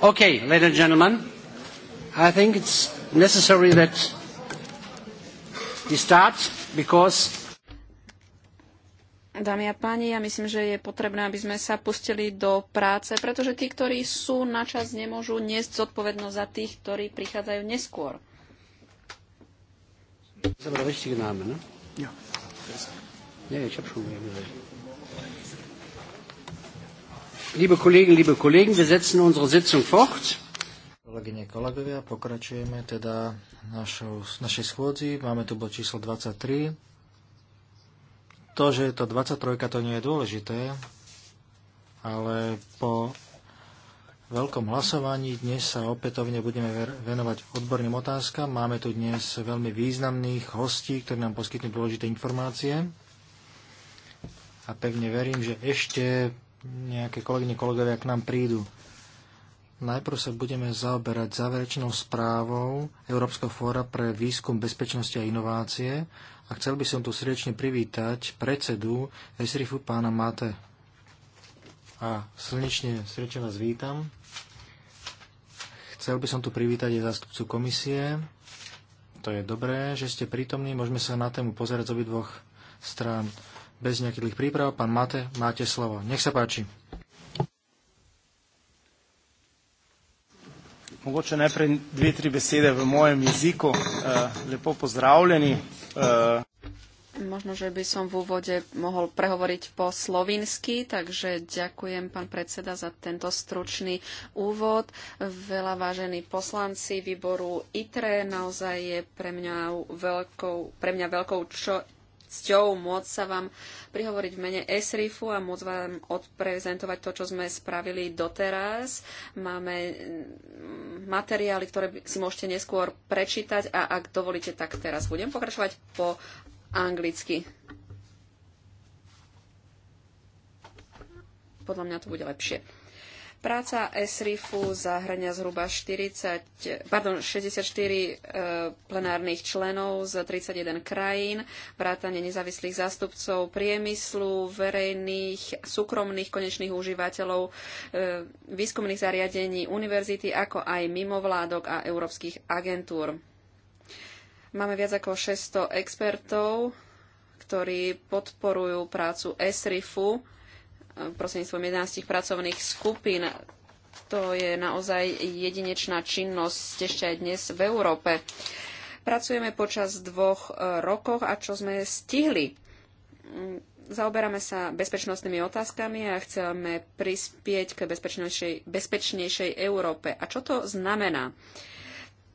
Okay, ladies and gentlemen, I think it's necessary that we start because Dámy a páni, ja myslím, že je potrebné, aby sme sa pustili do práce, pretože tí, ktorí sú na čas, nemôžu niesť zodpovednosť za tých, ktorí prichádzajú neskôr. Das ist aber der ne? Ja. Ja, ich habe schon mal Liebe Kolleginnen, liebe Kollegen, wir setzen unsere Sitzung fort. Kolegyne, kolegovia, pokračujeme teda našou, našej schôdzi. Máme tu bod číslo 23. To, že je to 23, to nie je dôležité, ale po veľkom hlasovaní dnes sa opätovne budeme venovať odborným otázkam. Máme tu dnes veľmi významných hostí, ktorí nám poskytnú dôležité informácie. A pevne verím, že ešte nejaké kolegyne, kolegovia k nám prídu. Najprv sa budeme zaoberať záverečnou správou Európskeho fóra pre výskum bezpečnosti a inovácie a chcel by som tu srdečne privítať predsedu Esrifu pána Mate. A slnečne srdečne vás vítam. Chcel by som tu privítať aj zástupcu komisie. To je dobré, že ste prítomní. Môžeme sa na tému pozerať z obidvoch strán bez nejakých príprav. Pán Mate, máte slovo. Nech sa páči. Mogoče najprej dve, tri besede v mojem jeziku. Eh, lepo pozdravljeni. Eh. Možno, že by som v úvode mohol prehovoriť po slovinsky, takže ďakujem, pán predseda, za tento stručný úvod. Veľa vážení poslanci výboru ITRE, naozaj je pre mňa veľkou, pre mňa veľkou čo, cťou môcť sa vám prihovoriť v mene ESRIFu a môcť vám odprezentovať to, čo sme spravili doteraz. Máme mm, materiály, ktoré si môžete neskôr prečítať a ak dovolíte, tak teraz budem pokračovať po anglicky. Podľa mňa to bude lepšie. Práca SRIFu zahrania zhruba 40, pardon, 64 e, plenárnych členov z 31 krajín, vrátane nezávislých zástupcov priemyslu, verejných, súkromných konečných užívateľov, e, výskumných zariadení, univerzity, ako aj mimovládok a európskych agentúr. Máme viac ako 600 expertov, ktorí podporujú prácu SRIFu prostredníctvom 11 pracovných skupín. To je naozaj jedinečná činnosť ešte aj dnes v Európe. Pracujeme počas dvoch e, rokov a čo sme stihli? Mm, zaoberáme sa bezpečnostnými otázkami a chceme prispieť k bezpečnejšej, bezpečnejšej Európe. A čo to znamená?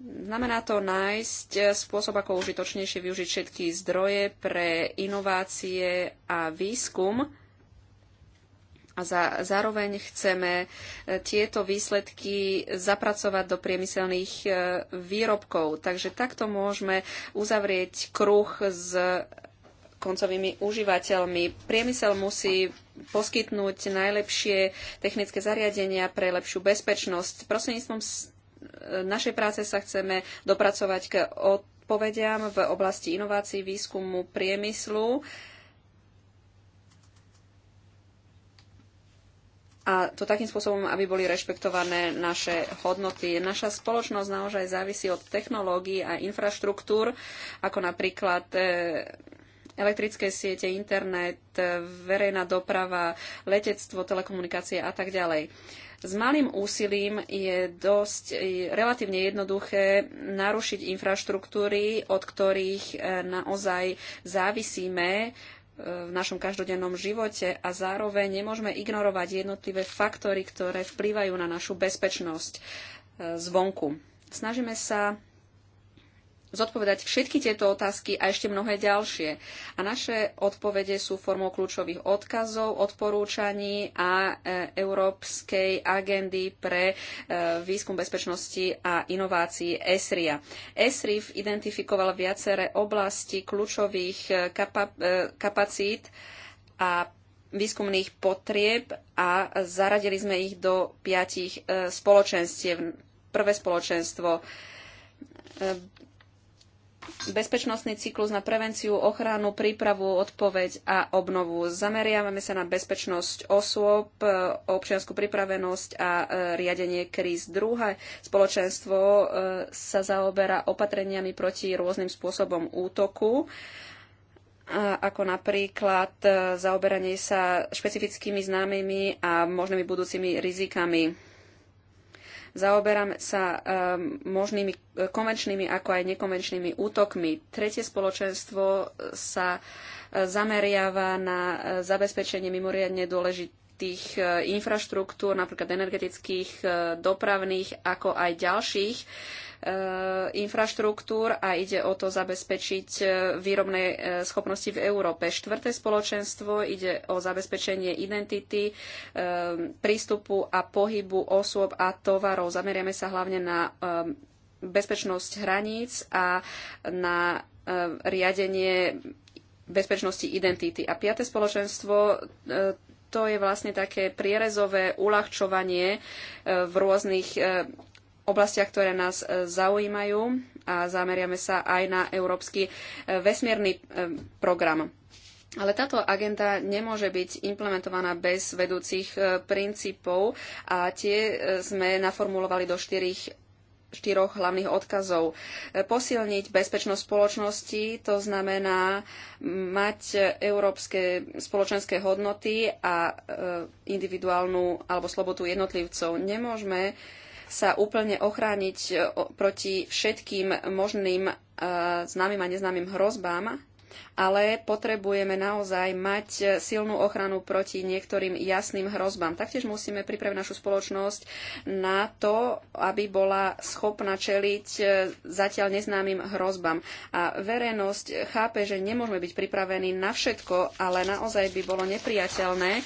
Znamená to nájsť e, spôsob, ako užitočnejšie využiť všetky zdroje pre inovácie a výskum, a za, zároveň chceme e, tieto výsledky zapracovať do priemyselných e, výrobkov. Takže takto môžeme uzavrieť kruh s koncovými užívateľmi. Priemysel musí poskytnúť najlepšie technické zariadenia pre lepšiu bezpečnosť. Prostredníctvom e, našej práce sa chceme dopracovať k odpovediam v oblasti inovácií, výskumu, priemyslu. Uh, a to takým spôsobom, aby boli rešpektované naše hodnoty. Naša spoločnosť naozaj závisí od technológií a infraštruktúr, ako napríklad e, elektrické siete, internet, verejná doprava, letectvo, telekomunikácie a tak ďalej. S malým úsilím je dosť e, relatívne jednoduché narušiť infraštruktúry, od ktorých e, naozaj závisíme v našom každodennom živote a zároveň nemôžeme ignorovať jednotlivé faktory, ktoré vplývajú na našu bezpečnosť e, zvonku. Snažíme sa zodpovedať všetky tieto otázky a ešte mnohé ďalšie. A naše odpovede sú formou kľúčových odkazov, odporúčaní a e, Európskej agendy pre e, výskum bezpečnosti a inovácií ESRIA. ESRIF identifikoval viaceré oblasti kľúčových e, kapacít a výskumných potrieb a zaradili sme ich do piatich spoločenstiev. Prvé spoločenstvo bezpečnostný cyklus na prevenciu, ochranu, prípravu, odpoveď a obnovu. Zameriavame sa na bezpečnosť osôb, e, občianskú pripravenosť a e, riadenie kríz. Druhé spoločenstvo e, sa zaoberá opatreniami proti rôznym spôsobom útoku ako napríklad zaoberanie sa špecifickými známymi a možnými budúcimi rizikami Zaoberám sa ehm, možnými e, konvenčnými ako aj nekonvenčnými útokmi. Tretie spoločenstvo e, sa e, zameriava na zabezpečenie mimoriadne dôležitých infraštruktúr, napríklad energetických, dopravných, ako aj ďalších Eh, infraštruktúr a ide o to zabezpečiť eh, výrobné eh, schopnosti v Európe. Štvrté spoločenstvo ide o zabezpečenie identity, prístupu a pohybu osôb a tovarov. Zameriame sa hlavne na bezpečnosť hraníc a na riadenie bezpečnosti identity. A piate spoločenstvo to je vlastne také prierezové uľahčovanie v rôznych oblastiach, ktoré nás e, zaujímajú a zameriame sa aj na Európsky e, vesmírny e, program. Ale táto agenda nemôže byť implementovaná bez vedúcich princípov a tie sme naformulovali do štyrich štyroch hlavných odkazov. Posilniť bezpečnosť spoločnosti, to znamená mať európske spoločenské hodnoty a individuálnu alebo slobodu jednotlivcov. Nemôžeme sa úplne ochrániť e, proti všetkým možným e, známym a neznámym hrozbám, ale potrebujeme naozaj mať e, silnú ochranu proti niektorým jasným hrozbám. Taktiež musíme pripraviť našu spoločnosť na to, aby bola schopná čeliť zatiaľ neznámym hrozbám. A verejnosť chápe, že nemôžeme byť pripravení na všetko, ale naozaj by bolo nepriateľné,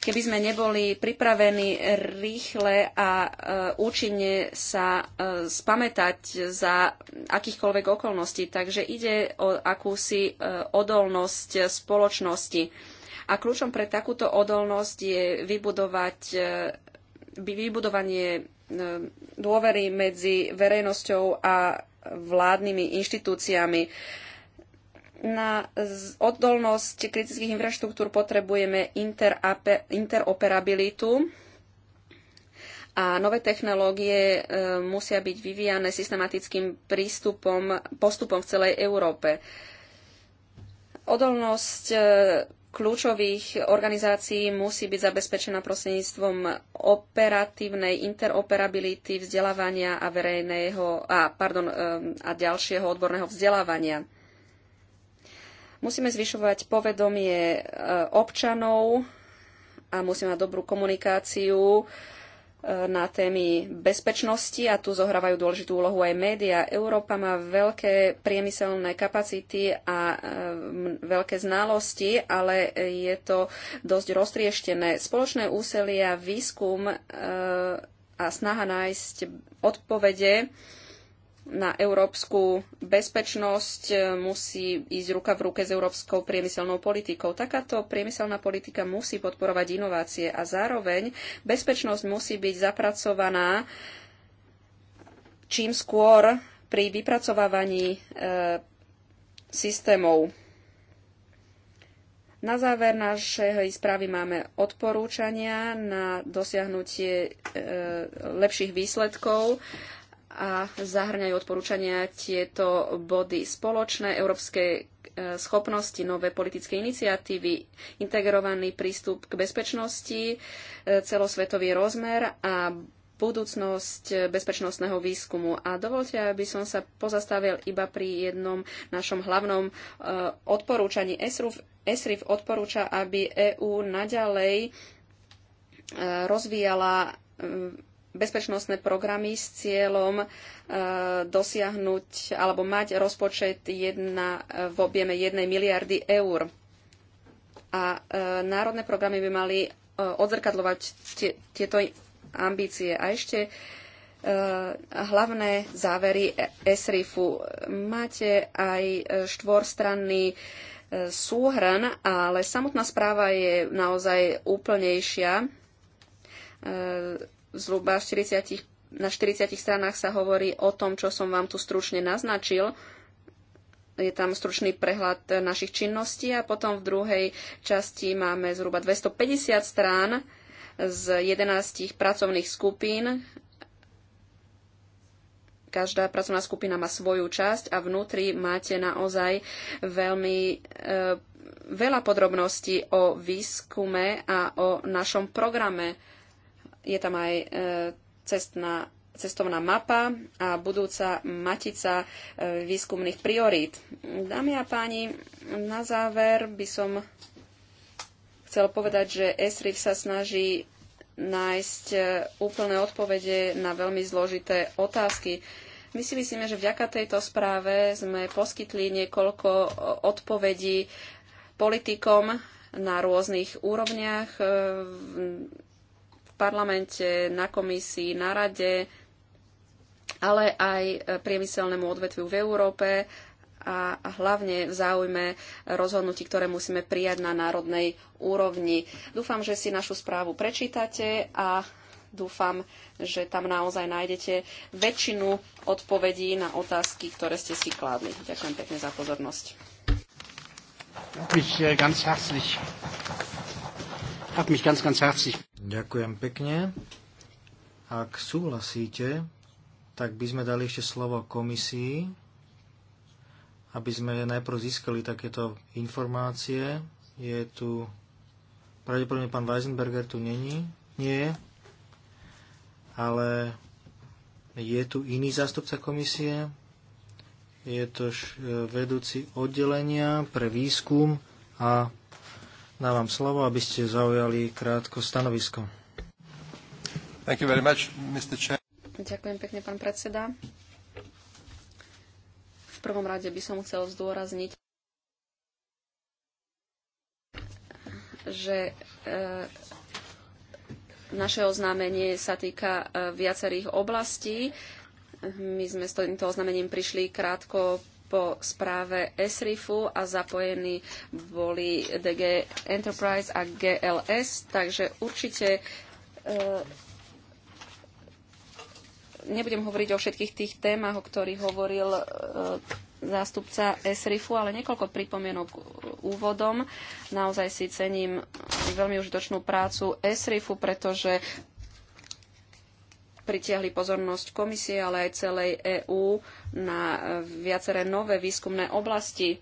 Keby sme neboli pripravení rýchle a e, účinne sa e, spamätať za akýchkoľvek okolností, takže ide o akúsi e, odolnosť spoločnosti. A kľúčom pre takúto odolnosť je vybudovať vybudovanie dôvery medzi verejnosťou a vládnymi inštitúciami. Na odolnosť kritických infraštruktúr potrebujeme interoperabilitu a nové technológie e, musia byť vyvíjane systematickým prístupom, postupom v celej Európe. Odolnosť e, kľúčových organizácií musí byť zabezpečená prostredníctvom operatívnej interoperability vzdelávania a verejného a, pardon, e, a ďalšieho odborného vzdelávania Musíme zvyšovať povedomie e, občanov a musíme mať dobrú komunikáciu e, na témy bezpečnosti a tu zohrávajú dôležitú úlohu aj média. Európa má veľké priemyselné kapacity a e, veľké znalosti, ale je to dosť roztrieštené. Spoločné úsilie a výskum a snaha nájsť odpovede na európsku bezpečnosť e, musí ísť ruka v ruke s európskou priemyselnou politikou. Takáto priemyselná politika musí podporovať inovácie a zároveň bezpečnosť musí byť zapracovaná čím skôr pri vypracovávaní e, systémov. Na záver našej správy máme odporúčania na dosiahnutie e, lepších výsledkov a zahrňajú odporúčania tieto body spoločné európske e, schopnosti, nové politické iniciatívy, integrovaný prístup k bezpečnosti, e, celosvetový rozmer a budúcnosť bezpečnostného výskumu. A dovolte, aby som sa pozastavil iba pri jednom našom hlavnom e, odporúčaní. ESRIF, ESRIF odporúča, aby EÚ naďalej rozvíjala bezpečnostné programy s cieľom e, dosiahnuť alebo mať rozpočet jedna, e, v objeme 1 miliardy eur. A e, národné programy by mali odzrkadľovať tie, tieto ambície. A ešte hlavné závery SRIFu. Máte aj štvorstranný súhrn, ale samotná správa je naozaj úplnejšia zhruba 40, na 40 stranách sa hovorí o tom, čo som vám tu stručne naznačil. Je tam stručný prehľad našich činností a potom v druhej časti máme zhruba 250 strán z 11 pracovných skupín. Každá pracovná skupina má svoju časť a vnútri máte naozaj veľmi e, veľa podrobností o výskume a o našom programe je tam aj e, cestná, cestovná mapa a budúca matica e, výskumných priorít. Dámy a páni, na záver by som chcel povedať, že ESRIF sa snaží nájsť e, úplné odpovede na veľmi zložité otázky. My si myslíme, že vďaka tejto správe sme poskytli niekoľko odpovedí politikom na rôznych úrovniach parlamente, na komisii, na rade, ale aj e, priemyselnému odvetviu v Európe a hlavne v záujme rozhodnutí, ktoré musíme prijať na národnej úrovni. Dúfam, že si našu správu prečítate a dúfam, že tam naozaj nájdete väčšinu odpovedí na otázky, ktoré ste si kládli. Ďakujem pekne za pozornosť. Äh, Hat mich ganz, ganz herzlich. Ďakujem pekne. Ak súhlasíte, tak by sme dali ešte slovo komisii, aby sme najprv získali takéto informácie. Je tu... Pravdepodobne pán Weisenberger tu není. Nie. Ale je tu iný zástupca komisie. Je to vedúci oddelenia pre výskum a Dávam slovo, aby ste zaujali krátko stanovisko. Thank you very much, Mr. Chair. Ďakujem pekne, pán predseda. V prvom rade by som chcel zdôrazniť, že e, naše oznámenie sa týka e, viacerých oblastí. My sme s týmto oznámením prišli krátko po správe SRIFu a zapojení boli DG Enterprise a GLS, takže určite e, nebudem hovoriť o všetkých tých témach, o ktorých hovoril e, zástupca SRIFu, ale niekoľko pripomienok úvodom. Naozaj si cením veľmi užitočnú prácu SRIFu, pretože pritiahli pozornosť komisie, ale aj celej EÚ na e, viaceré nové výskumné oblasti.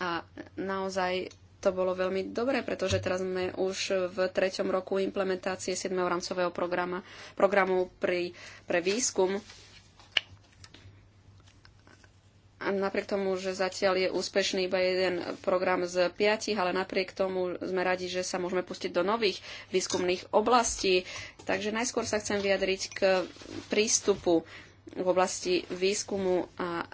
A naozaj to bolo veľmi dobré, pretože teraz sme už v treťom roku implementácie 7. rámcového programa, programu pri, pre výskum napriek tomu, že zatiaľ je úspešný iba jeden program z piatich, ale napriek tomu sme radi, že sa môžeme pustiť do nových výskumných oblastí. Takže najskôr sa chcem vyjadriť k prístupu v oblasti výskumu a e,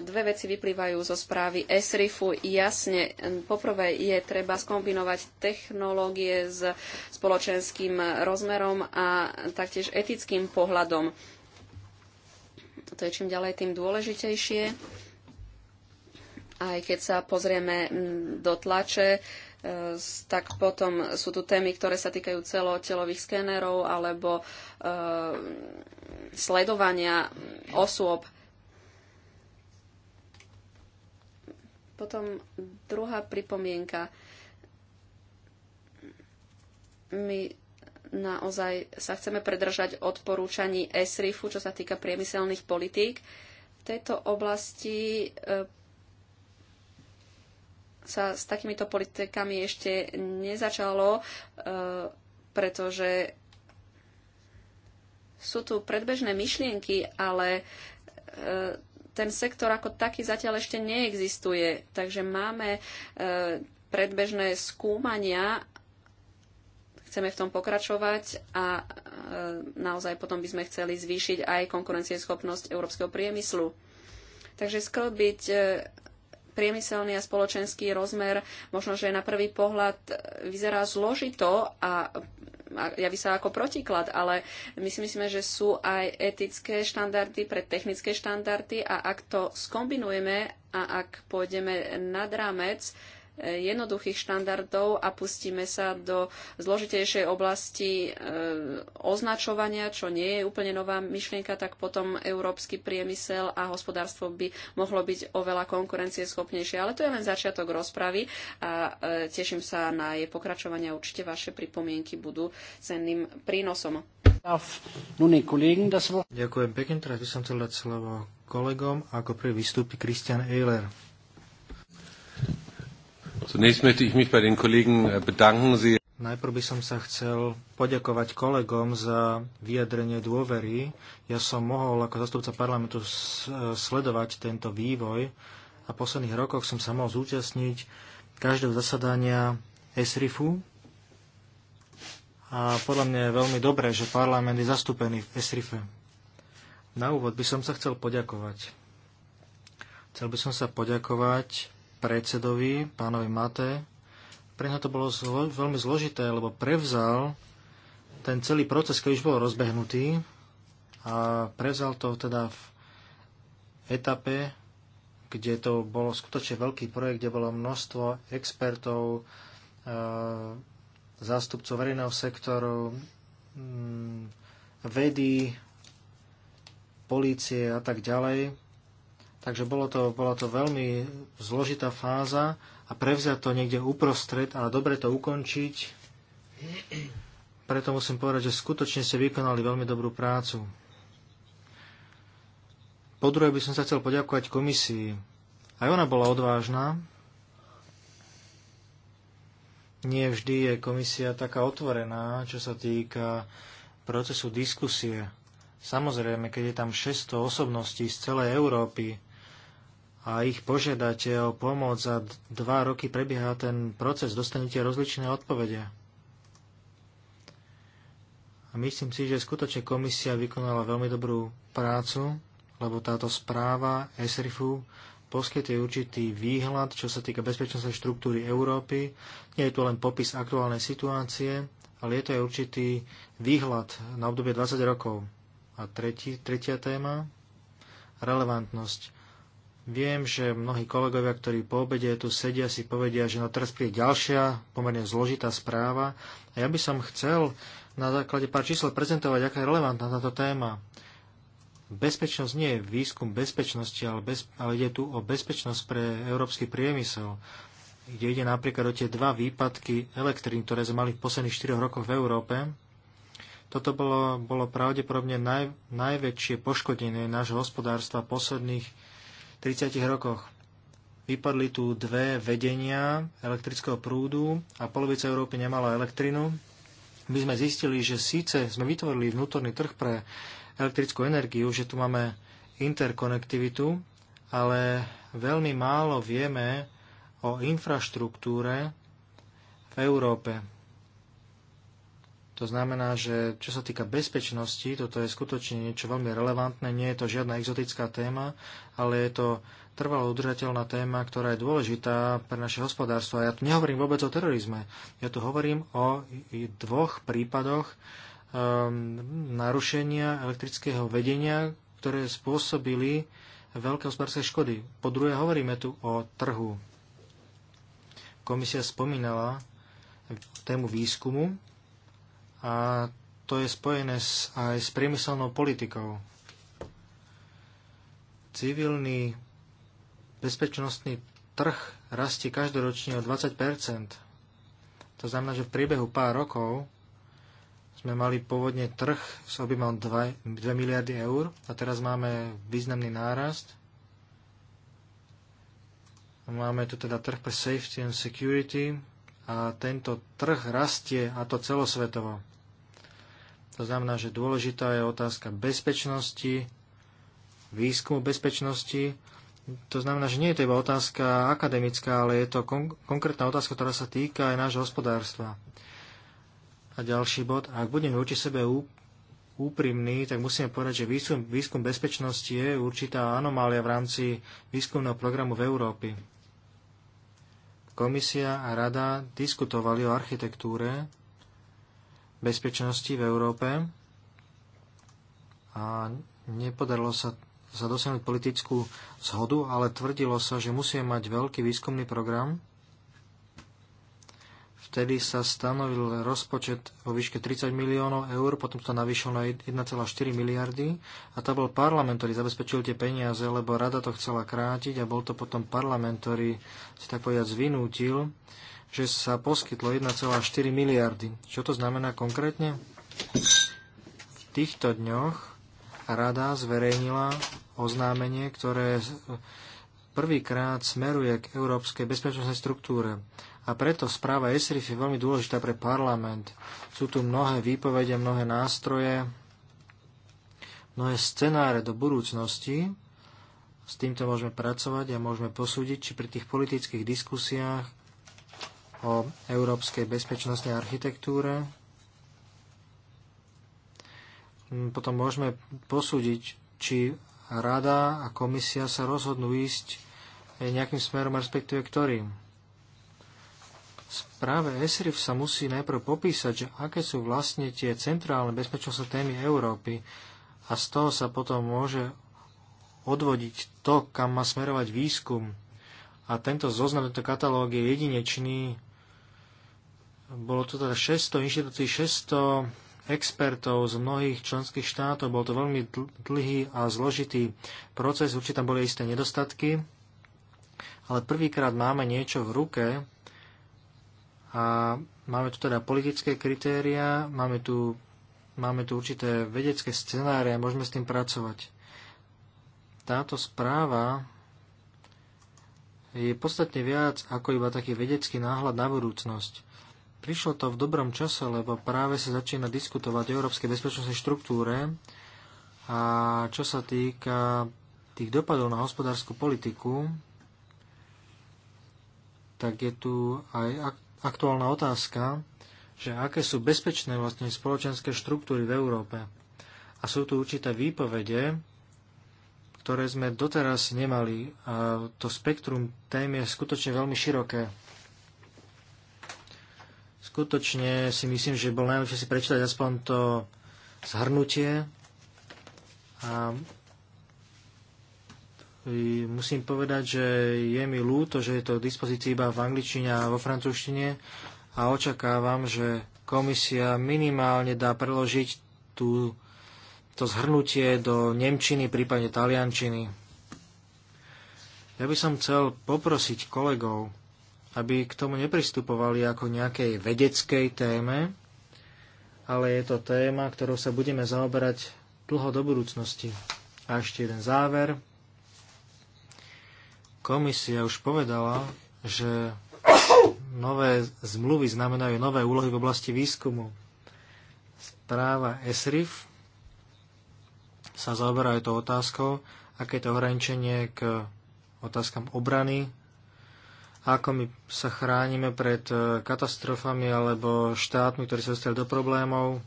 dve veci vyplývajú zo správy SRIFu. Jasne, poprvé je treba skombinovať technológie s spoločenským rozmerom a taktiež etickým pohľadom. Toto je čím ďalej tým dôležitejšie. Aj keď sa pozrieme do tlače, e, tak potom sú tu témy, ktoré sa týkajú celotelových skénerov alebo e, sledovania osôb. Potom druhá pripomienka. My naozaj sa chceme predržať odporúčaní ESRIFu, čo sa týka priemyselných politík. V tejto oblasti e, sa s takýmito politikami ešte nezačalo, e, pretože sú tu predbežné myšlienky, ale e, ten sektor ako taký zatiaľ ešte neexistuje. Takže máme predbežné skúmania Chceme v tom pokračovať a e, naozaj potom by sme chceli zvýšiť aj konkurencieschopnosť európskeho priemyslu. Takže sklbiť e, priemyselný a spoločenský rozmer možno, že na prvý pohľad e, vyzerá zložito a javí sa ako protiklad, ale my si myslíme, že sú aj etické štandardy pre technické štandardy a ak to skombinujeme a ak pôjdeme nad rámec jednoduchých štandardov a pustíme sa do zložitejšej oblasti e, označovania, čo nie je úplne nová myšlienka, tak potom európsky priemysel a hospodárstvo by mohlo byť oveľa konkurencieschopnejšie. Ale to je len začiatok rozpravy a e, teším sa na jej pokračovanie. Určite vaše pripomienky budú cenným prínosom. Ďakujem pekne, teraz by som chcel dať slovo kolegom. Ako prvý vystúpi Christian Eiler. Zunächst möchte ich mich bei den Kollegen äh, bedanken. Sie Najprv by som sa chcel poďakovať kolegom za vyjadrenie dôvery. Ja som mohol ako zastupca parlamentu e, sledovať tento vývoj a v posledných rokoch som sa mohol zúčastniť každého zasadania ESRIFu. A podľa mňa je veľmi dobré, že parlament je zastúpený v ESRIFe. Na úvod by som sa chcel poďakovať. Chcel by som sa poďakovať predsedovi, pánovi Mate. Pre to bolo zlo- veľmi zložité, lebo prevzal ten celý proces, keď už bol rozbehnutý a prevzal to teda v etape, kde to bolo skutočne veľký projekt, kde bolo množstvo expertov, e, zástupcov verejného sektoru, mm, vedy, polície a tak ďalej. Takže bolo to, bola to veľmi zložitá fáza a prevziať to niekde uprostred, ale dobre to ukončiť. Preto musím povedať, že skutočne ste vykonali veľmi dobrú prácu. Po druhé by som sa chcel poďakovať komisii. Aj ona bola odvážna. Nie vždy je komisia taká otvorená, čo sa týka procesu diskusie. Samozrejme, keď je tam 600 osobností z celej Európy, a ich požiadate o pomoc a dva roky prebieha ten proces, dostanete rozličné odpovede. A myslím si, že skutočne komisia vykonala veľmi dobrú prácu, lebo táto správa SRIFu poskytuje určitý výhľad, čo sa týka bezpečnostnej štruktúry Európy. Nie je to len popis aktuálnej situácie, ale je to aj určitý výhľad na obdobie 20 rokov. A tretí, tretia téma, relevantnosť Viem, že mnohí kolegovia, ktorí po obede tu sedia, si povedia, že na teraz príde ďalšia pomerne zložitá správa. A ja by som chcel na základe pár čísel prezentovať, aká je relevantná táto téma. Bezpečnosť nie je výskum bezpečnosti, ale, bez, ale ide tu o bezpečnosť pre európsky priemysel, kde ide napríklad o tie dva výpadky elektrín, ktoré sme mali v posledných 4 rokoch v Európe. Toto bolo, bolo pravdepodobne naj, najväčšie poškodenie nášho hospodárstva posledných 30 rokoch. Vypadli tu dve vedenia elektrického prúdu a polovica Európy nemala elektrinu. My sme zistili, že síce sme vytvorili vnútorný trh pre elektrickú energiu, že tu máme interkonektivitu, ale veľmi málo vieme o infraštruktúre v Európe. To znamená, že čo sa týka bezpečnosti, toto je skutočne niečo veľmi relevantné, nie je to žiadna exotická téma, ale je to trvalo udržateľná téma, ktorá je dôležitá pre naše hospodárstvo. A ja tu nehovorím vôbec o terorizme, ja tu hovorím o dvoch prípadoch um, narušenia elektrického vedenia, ktoré spôsobili veľké hospodárske škody. Po druhé, hovoríme tu o trhu. Komisia spomínala tému výskumu a to je spojené s, aj s priemyselnou politikou. Civilný bezpečnostný trh rastie každoročne o 20 To znamená, že v priebehu pár rokov sme mali pôvodne trh s objemom 2, 2 miliardy eur a teraz máme významný nárast. Máme tu teda trh pre safety and security a tento trh rastie a to celosvetovo. To znamená, že dôležitá je otázka bezpečnosti, výskumu bezpečnosti. To znamená, že nie je to iba otázka akademická, ale je to kon- konkrétna otázka, ktorá sa týka aj nášho hospodárstva. A ďalší bod, ak budeme voči sebe úprimní, tak musíme povedať, že výskum, výskum bezpečnosti je určitá anomália v rámci výskumného programu v Európy. Komisia a rada diskutovali o architektúre bezpečnosti v Európe a nepodarilo sa, sa dosiahnuť politickú zhodu, ale tvrdilo sa, že musíme mať veľký výskumný program. Vtedy sa stanovil rozpočet vo výške 30 miliónov eur, potom sa navýšil na 1,4 miliardy a to bol parlament, ktorý zabezpečil tie peniaze, lebo rada to chcela krátiť a bol to potom parlament, ktorý si tak povedať zvinútil že sa poskytlo 1,4 miliardy. Čo to znamená konkrétne? V týchto dňoch rada zverejnila oznámenie, ktoré prvýkrát smeruje k európskej bezpečnostnej štruktúre. A preto správa ESRIF je veľmi dôležitá pre parlament. Sú tu mnohé výpovede, mnohé nástroje, mnohé scenáre do budúcnosti. S týmto môžeme pracovať a môžeme posúdiť, či pri tých politických diskusiách o európskej bezpečnostnej architektúre. Mm, potom môžeme posúdiť, či rada a komisia sa rozhodnú ísť eh, nejakým smerom, respektíve ktorým. Správe ESRIF sa musí najprv popísať, že aké sú vlastne tie centrálne bezpečnostné témy Európy a z toho sa potom môže odvodiť to, kam má smerovať výskum. A tento zoznam, tento katalóg je jedinečný bolo to teda 600 inštitúcií, 600 expertov z mnohých členských štátov. Bol to veľmi dlhý a zložitý proces. Určite tam boli isté nedostatky. Ale prvýkrát máme niečo v ruke a máme tu teda politické kritéria, máme tu, máme tu určité vedecké scenáre a môžeme s tým pracovať. Táto správa je podstatne viac ako iba taký vedecký náhľad na budúcnosť. Prišlo to v dobrom čase, lebo práve sa začína diskutovať o európskej bezpečnostnej štruktúre a čo sa týka tých dopadov na hospodárskú politiku, tak je tu aj aktuálna otázka, že aké sú bezpečné vlastne spoločenské štruktúry v Európe. A sú tu určité výpovede, ktoré sme doteraz nemali. A to spektrum tém je skutočne veľmi široké. Skutočne si myslím, že bol najlepšie si prečítať aspoň to zhrnutie. A musím povedať, že je mi ľúto, že je to v dispozícii iba v angličtine a vo francúzštine a očakávam, že komisia minimálne dá preložiť tú, to zhrnutie do nemčiny, prípadne taliančiny. Ja by som chcel poprosiť kolegov, aby k tomu nepristupovali ako nejakej vedeckej téme, ale je to téma, ktorou sa budeme zaoberať dlho do budúcnosti. A ešte jeden záver. Komisia už povedala, že nové zmluvy znamenajú nové úlohy v oblasti výskumu. Správa ESRIF sa zaoberá aj tou otázkou, aké to ohraničenie k otázkam obrany ako my sa chránime pred e, katastrofami alebo štátmi, ktorí sa dostali do problémov.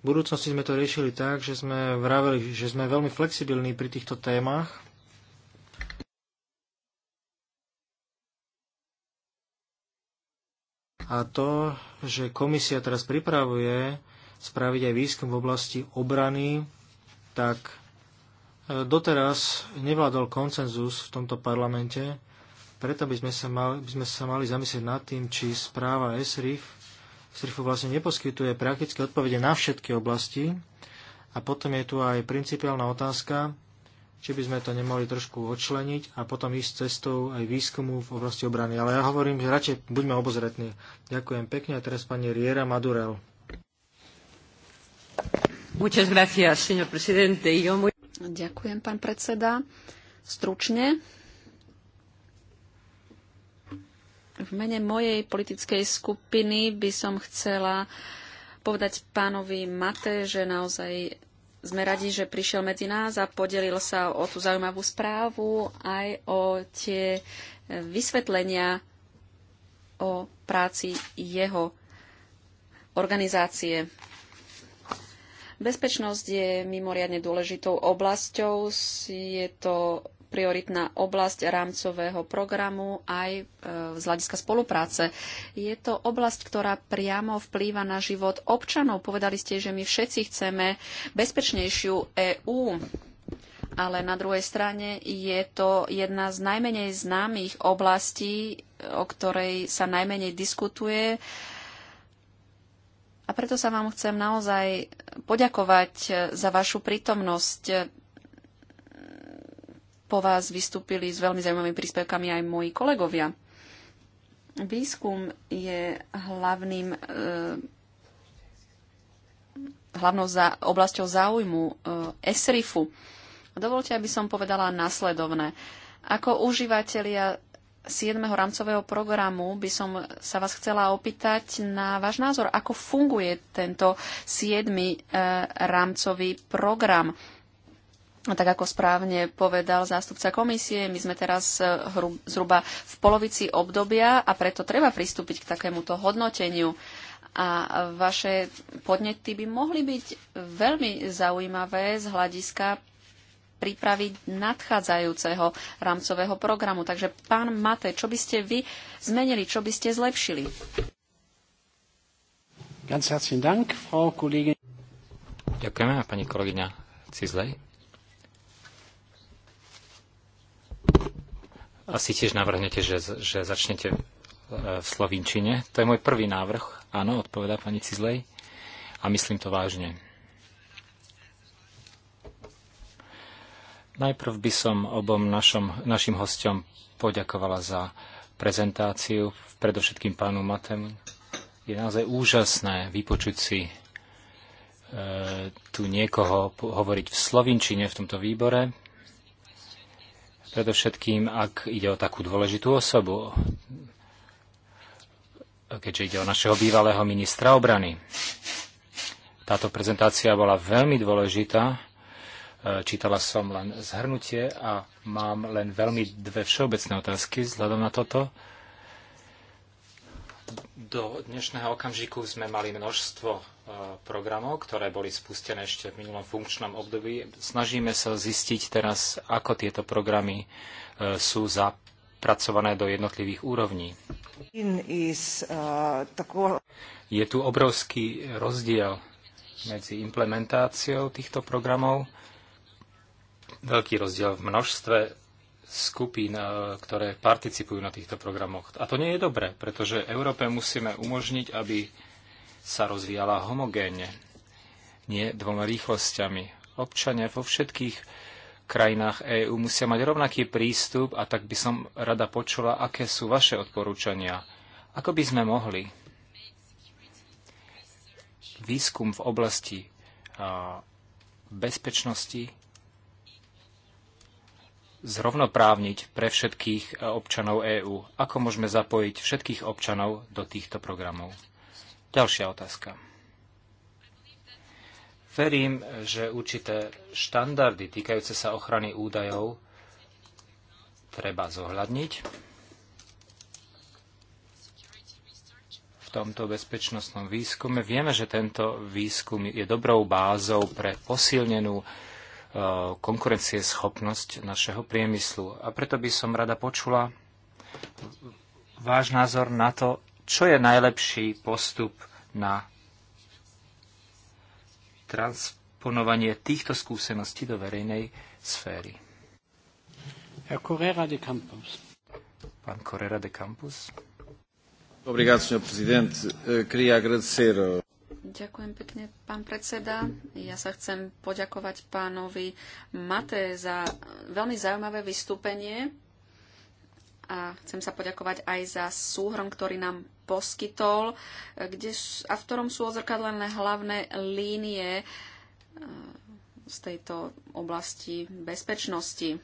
V budúcnosti sme to riešili tak, že sme vraveli, že sme veľmi flexibilní pri týchto témach. A to, že komisia teraz pripravuje spraviť aj výskum v oblasti obrany, tak Doteraz nevládol koncenzus v tomto parlamente, preto by sme sa mali, by sme sa mali zamyslieť nad tým, či správa SRIF SRIFu vlastne neposkytuje praktické odpovede na všetky oblasti. A potom je tu aj principiálna otázka, či by sme to nemohli trošku odčleniť a potom ísť cestou aj výskumu v oblasti obrany. Ale ja hovorím, že radšej buďme obozretní. Ďakujem pekne a teraz pani Riera Madurel. Muchas gracias, señor presidente. Yo muy... Ďakujem, pán predseda. Stručne. V mene mojej politickej skupiny by som chcela povedať pánovi Mate, že naozaj sme radi, že prišiel medzi nás a podelil sa o tú zaujímavú správu, aj o tie vysvetlenia o práci jeho organizácie. Bezpečnosť je mimoriadne dôležitou oblasťou. Je to prioritná oblasť rámcového programu aj e, z hľadiska spolupráce. Je to oblasť, ktorá priamo vplýva na život občanov. Povedali ste, že my všetci chceme bezpečnejšiu EÚ. Ale na druhej strane je to jedna z najmenej známych oblastí, o ktorej sa najmenej diskutuje. A preto sa vám chcem naozaj poďakovať za vašu prítomnosť. Po vás vystúpili s veľmi zaujímavými príspevkami aj moji kolegovia. Výskum je hlavným, eh, hlavnou za, oblasťou záujmu ESRIFu. Eh, Dovolte, aby som povedala následovné. Ako užívateľia 7. rámcového programu by som sa vás chcela opýtať na váš názor, ako funguje tento 7. E, rámcový program. Tak ako správne povedal zástupca komisie, my sme teraz e, zhruba v polovici obdobia a preto treba pristúpiť k takémuto hodnoteniu. A vaše podnety by mohli byť veľmi zaujímavé z hľadiska prípravy nadchádzajúceho rámcového programu. Takže pán Matej, čo by ste vy zmenili, čo by ste zlepšili? Ganz herzlichen Dank, Frau Kollegin. Ďakujeme, a pani kolegyňa Cizlej. Asi tiež navrhnete, že, že začnete e, v Slovinčine. To je môj prvý návrh. Áno, odpovedá pani Cizlej. A myslím to vážne. Najprv by som obom našom, našim hostom poďakovala za prezentáciu, predovšetkým pánu Matem. Je naozaj úžasné vypočuť si e, tu niekoho hovoriť v slovinčine v tomto výbore. Predovšetkým, ak ide o takú dôležitú osobu, keďže ide o našeho bývalého ministra obrany. Táto prezentácia bola veľmi dôležitá Čítala som len zhrnutie a mám len veľmi dve všeobecné otázky vzhľadom na toto. Do dnešného okamžiku sme mali množstvo e, programov, ktoré boli spustené ešte v minulom funkčnom období. Snažíme sa zistiť teraz, ako tieto programy e, sú zapracované do jednotlivých úrovní. E, Je tu obrovský rozdiel medzi implementáciou týchto programov veľký rozdiel v množstve skupín, e, ktoré participujú na týchto programoch. A to nie je dobré, pretože Európe musíme umožniť, aby sa rozvíjala homogénne, nie dvoma rýchlosťami. Občania vo všetkých krajinách EÚ musia mať rovnaký prístup a tak by som rada počula, aké sú vaše odporúčania. Ako by sme mohli výskum v oblasti bezpečnosti zrovnoprávniť pre všetkých e, občanov EÚ? Ako môžeme zapojiť všetkých občanov do týchto programov? Ďalšia otázka. Verím, že určité štandardy týkajúce sa ochrany údajov treba zohľadniť v tomto bezpečnostnom výskume. Vieme, že tento výskum je dobrou bázou pre posilnenú konkurencieschopnosť našeho priemyslu. A preto by som rada počula váš názor na to, čo je najlepší postup na transponovanie týchto skúseností do verejnej sféry. Herr Correra de Campos. Pán Correra de Campos. Obrigado, senhor Presidente. Eh, queria agradecer Ďakujem pekne, pán predseda. Ja sa chcem poďakovať pánovi Mate za veľmi zaujímavé vystúpenie a chcem sa poďakovať aj za súhrn, ktorý nám poskytol, kde, a v ktorom sú odzrkadlené hlavné línie e, z tejto oblasti bezpečnosti,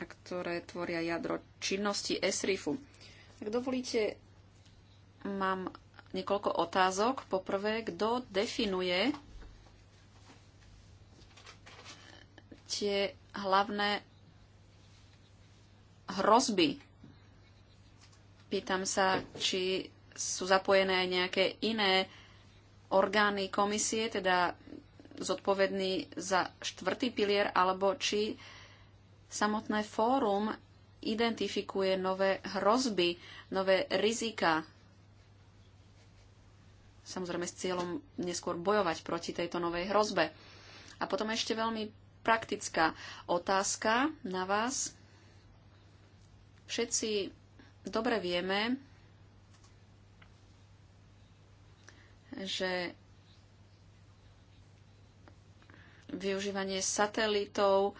a ktoré tvoria jadro činnosti ESRIFu. Ak dovolíte, mám niekoľko otázok. Poprvé, kto definuje tie hlavné hrozby? Pýtam sa, či sú zapojené aj nejaké iné orgány komisie, teda zodpovedný za štvrtý pilier, alebo či samotné fórum identifikuje nové hrozby, nové rizika samozrejme s cieľom neskôr bojovať proti tejto novej hrozbe. A potom ešte veľmi praktická otázka na vás. Všetci dobre vieme, že využívanie satelitov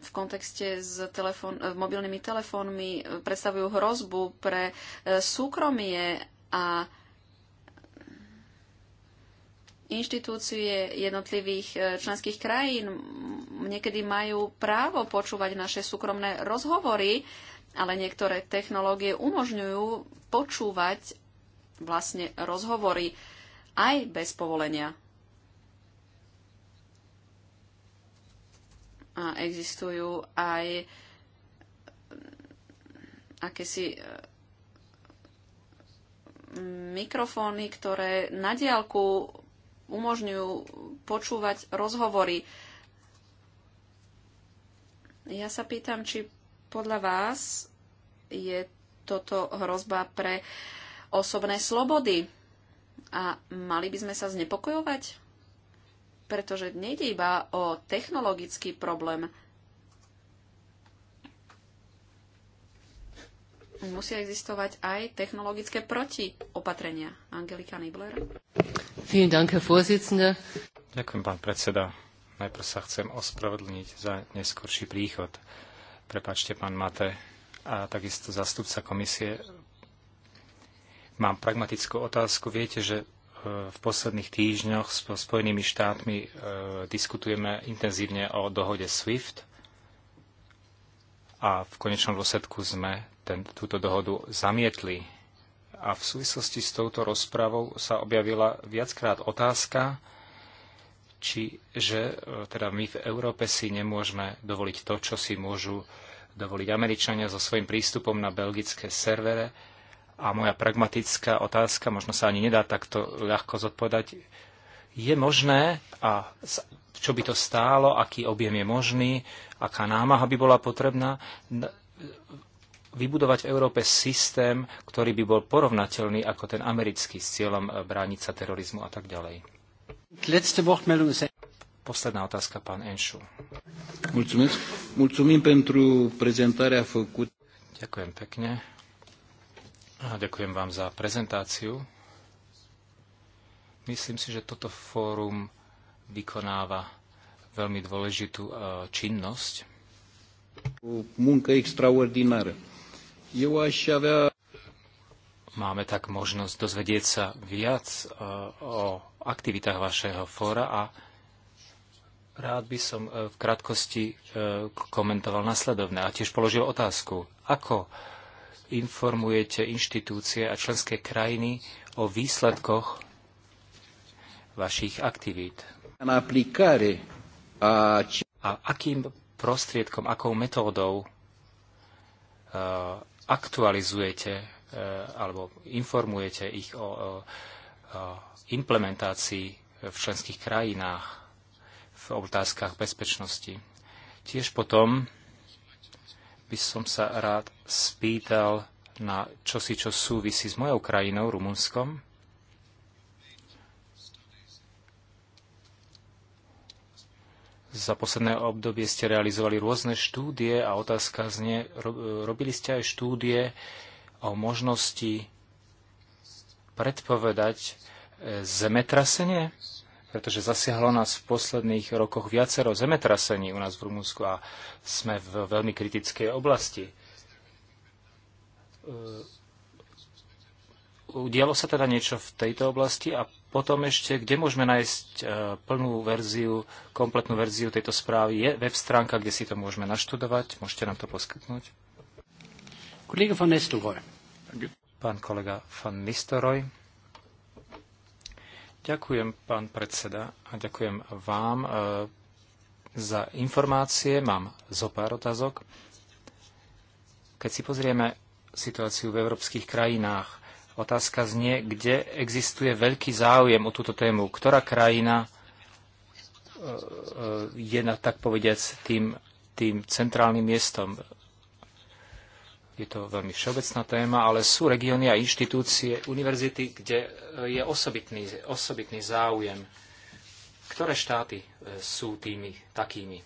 v kontexte s telefón, eh, mobilnými telefónmi eh, predstavujú hrozbu pre eh, súkromie a inštitúcie jednotlivých členských krajín niekedy majú právo počúvať naše súkromné rozhovory, ale niektoré technológie umožňujú počúvať vlastne rozhovory aj bez povolenia. a existujú aj mm, akési e, mikrofóny, ktoré na diálku umožňujú počúvať rozhovory. Ja sa pýtam, či podľa vás je toto hrozba pre osobné slobody a mali by sme sa znepokojovať? pretože nejde iba o technologický problém. Musia existovať aj technologické protiopatrenia. Angelika Nibler. Ďakujem, pán predseda. Najprv sa chcem ospravedlniť za neskorší príchod. Prepačte, pán Mate, a takisto zastupca komisie. Mám pragmatickú otázku. Viete, že v posledných týždňoch s Spojenými štátmi e, diskutujeme intenzívne o dohode SWIFT a v konečnom dôsledku sme ten, túto dohodu zamietli. A v súvislosti s touto rozpravou sa objavila viackrát otázka, či že e, teda my v Európe si nemôžeme dovoliť to, čo si môžu dovoliť Američania so svojím prístupom na belgické servere, a moja pragmatická otázka, možno sa ani nedá takto ľahko zodpovedať, je možné a čo by to stálo, aký objem je možný, aká námaha by bola potrebná, vybudovať v Európe systém, ktorý by bol porovnateľný ako ten americký s cieľom e, brániť sa terorizmu a tak ďalej. Posledná otázka, pán Enšu. Mulțumesc. Mulțumim pentru prezentarea făcută. Ďakujem pekne a ďakujem vám za prezentáciu. Myslím si, že toto fórum vykonáva veľmi dôležitú e, činnosť. Eu aș avea... Máme tak možnosť dozvedieť sa viac e, o aktivitách vašeho fóra a rád by som e, v krátkosti komentoval nasledovné a tiež položil otázku. Ako informujete inštitúcie a členské krajiny o výsledkoch vašich aktivít? A akým prostriedkom, akou metódou e, aktualizujete e, alebo informujete ich o implementácii v členských krajinách v otázkach bezpečnosti. Tiež potom by som sa rád spýtal na čosi, čo súvisí s mojou krajinou, Rumunskom. Za posledné obdobie ste realizovali rôzne štúdie a otázka znie, robili ste aj štúdie o možnosti predpovedať e, zemetrasenie? pretože zasiahlo nás v posledných rokoch viacero zemetrasení u nás v Rumunsku a sme v veľmi kritickej oblasti. E, Udialo sa teda niečo v tejto oblasti a potom ešte, kde môžeme nájsť e, plnú verziu, kompletnú verziu tejto správy, je web stránka, kde si to môžeme naštudovať. Môžete nám to poskytnúť? Kolega van Nistelrooy. Pán kolega van Nistelrooy. Ďakujem, pán predseda, a ďakujem vám e, za informácie. Mám zo pár otázok. Keď si pozrieme situáciu v európskych krajinách, otázka znie, kde existuje veľký záujem o túto tému. Ktorá krajina e, e, je, na, tak povediac, tým, tým centrálnym miestom je to veľmi všeobecná téma, ale sú regióny a inštitúcie, univerzity, kde e, je osobitný, osobitný záujem. Ktoré štáty e, sú tými takými?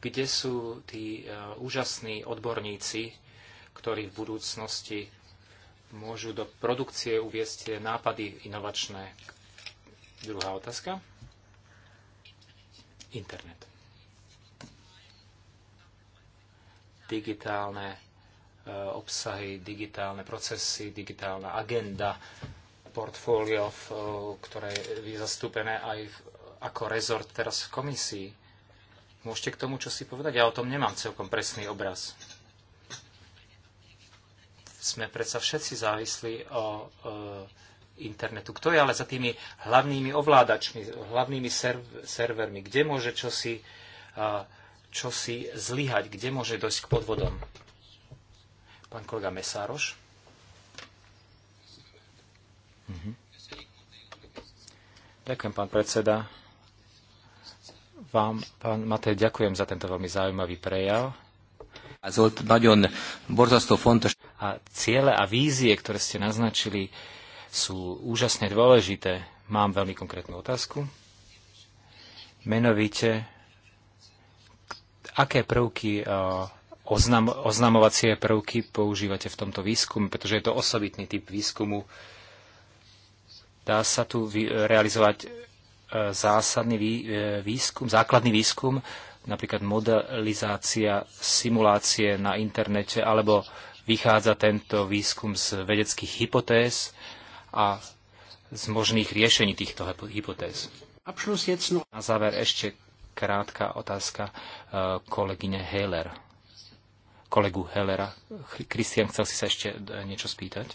Kde sú tí e, úžasní odborníci, ktorí v budúcnosti môžu do produkcie uviesť nápady inovačné. Druhá otázka. Internet. digitálne e, obsahy, digitálne procesy, digitálna agenda, portfólio, e, ktoré je zastúpené aj ako rezort teraz v komisii. Môžete k tomu čo si povedať? Ja o tom nemám celkom presný obraz. Sme predsa všetci závislí o e, internetu. Kto je ale za tými hlavnými ovládačmi, hlavnými serv- servermi? Kde môže čosi uh, čosi zlyhať, kde môže dojsť k podvodom. Pán kolega Mesároš. Mhm. Ďakujem, pán predseda. Vám, pán Matej, ďakujem za tento veľmi zaujímavý prejav. A ciele a vízie, ktoré ste naznačili, sú úžasne dôležité. Mám veľmi konkrétnu otázku. Menovite, aké prvky, e, oznam, oznamovacie prvky používate v tomto výskume, pretože je to osobitný typ výskumu. Dá sa tu realizovať e, zásadný e, výskum, základný výskum, napríklad modelizácia, simulácie na internete, alebo vychádza tento výskum z vedeckých hypotéz a z možných riešení týchto hypotéz. Na záver ešte krátka otázka e, kolegyne Heller. Kolegu Hellera. Kristian, chcel si sa ešte e, niečo spýtať?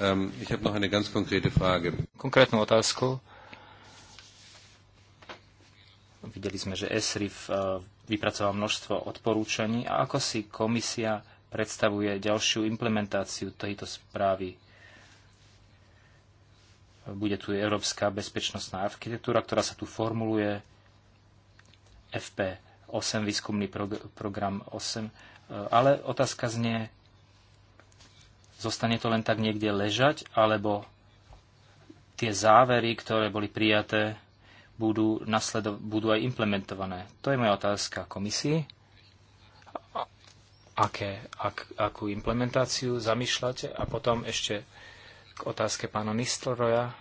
Ehm, ich habe noch eine ganz konkrete Frage. Konkrétnu otázku. Videli sme, že ESRIF e, vypracoval množstvo odporúčaní. A ako si komisia predstavuje ďalšiu implementáciu tejto správy? Bude tu Európska bezpečnostná architektúra, ktorá sa tu formuluje. FP8, výskumný prog- program 8. E, ale otázka znie, zostane to len tak niekde ležať, alebo tie závery, ktoré boli prijaté, budú, nasledo- budú aj implementované. To je moja otázka komisii. Aké, ak, akú implementáciu zamýšľate? A potom ešte k otázke pána Nistelroja.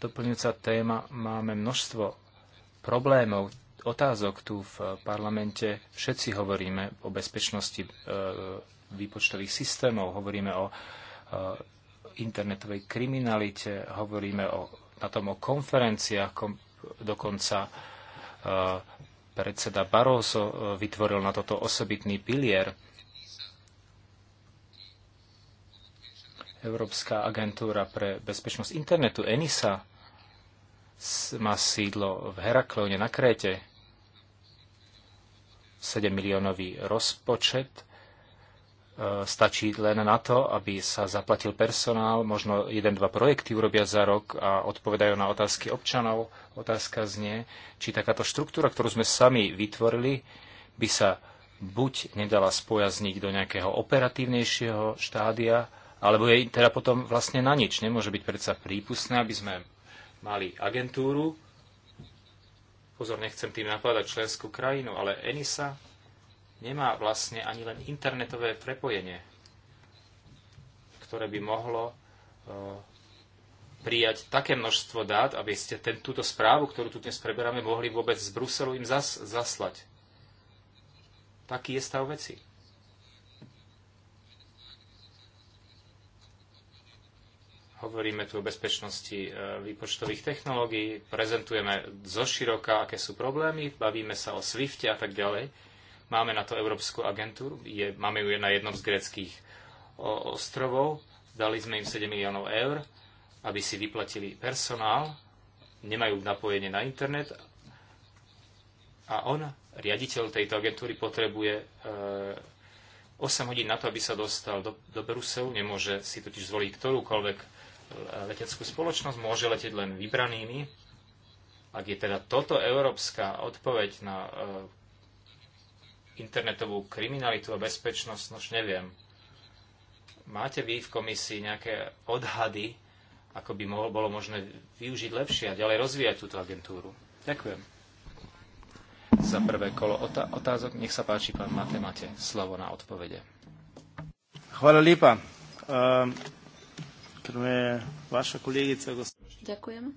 Doplňujúca téma. Máme množstvo problémov, otázok tu v parlamente. Všetci hovoríme o bezpečnosti e, výpočtových systémov, hovoríme o e, internetovej kriminalite, hovoríme o, na tom o konferenciách, kom, dokonca e, predseda Barroso vytvoril na toto osobitný pilier Európska agentúra pre bezpečnosť internetu ENISA má sídlo v Heraklóne na Kréte. 7 miliónový rozpočet e, stačí len na to, aby sa zaplatil personál, možno jeden, dva projekty urobia za rok a odpovedajú na otázky občanov. Otázka znie, či takáto štruktúra, ktorú sme sami vytvorili, by sa buď nedala spojazniť do nejakého operatívnejšieho štádia, alebo je teda potom vlastne na nič. Nemôže byť predsa prípustné, aby sme mali agentúru, pozor, nechcem tým napadať členskú krajinu, ale ENISA nemá vlastne ani len internetové prepojenie, ktoré by mohlo e, prijať také množstvo dát, aby ste ten, túto správu, ktorú tu dnes preberáme, mohli vôbec z Bruselu im zas, zaslať. Taký je stav veci. Hovoríme tu o bezpečnosti e, výpočtových technológií, prezentujeme zo široka, aké sú problémy, bavíme sa o Swifte a tak ďalej. Máme na to Európsku agentúru, je, máme ju na jednom z greckých ostrovov, dali sme im 7 miliónov eur, aby si vyplatili personál, nemajú napojenie na internet a on, riaditeľ tejto agentúry, potrebuje 8 e, hodín na to, aby sa dostal do, do Bruselu, nemôže si totiž zvoliť ktorúkoľvek leteckú spoločnosť môže letieť len vybranými. Ak je teda toto európska odpoveď na eh, internetovú kriminalitu a bezpečnosť, nož neviem. Máte vy v komisii nejaké odhady, ako by mohol, bolo možné využiť lepšie a ďalej rozvíjať túto agentúru? Ďakujem. Za prvé kolo otázok, nech sa páči, pán Mate, máte slovo na odpovede. Hvala lípa. Um... Ehm, vaša kolegica. Ďakujem.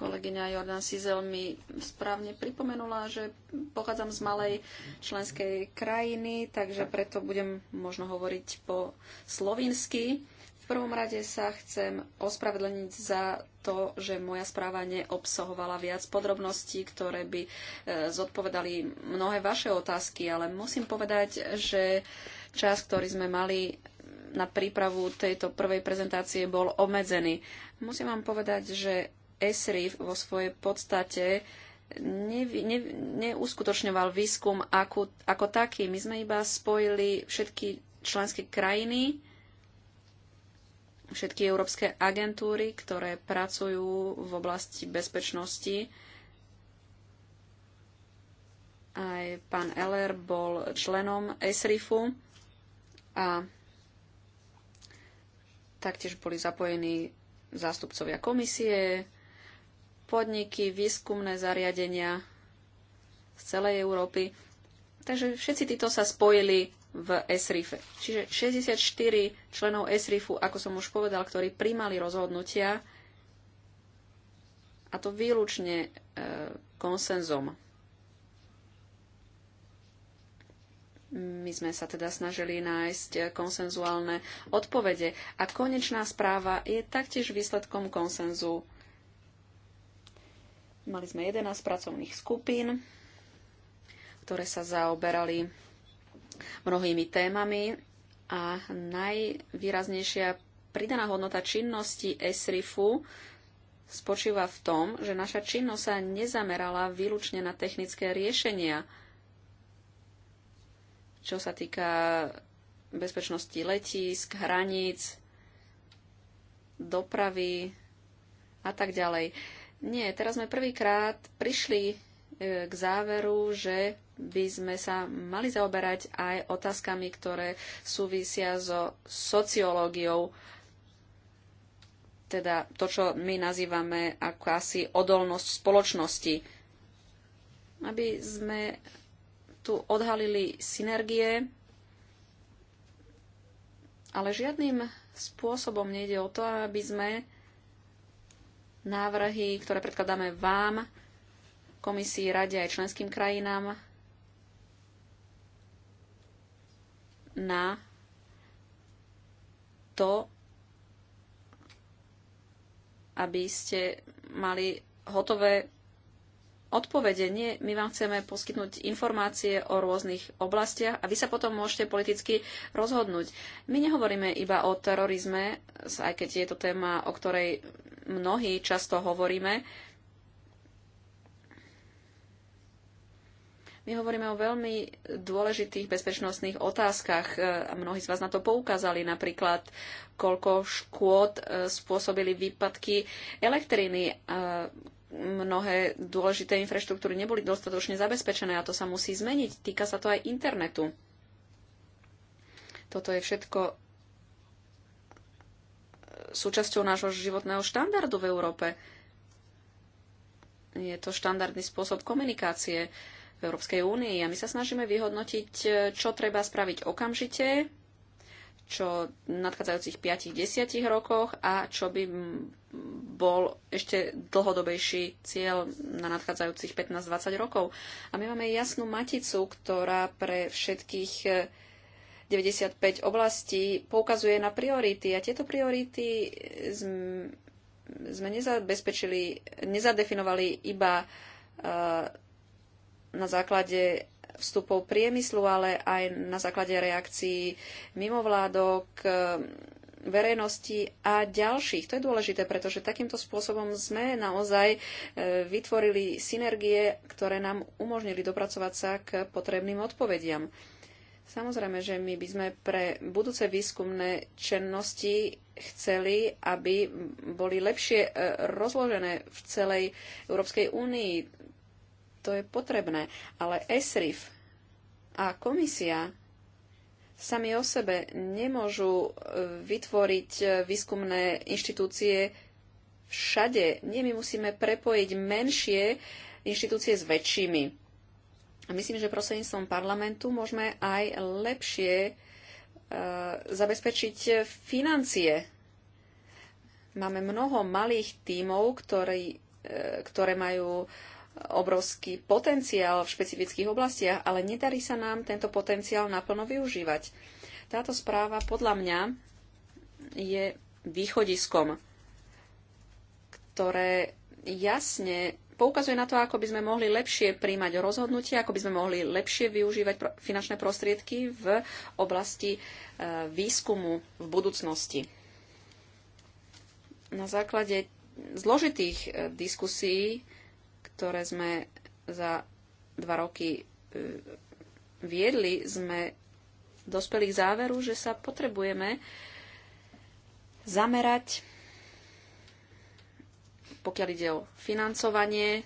Kolegyňa Jordan Sizel mi správne pripomenula, že pochádzam z malej členskej krajiny, takže preto budem možno hovoriť po slovinsky prvom rade sa chcem ospravedlniť za to, že moja správa neobsahovala viac podrobností, ktoré by e, zodpovedali mnohé vaše otázky, ale musím povedať, že čas, ktorý sme mali na prípravu tejto prvej prezentácie, bol obmedzený. Musím vám povedať, že ESRIF vo svojej podstate ne, ne, neuskutočňoval výskum ako, ako taký. My sme iba spojili všetky členské krajiny všetky európske agentúry, ktoré pracujú v oblasti bezpečnosti. Aj pán Eller bol členom ESRIFu a taktiež boli zapojení zástupcovia komisie, podniky, výskumné zariadenia z celej Európy. Takže všetci títo sa spojili v Esrife. Čiže 64 členov Esrifu, ako som už povedal, ktorí primali rozhodnutia a to výlučne e, konsenzom. My sme sa teda snažili nájsť e, konsenzuálne odpovede a konečná správa je taktiež výsledkom konsenzu. Mali sme 11 pracovných skupín, ktoré sa zaoberali mnohými témami a najvýraznejšia pridaná hodnota činnosti ESRIFu spočíva v tom, že naša činnosť sa nezamerala výlučne na technické riešenia, čo sa týka bezpečnosti letísk, hraníc, dopravy a tak ďalej. Nie, teraz sme prvýkrát prišli e, k záveru, že by sme sa mali zaoberať aj otázkami, ktoré súvisia so sociológiou, teda to, čo my nazývame ako asi odolnosť spoločnosti. Aby sme tu odhalili synergie, ale žiadnym spôsobom nejde o to, aby sme návrhy, ktoré predkladáme vám, komisii, rade aj členským krajinám, na to, aby ste mali hotové odpovede. Nie, my vám chceme poskytnúť informácie o rôznych oblastiach a vy sa potom môžete politicky rozhodnúť. My nehovoríme iba o terorizme, aj keď je to téma, o ktorej mnohí často hovoríme, My hovoríme o veľmi dôležitých bezpečnostných otázkach e, a mnohí z vás na to poukázali, napríklad koľko škôd e, spôsobili výpadky elektriny. E, mnohé dôležité infraštruktúry neboli dostatočne zabezpečené a to sa musí zmeniť. Týka sa to aj internetu. Toto je všetko súčasťou nášho životného štandardu v Európe. Je to štandardný spôsob komunikácie. Uh, v Európskej únii. A my sa snažíme vyhodnotiť, e, čo treba spraviť okamžite, čo v nadchádzajúcich 5-10 rokoch a čo by bol ešte dlhodobejší cieľ na nadchádzajúcich 15-20 rokov. A my máme jasnú maticu, ktorá pre všetkých 95 e, oblastí poukazuje na priority. A tieto priority e, sme nezabezpečili, nezadefinovali iba na základe vstupov priemyslu, ale aj na základe reakcií mimovládok, verejnosti a ďalších. To je dôležité, pretože takýmto spôsobom sme naozaj e, vytvorili synergie, ktoré nám umožnili dopracovať sa k potrebným odpovediam. Samozrejme, že my by sme pre budúce výskumné činnosti chceli, aby boli lepšie e, rozložené v celej Európskej únii to je potrebné. Ale ESRIF a komisia sami o sebe nemôžu e, vytvoriť e, výskumné inštitúcie všade. Nie, my musíme prepojiť menšie inštitúcie s väčšími. A myslím, že prostredníctvom parlamentu môžeme aj lepšie e, zabezpečiť financie. Máme mnoho malých tímov, ktorý, e, ktoré majú e, obrovský potenciál v špecifických oblastiach, ale nedarí sa nám tento potenciál naplno využívať. Táto správa podľa mňa je východiskom, ktoré jasne poukazuje na to, ako by sme mohli lepšie príjmať rozhodnutia, ako by sme mohli lepšie využívať finančné prostriedky v oblasti e, výskumu v budúcnosti. Na základe zložitých e, diskusí ktoré sme za dva roky e, viedli, sme dospeli k záveru, že sa potrebujeme zamerať, pokiaľ ide o financovanie,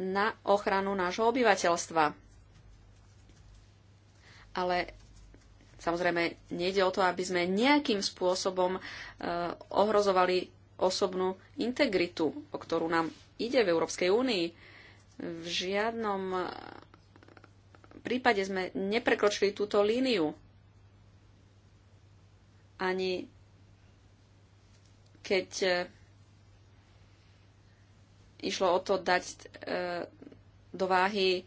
na ochranu nášho obyvateľstva. Ale samozrejme nejde o to, aby sme nejakým spôsobom e, ohrozovali osobnú integritu, o ktorú nám ide v Európskej únii. V žiadnom prípade sme neprekročili túto líniu. Ani keď e, išlo o to dať e, do váhy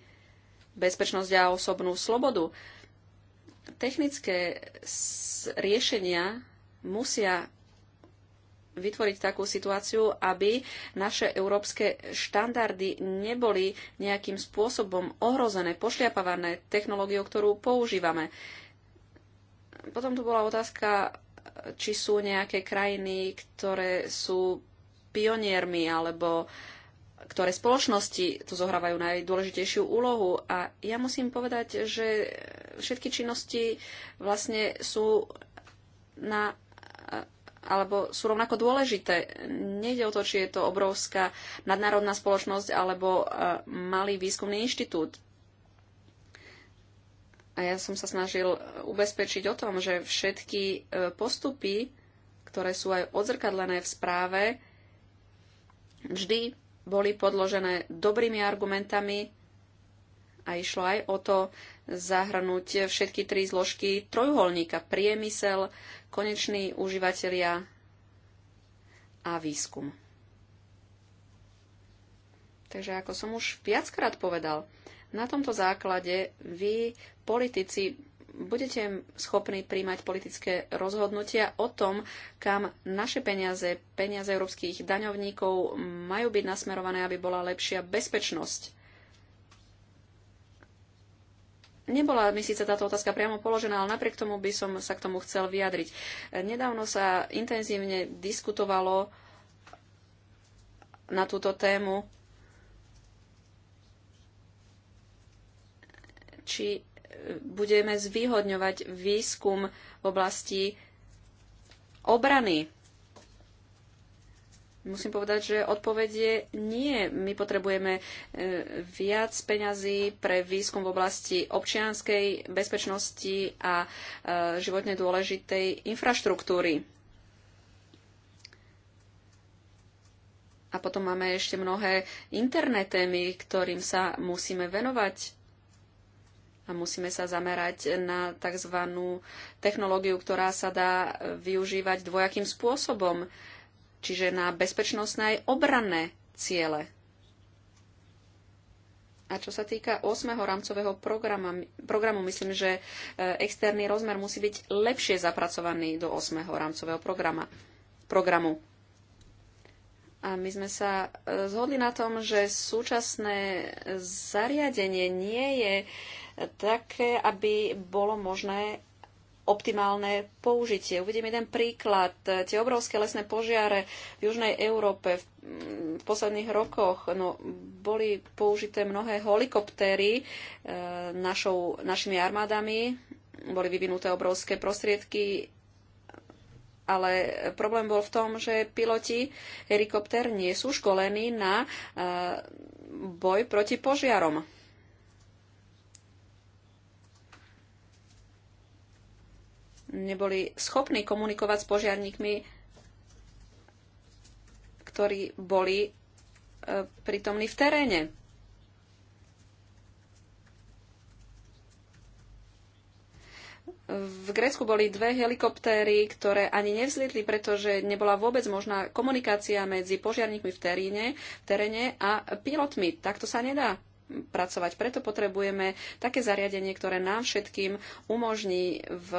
bezpečnosť a osobnú slobodu. Technické riešenia musia vytvoriť takú situáciu, aby naše európske štandardy neboli nejakým spôsobom ohrozené, pošliapavané technológiou, ktorú používame. Potom tu bola otázka, či sú nejaké krajiny, ktoré sú pioniermi alebo ktoré spoločnosti tu zohrávajú najdôležitejšiu úlohu. A ja musím povedať, že všetky činnosti vlastne sú na alebo sú rovnako dôležité. Nejde o to, či je to obrovská nadnárodná spoločnosť alebo e, malý výskumný inštitút. A ja som sa snažil ubezpečiť o tom, že všetky e, postupy, ktoré sú aj odzrkadlené v správe, vždy boli podložené dobrými argumentami a išlo aj o to zahrnúť všetky tri zložky trojuholníka. Priemysel, koneční užívateľia a výskum. Takže ako som už viackrát povedal, na tomto základe vy, politici, budete schopní príjmať politické rozhodnutia o tom, kam naše peniaze, peniaze európskych daňovníkov majú byť nasmerované, aby bola lepšia bezpečnosť. Nebola mi síce táto otázka priamo položená, ale napriek tomu by som sa k tomu chcel vyjadriť. Nedávno sa intenzívne diskutovalo na túto tému, či e, budeme zvýhodňovať výskum v oblasti obrany Musím povedať, že odpoveď je nie. My potrebujeme e, viac peňazí pre výskum v oblasti občianskej bezpečnosti a e, životne dôležitej infraštruktúry. A potom máme ešte mnohé interné témy, ktorým sa musíme venovať. A musíme sa zamerať na tzv. technológiu, ktorá sa dá využívať dvojakým spôsobom čiže na bezpečnostné aj obranné ciele. A čo sa týka 8. rámcového programu, programu, myslím, že e, externý rozmer musí byť lepšie zapracovaný do 8. rámcového programa, programu. A my sme sa e, zhodli na tom, že súčasné zariadenie nie je také, aby bolo možné optimálne použitie. Uvidím jeden príklad. Tie obrovské lesné požiare v južnej Európe mm, v posledných rokoch no, boli použité mnohé helikoptéry e, našou, našimi armádami. Boli vyvinuté obrovské prostriedky ale problém bol v tom, že piloti helikopter nie sú školení na e, boj proti požiarom. neboli schopní komunikovať s požiarníkmi, ktorí boli e, prítomní v teréne. V Grécku boli dve helikoptéry, ktoré ani nevzlietli, pretože nebola vôbec možná komunikácia medzi požiarníkmi v teréne, v teréne a pilotmi. Takto sa nedá pracovať. Preto potrebujeme také zariadenie, ktoré nám všetkým umožní v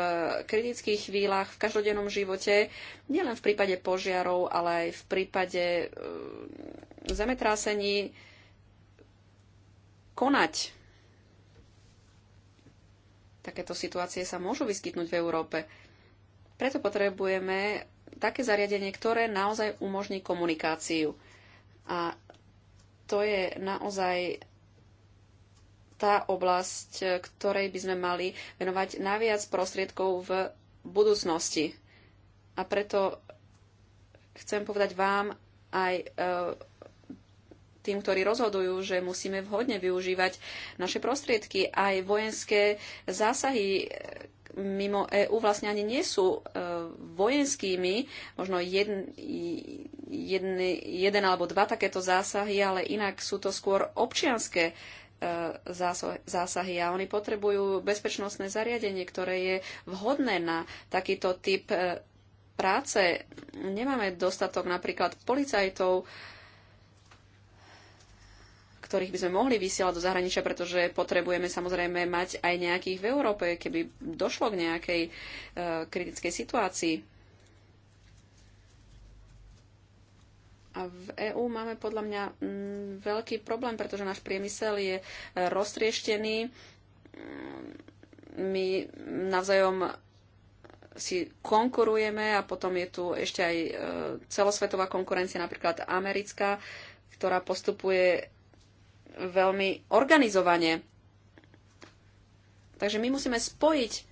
kritických chvíľach, v každodennom živote, nielen v prípade požiarov, ale aj v prípade e, zemetrásení, konať. Takéto situácie sa môžu vyskytnúť v Európe. Preto potrebujeme také zariadenie, ktoré naozaj umožní komunikáciu. A to je naozaj tá oblasť, ktorej by sme mali venovať najviac prostriedkov v budúcnosti. A preto chcem povedať vám aj e, tým, ktorí rozhodujú, že musíme vhodne využívať naše prostriedky. Aj vojenské zásahy e, mimo EÚ vlastne ani nie sú e, vojenskými, možno jedn, jedn, jeden alebo dva takéto zásahy, ale inak sú to skôr občianské E, zásahy a oni potrebujú bezpečnostné zariadenie, ktoré je vhodné na takýto typ e, práce. Nemáme dostatok napríklad policajtov, ktorých by sme mohli vysielať do zahraničia, pretože potrebujeme samozrejme mať aj nejakých v Európe, keby došlo k nejakej e, kritickej situácii. A v EÚ máme podľa mňa mm, veľký problém, pretože náš priemysel je e, roztrieštený. Mm, my navzájom si konkurujeme a potom je tu ešte aj e, celosvetová konkurencia, napríklad americká, ktorá postupuje veľmi organizovane. Takže my musíme spojiť e,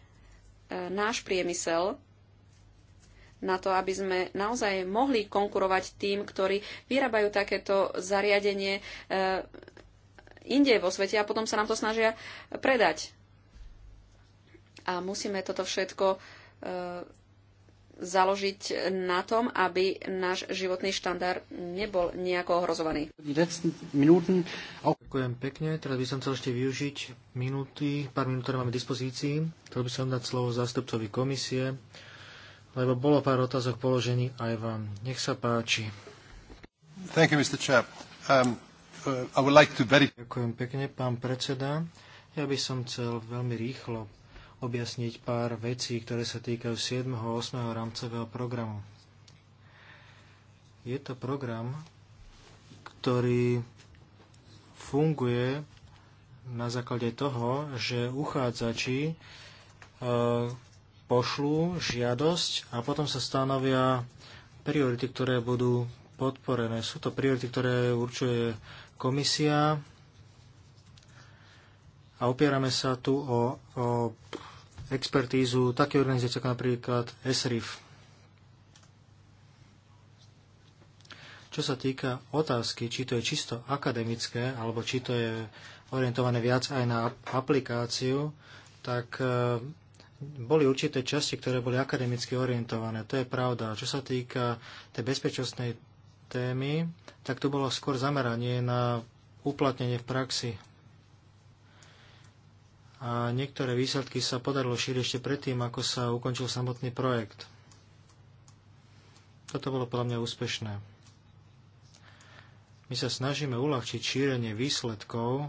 náš priemysel na to, aby sme naozaj mohli konkurovať tým, ktorí vyrábajú takéto zariadenie e, inde vo svete a potom sa nám to snažia predať. A musíme toto všetko e, založiť na tom, aby náš životný štandard nebol nejako ohrozovaný. Ďakujem pekne. Teraz by som chcel ešte využiť minúty, pár minút, ktoré máme v dispozícii. Chcel by som dať slovo zástupcovi komisie, lebo bolo pár otázok položených aj vám. Nech sa páči. Thank you, Mr. Chair. Um, uh, I would like to very... Ďakujem pekne, pán predseda. Ja by som chcel veľmi rýchlo objasniť pár vecí, ktoré sa týkajú 7. a 8. rámcového programu. Je to program, ktorý funguje na základe toho, že uchádzači uh, pošlú žiadosť a potom sa stanovia priority, ktoré budú podporené. Sú to priority, ktoré určuje komisia a opierame sa tu o, o expertízu také organizácie ako napríklad SRIF. Čo sa týka otázky, či to je čisto akademické, alebo či to je orientované viac aj na aplikáciu, tak boli určité časti, ktoré boli akademicky orientované. To je pravda. Čo sa týka tej bezpečnostnej témy, tak to bolo skôr zameranie na uplatnenie v praxi. A niektoré výsledky sa podarilo šíriť ešte predtým, ako sa ukončil samotný projekt. Toto bolo podľa mňa úspešné. My sa snažíme uľahčiť šírenie výsledkov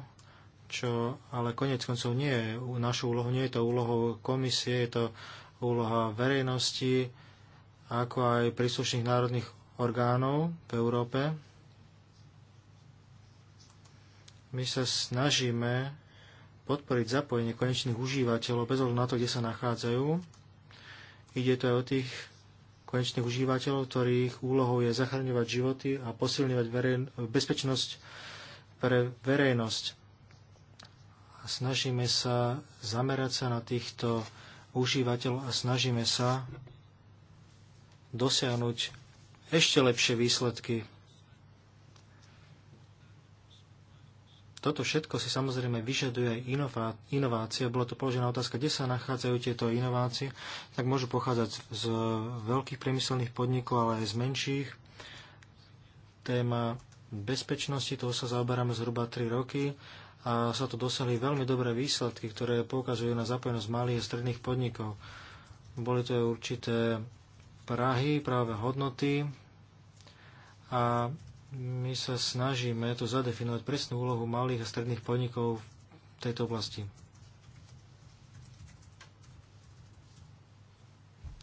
čo ale konec koncov nie je našou úlohou, nie je to úlohou komisie, je to úloha verejnosti, ako aj príslušných národných orgánov v Európe. My sa snažíme podporiť zapojenie konečných užívateľov bez ohľadu na to, kde sa nachádzajú. Ide to aj o tých konečných užívateľov, ktorých úlohou je zachraňovať životy a posilňovať verejn- bezpečnosť pre verejnosť snažíme sa zamerať sa na týchto užívateľov a snažíme sa dosiahnuť ešte lepšie výsledky. Toto všetko si samozrejme vyžaduje aj inovácia. Bola to položená otázka, kde sa nachádzajú tieto inovácie. Tak môžu pochádzať z veľkých priemyselných podnikov, ale aj z menších. Téma bezpečnosti, toho sa zaoberáme zhruba 3 roky a sa tu dosahli veľmi dobré výsledky, ktoré poukazujú na zapojenosť malých a stredných podnikov. Boli to určité prahy, práve hodnoty a my sa snažíme tu zadefinovať presnú úlohu malých a stredných podnikov v tejto oblasti.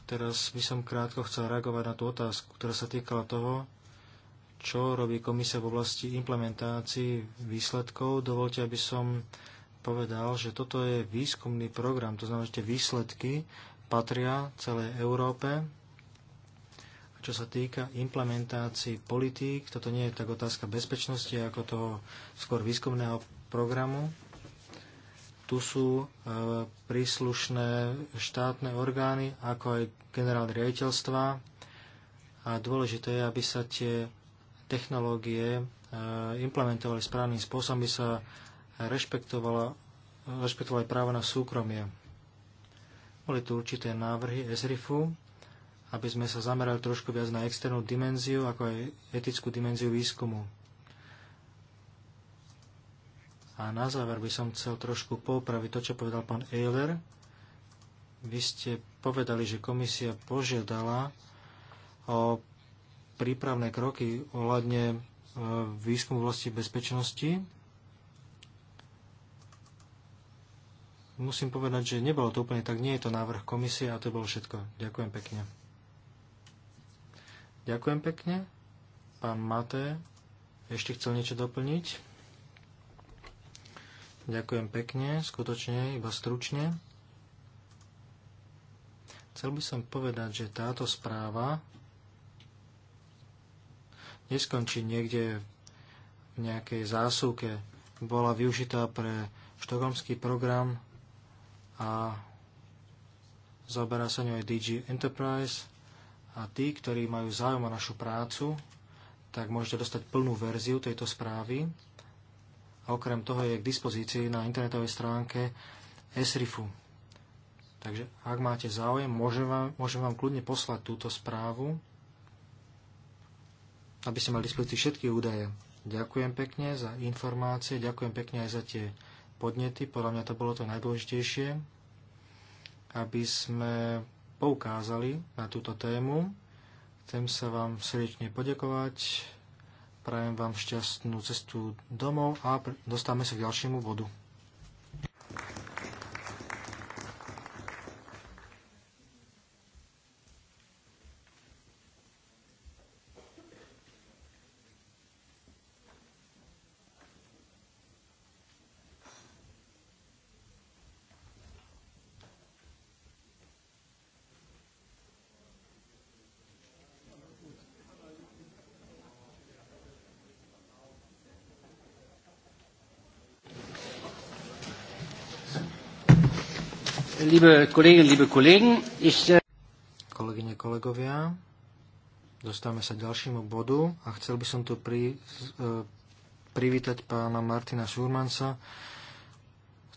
Teraz by som krátko chcel reagovať na tú otázku, ktorá sa týkala toho, čo robí komisia v oblasti implementácií výsledkov. Dovolte, aby som povedal, že toto je výskumný program, to znamená, že tie výsledky patria celej Európe. A čo sa týka implementácií politík, toto nie je tak otázka bezpečnosti, ako toho skôr výskumného programu. Tu sú e, príslušné štátne orgány, ako aj generálne riaditeľstva. A dôležité je, aby sa tie technológie e, implementovali správnym spôsobom, by sa rešpektovali práva na súkromie. Boli tu určité návrhy SRIFu, aby sme sa zamerali trošku viac na externú dimenziu, ako aj etickú dimenziu výskumu. A na záver by som chcel trošku poupraviť to, čo povedal pán Eiler. Vy ste povedali, že komisia požiadala o prípravné kroky ohľadne e, výskumu vlasti bezpečnosti. Musím povedať, že nebolo to úplne tak, nie je to návrh komisie a to bolo všetko. Ďakujem pekne. Ďakujem pekne. Pán Mate, ešte chcel niečo doplniť? Ďakujem pekne, skutočne, iba stručne. Chcel by som povedať, že táto správa neskončí niekde v nejakej zásuvke. Bola využitá pre štokholmský program a zaoberá sa ňou aj DG Enterprise a tí, ktorí majú záujem o našu prácu, tak môžete dostať plnú verziu tejto správy. A okrem toho je k dispozícii na internetovej stránke SRIFu. Takže ak máte záujem, môžem vám, môžem vám kľudne poslať túto správu aby ste mali dispozícii všetky údaje. Ďakujem pekne za informácie, ďakujem pekne aj za tie podnety. Podľa mňa to bolo to najdôležitejšie, aby sme poukázali na túto tému. Chcem sa vám srdečne poďakovať, prajem vám šťastnú cestu domov a dostávame sa k ďalšiemu vodu. liebe Kolleginnen, liebe Kollegen, ich... Äh, Kolegyne, kolegovia, dostávame sa ďalšiemu bodu a chcel by som tu pri, e, privítať pána Martina Šurmanca,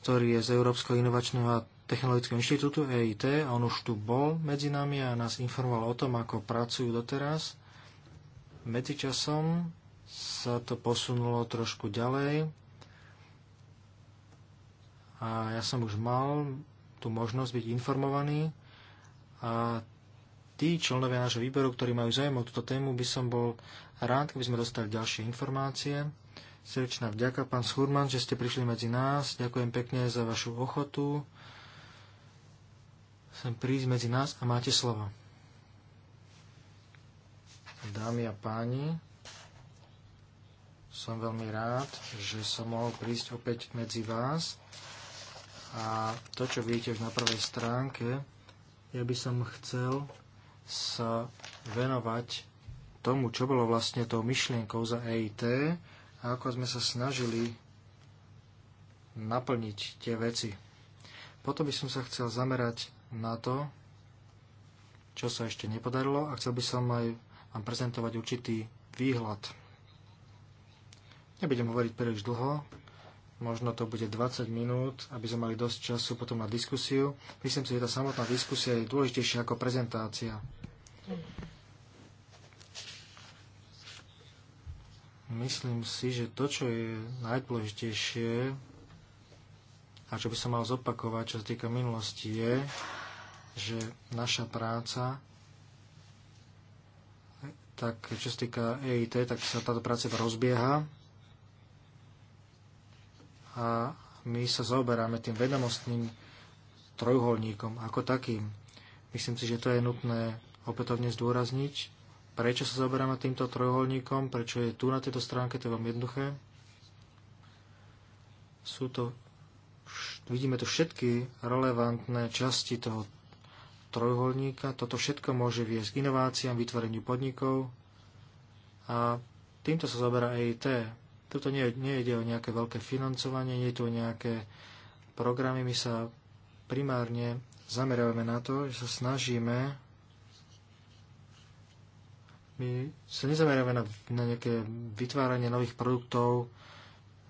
ktorý je z Európskeho inovačného a technologického inštitútu EIT. On už tu bol medzi nami a nás informoval o tom, ako pracujú doteraz. Medzičasom sa to posunulo trošku ďalej. A ja som už mal tú možnosť byť informovaní a tí členovia nášho výberu, ktorí majú záujem o túto tému, by som bol rád, keby sme dostali ďalšie informácie. Srdečná vďaka, pán Schurman, že ste prišli medzi nás. Ďakujem pekne za vašu ochotu. Sem prísť medzi nás a máte slovo. Dámy a páni, som veľmi rád, že som mohol prísť opäť medzi vás a to, čo vidíte už na prvej stránke, ja by som chcel sa venovať tomu, čo bolo vlastne tou myšlienkou za EIT a ako sme sa snažili naplniť tie veci. Potom by som sa chcel zamerať na to, čo sa ešte nepodarilo a chcel by som aj vám prezentovať určitý výhľad. Nebudem hovoriť príliš dlho, možno to bude 20 minút, aby sme mali dosť času potom na diskusiu. Myslím si, že tá samotná diskusia je dôležitejšia ako prezentácia. Myslím si, že to, čo je najdôležitejšie a čo by som mal zopakovať, čo sa týka minulosti, je, že naša práca tak čo sa týka EIT, tak sa táto práca rozbieha a my sa zaoberáme tým vedomostným trojuholníkom ako takým. Myslím si, že to je nutné opätovne zdôrazniť. Prečo sa zaoberáme týmto trojuholníkom? Prečo je tu na tejto stránke? To je veľmi jednoduché. Sú to, vidíme tu všetky relevantné časti toho trojuholníka. Toto všetko môže viesť k inováciám, vytvoreniu podnikov a týmto sa zaoberá EIT. Toto nie, nie ide o nejaké veľké financovanie, nie je to o nejaké programy. My sa primárne zameriavame na to, že sa snažíme my sa nezameriavame na, na nejaké vytváranie nových produktov.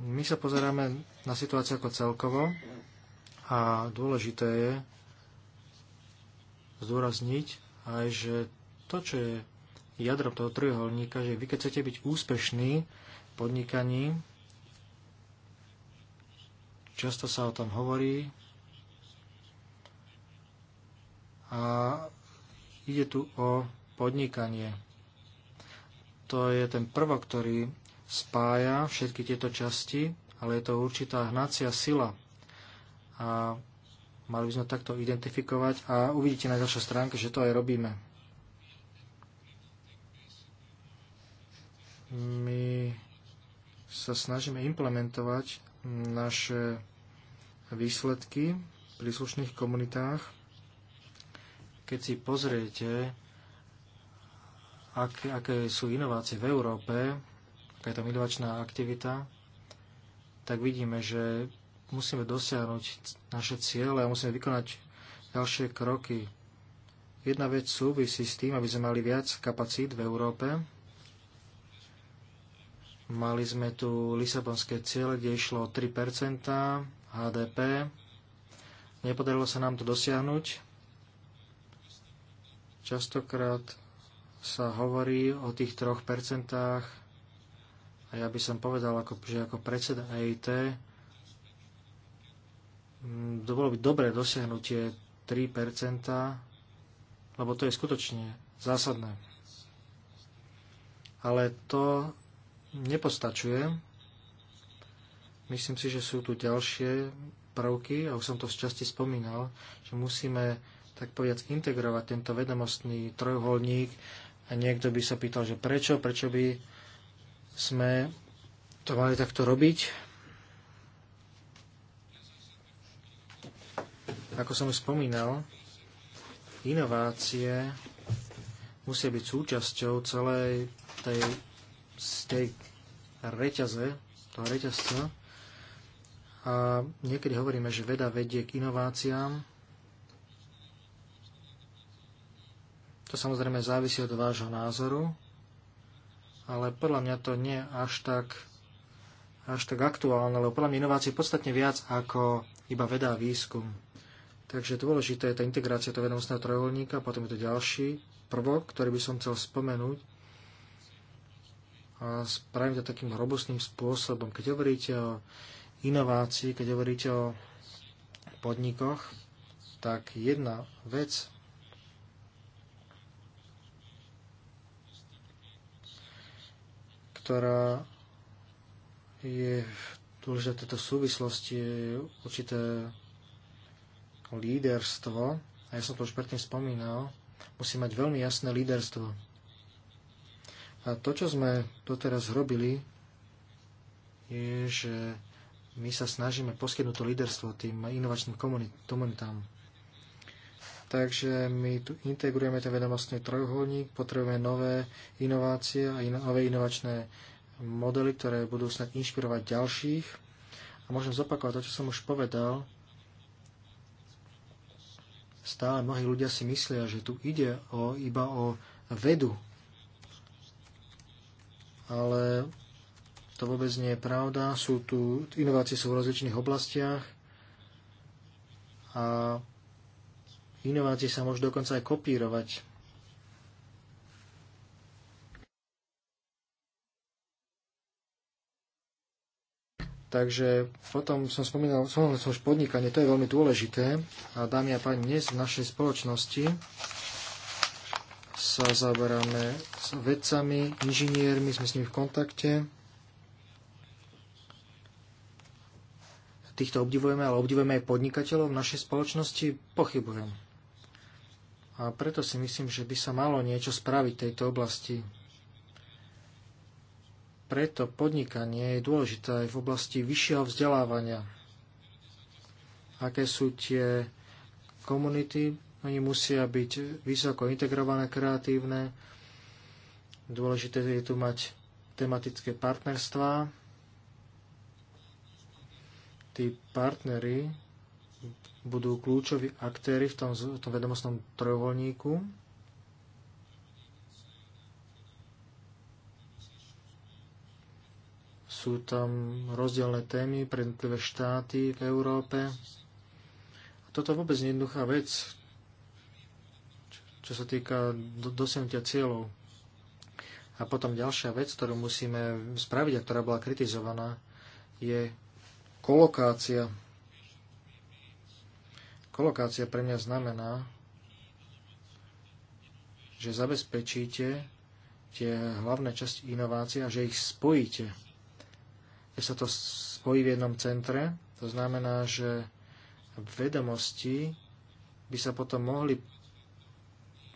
My sa pozeráme na situáciu ako celkovo a dôležité je zdôrazniť aj, že to, čo je jadrom toho trojuholníka, že vy keď chcete byť úspešní, podnikaní. Často sa o tom hovorí a ide tu o podnikanie. To je ten prvok, ktorý spája všetky tieto časti, ale je to určitá hnacia sila. A mali by sme takto identifikovať a uvidíte na ďalšej stránke, že to aj robíme. My sa snažíme implementovať naše výsledky v príslušných komunitách. Keď si pozriete, ak, aké sú inovácie v Európe, aká je tam inovačná aktivita, tak vidíme, že musíme dosiahnuť naše ciele a musíme vykonať ďalšie kroky. Jedna vec súvisí s tým, aby sme mali viac kapacít v Európe, Mali sme tu Lisabonské ciele, kde išlo o 3 HDP. Nepodarilo sa nám to dosiahnuť. Častokrát sa hovorí o tých 3 a ja by som povedal, ako, že ako predseda EIT mm, to bolo by dobré dosiahnutie 3 lebo to je skutočne zásadné. Ale to nepostačuje. Myslím si, že sú tu ďalšie prvky, a už som to v časti spomínal, že musíme tak povedať integrovať tento vedomostný trojuholník a niekto by sa pýtal, že prečo, prečo by sme to mali takto robiť. Ako som už spomínal, inovácie musia byť súčasťou celej tej z tej reťaze, toho reťazca. A niekedy hovoríme, že veda vedie k inováciám. To samozrejme závisí od vášho názoru, ale podľa mňa to nie až tak, až tak aktuálne, lebo podľa mňa inovácie je podstatne viac ako iba veda a výskum. Takže dôležité je tá integrácia toho vedomostného trojuholníka, potom je to ďalší prvok, ktorý by som chcel spomenúť, a spraviť to takým robustným spôsobom. Keď hovoríte o inovácii, keď hovoríte o podnikoch, tak jedna vec, ktorá je dôležitá v tejto súvislosti, je určité líderstvo, a ja som to už predtým spomínal, musí mať veľmi jasné líderstvo a to, čo sme doteraz robili, je, že my sa snažíme poskytnúť to líderstvo tým inovačným komunitám. Takže my tu integrujeme ten vedomostný trojuholník, potrebujeme nové inovácie a in- nové inovačné modely, ktoré budú snad inšpirovať ďalších. A môžem zopakovať to, čo som už povedal. Stále mnohí ľudia si myslia, že tu ide o, iba o vedu, ale to vôbec nie je pravda. Sú tu, inovácie sú v rozličných oblastiach a inovácie sa môžu dokonca aj kopírovať. Takže potom som spomínal, som už podnikanie, to je veľmi dôležité. A dámy a páni, dnes v našej spoločnosti sa zaoberáme s vedcami, inžiniermi, sme s nimi v kontakte. Týchto obdivujeme, ale obdivujeme aj podnikateľov v našej spoločnosti, pochybujem. A preto si myslím, že by sa malo niečo spraviť v tejto oblasti. Preto podnikanie je dôležité aj v oblasti vyššieho vzdelávania. Aké sú tie komunity, oni musia byť vysoko integrované, kreatívne. Dôležité je tu mať tematické partnerstvá. Tí partnery budú kľúčoví aktéry v tom, v tom vedomostnom trojuholníku. Sú tam rozdielne témy pre jednotlivé štáty v Európe. A toto vôbec nie je jednoduchá vec čo sa týka dosiahnutia cieľov. A potom ďalšia vec, ktorú musíme spraviť a ktorá bola kritizovaná, je kolokácia. Kolokácia pre mňa znamená, že zabezpečíte tie hlavné časti inovácie a že ich spojíte. Keď sa to spojí v jednom centre, to znamená, že vedomosti by sa potom mohli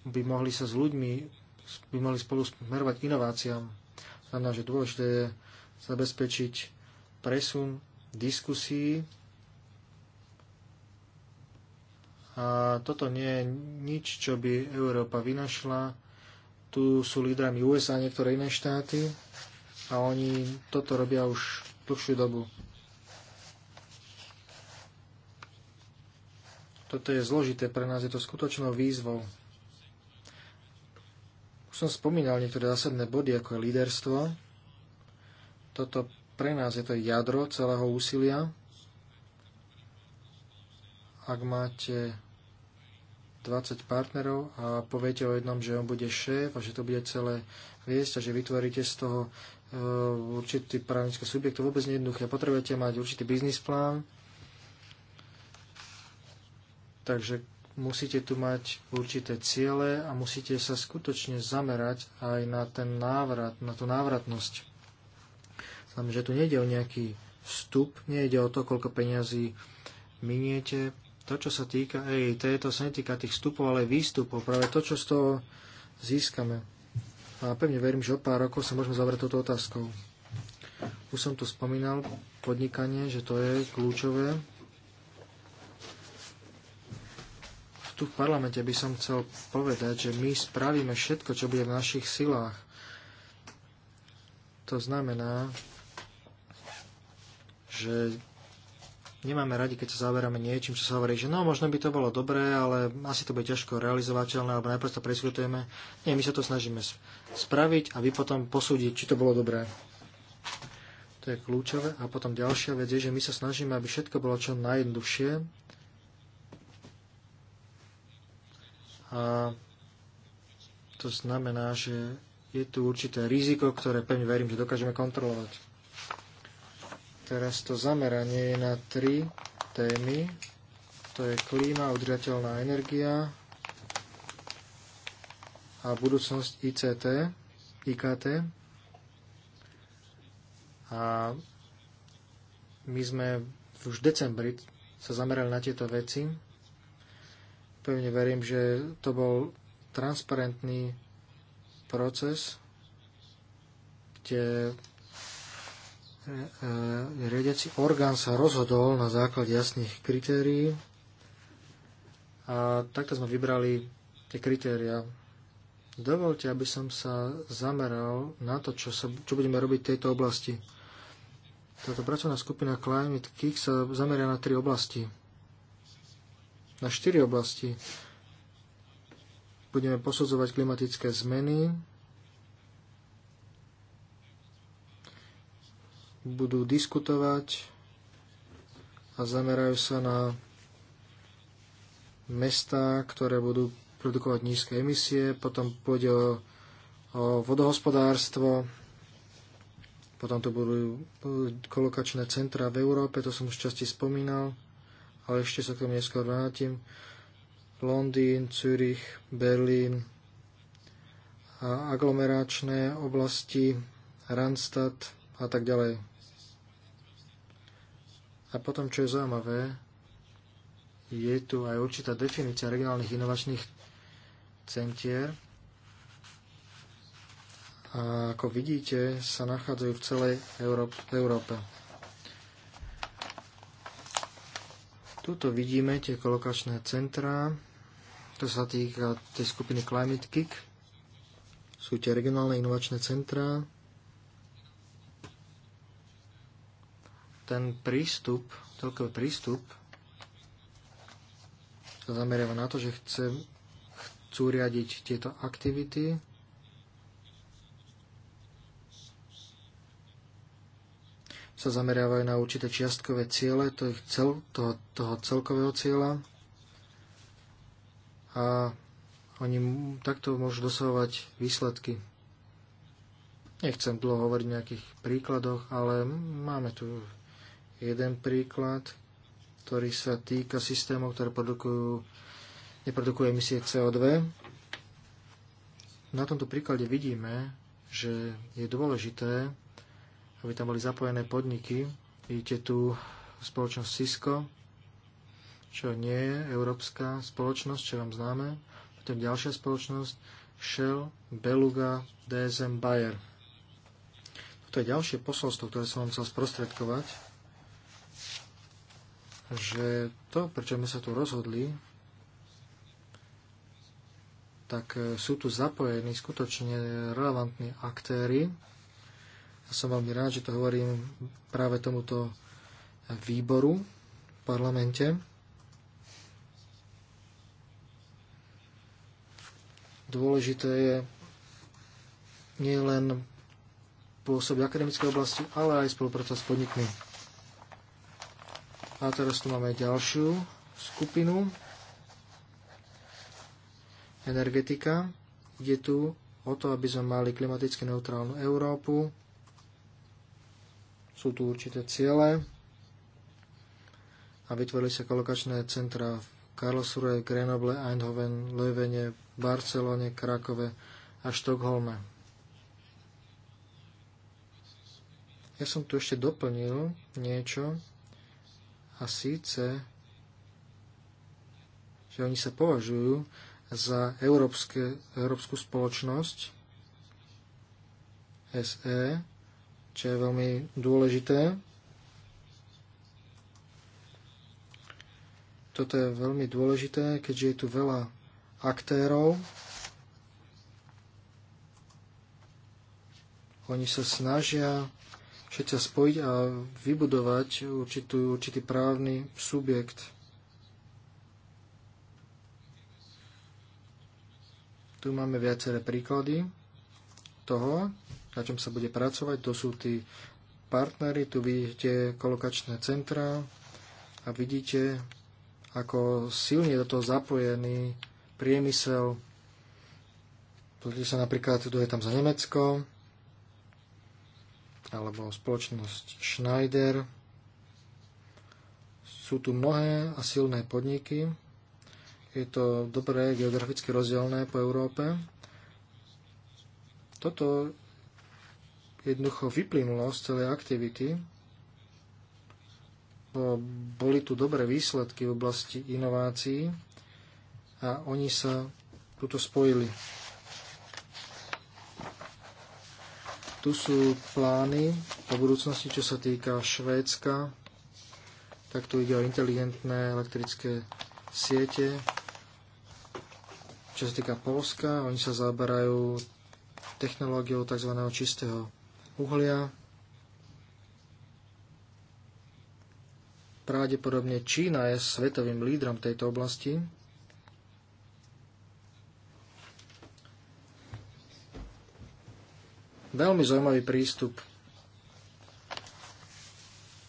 by mohli sa s ľuďmi, by mohli spolu smerovať inováciám. Znamená, že dôležité je zabezpečiť presun diskusí a toto nie je nič, čo by Európa vynašla. Tu sú lídrami USA a niektoré iné štáty a oni toto robia už dlhšiu dobu. Toto je zložité pre nás, je to skutočnou výzvou. Už som spomínal niektoré zásadné body, ako je líderstvo. Toto pre nás je to jadro celého úsilia. Ak máte 20 partnerov a poviete o jednom, že on bude šéf a že to bude celé viesť a že vytvoríte z toho e, určitý právnický subjekt, to vôbec nie je jednoduché. Potrebujete mať určitý biznis plán, takže musíte tu mať určité ciele a musíte sa skutočne zamerať aj na ten návrat, na tú návratnosť. Znamená, že tu nejde o nejaký vstup, nejde o to, koľko peňazí miniete. To, čo sa týka EIT, to sa netýka tých vstupov, ale výstupov, práve to, čo z toho získame. A pevne verím, že o pár rokov sa môžeme zavrieť touto otázkou. Už som tu spomínal podnikanie, že to je kľúčové tu v parlamente by som chcel povedať, že my spravíme všetko, čo bude v našich silách. To znamená, že nemáme radi, keď sa zaoberáme niečím, čo sa hovorí, že no, možno by to bolo dobré, ale asi to bude ťažko realizovateľné, alebo najprv to preskutujeme. Nie, my sa to snažíme spraviť a vy potom posúdiť, či to bolo dobré. To je kľúčové. A potom ďalšia vec je, že my sa snažíme, aby všetko bolo čo najjednoduchšie, a to znamená, že je tu určité riziko, ktoré pevne verím, že dokážeme kontrolovať. Teraz to zameranie je na tri témy. To je klíma, udržateľná energia a budúcnosť ICT, IKT. A my sme už v decembri sa zamerali na tieto veci Pevne verím, že to bol transparentný proces, kde eh, eh, riadiaci orgán sa rozhodol na základe jasných kritérií a takto sme vybrali tie kritéria. Dovolte, aby som sa zameral na to, čo, sa, čo budeme robiť v tejto oblasti. Táto pracovná skupina Climate Kick sa zameria na tri oblasti na štyri oblasti. Budeme posudzovať klimatické zmeny, budú diskutovať a zamerajú sa na mestá, ktoré budú produkovať nízke emisie, potom pôjde o, o vodohospodárstvo, potom tu budú kolokačné centra v Európe, to som už časti spomínal ale ešte sa k tomu neskôr vrátim. Londýn, Zürich, Berlín a aglomeračné oblasti, Randstad a tak ďalej. A potom, čo je zaujímavé, je tu aj určitá definícia regionálnych inovačných centier. A ako vidíte, sa nachádzajú v celej Európe. Tuto vidíme tie kolokačné centrá, to sa týka tej skupiny Climate Kick, sú tie regionálne inovačné centrá. Ten prístup, celkový prístup sa zameriava na to, že chce, chcú riadiť tieto aktivity, sa zameriavajú na určité čiastkové ciele to ich cel, toho, toho celkového cieľa a oni takto môžu dosahovať výsledky. Nechcem dlho hovoriť o nejakých príkladoch, ale máme tu jeden príklad, ktorý sa týka systémov, ktoré produkujú, neprodukujú emisie CO2. Na tomto príklade vidíme, že je dôležité aby tam boli zapojené podniky. Vidíte tu spoločnosť Cisco, čo nie je európska spoločnosť, čo vám známe. Potom ďalšia spoločnosť Shell, Beluga, DSM Bayer. Toto je ďalšie posolstvo, ktoré som vám chcel sprostredkovať, že to, prečo sme sa tu rozhodli, tak sú tu zapojení skutočne relevantní aktéry, a som veľmi rád, že to hovorím práve tomuto výboru v parlamente. Dôležité je nielen pôsob akademickej oblasti, ale aj spolupráca s podnikmi. A teraz tu máme ďalšiu skupinu. Energetika. Ide tu o to, aby sme mali klimaticky neutrálnu Európu, sú tu určité ciele a vytvorili sa kolokačné centra v Karlsruhe, Grenoble, Eindhoven, Leuvene, Barcelone, Krakove a Štokholme. Ja som tu ešte doplnil niečo a síce, že oni sa považujú za európske, európsku spoločnosť SE, čo je veľmi dôležité. Toto je veľmi dôležité, keďže je tu veľa aktérov. Oni sa snažia všetci sa spojiť a vybudovať určitú, určitý právny subjekt. Tu máme viaceré príklady toho, na čom sa bude pracovať. To sú tí partnery, tu vidíte kolokačné centra a vidíte, ako silne do toho zapojený priemysel. Pozrite sa napríklad, tu je tam za Nemecko, alebo spoločnosť Schneider. Sú tu mnohé a silné podniky. Je to dobré geograficky rozdielné po Európe. Toto jednoducho vyplynulo z celej aktivity. Boli tu dobré výsledky v oblasti inovácií a oni sa tuto spojili. Tu sú plány o budúcnosti, čo sa týka Švédska. Tak tu ide o inteligentné elektrické siete. Čo sa týka Polska, oni sa zaberajú technológiou tzv. čistého uhlia. Pravdepodobne Čína je svetovým lídrom tejto oblasti. Veľmi zaujímavý prístup.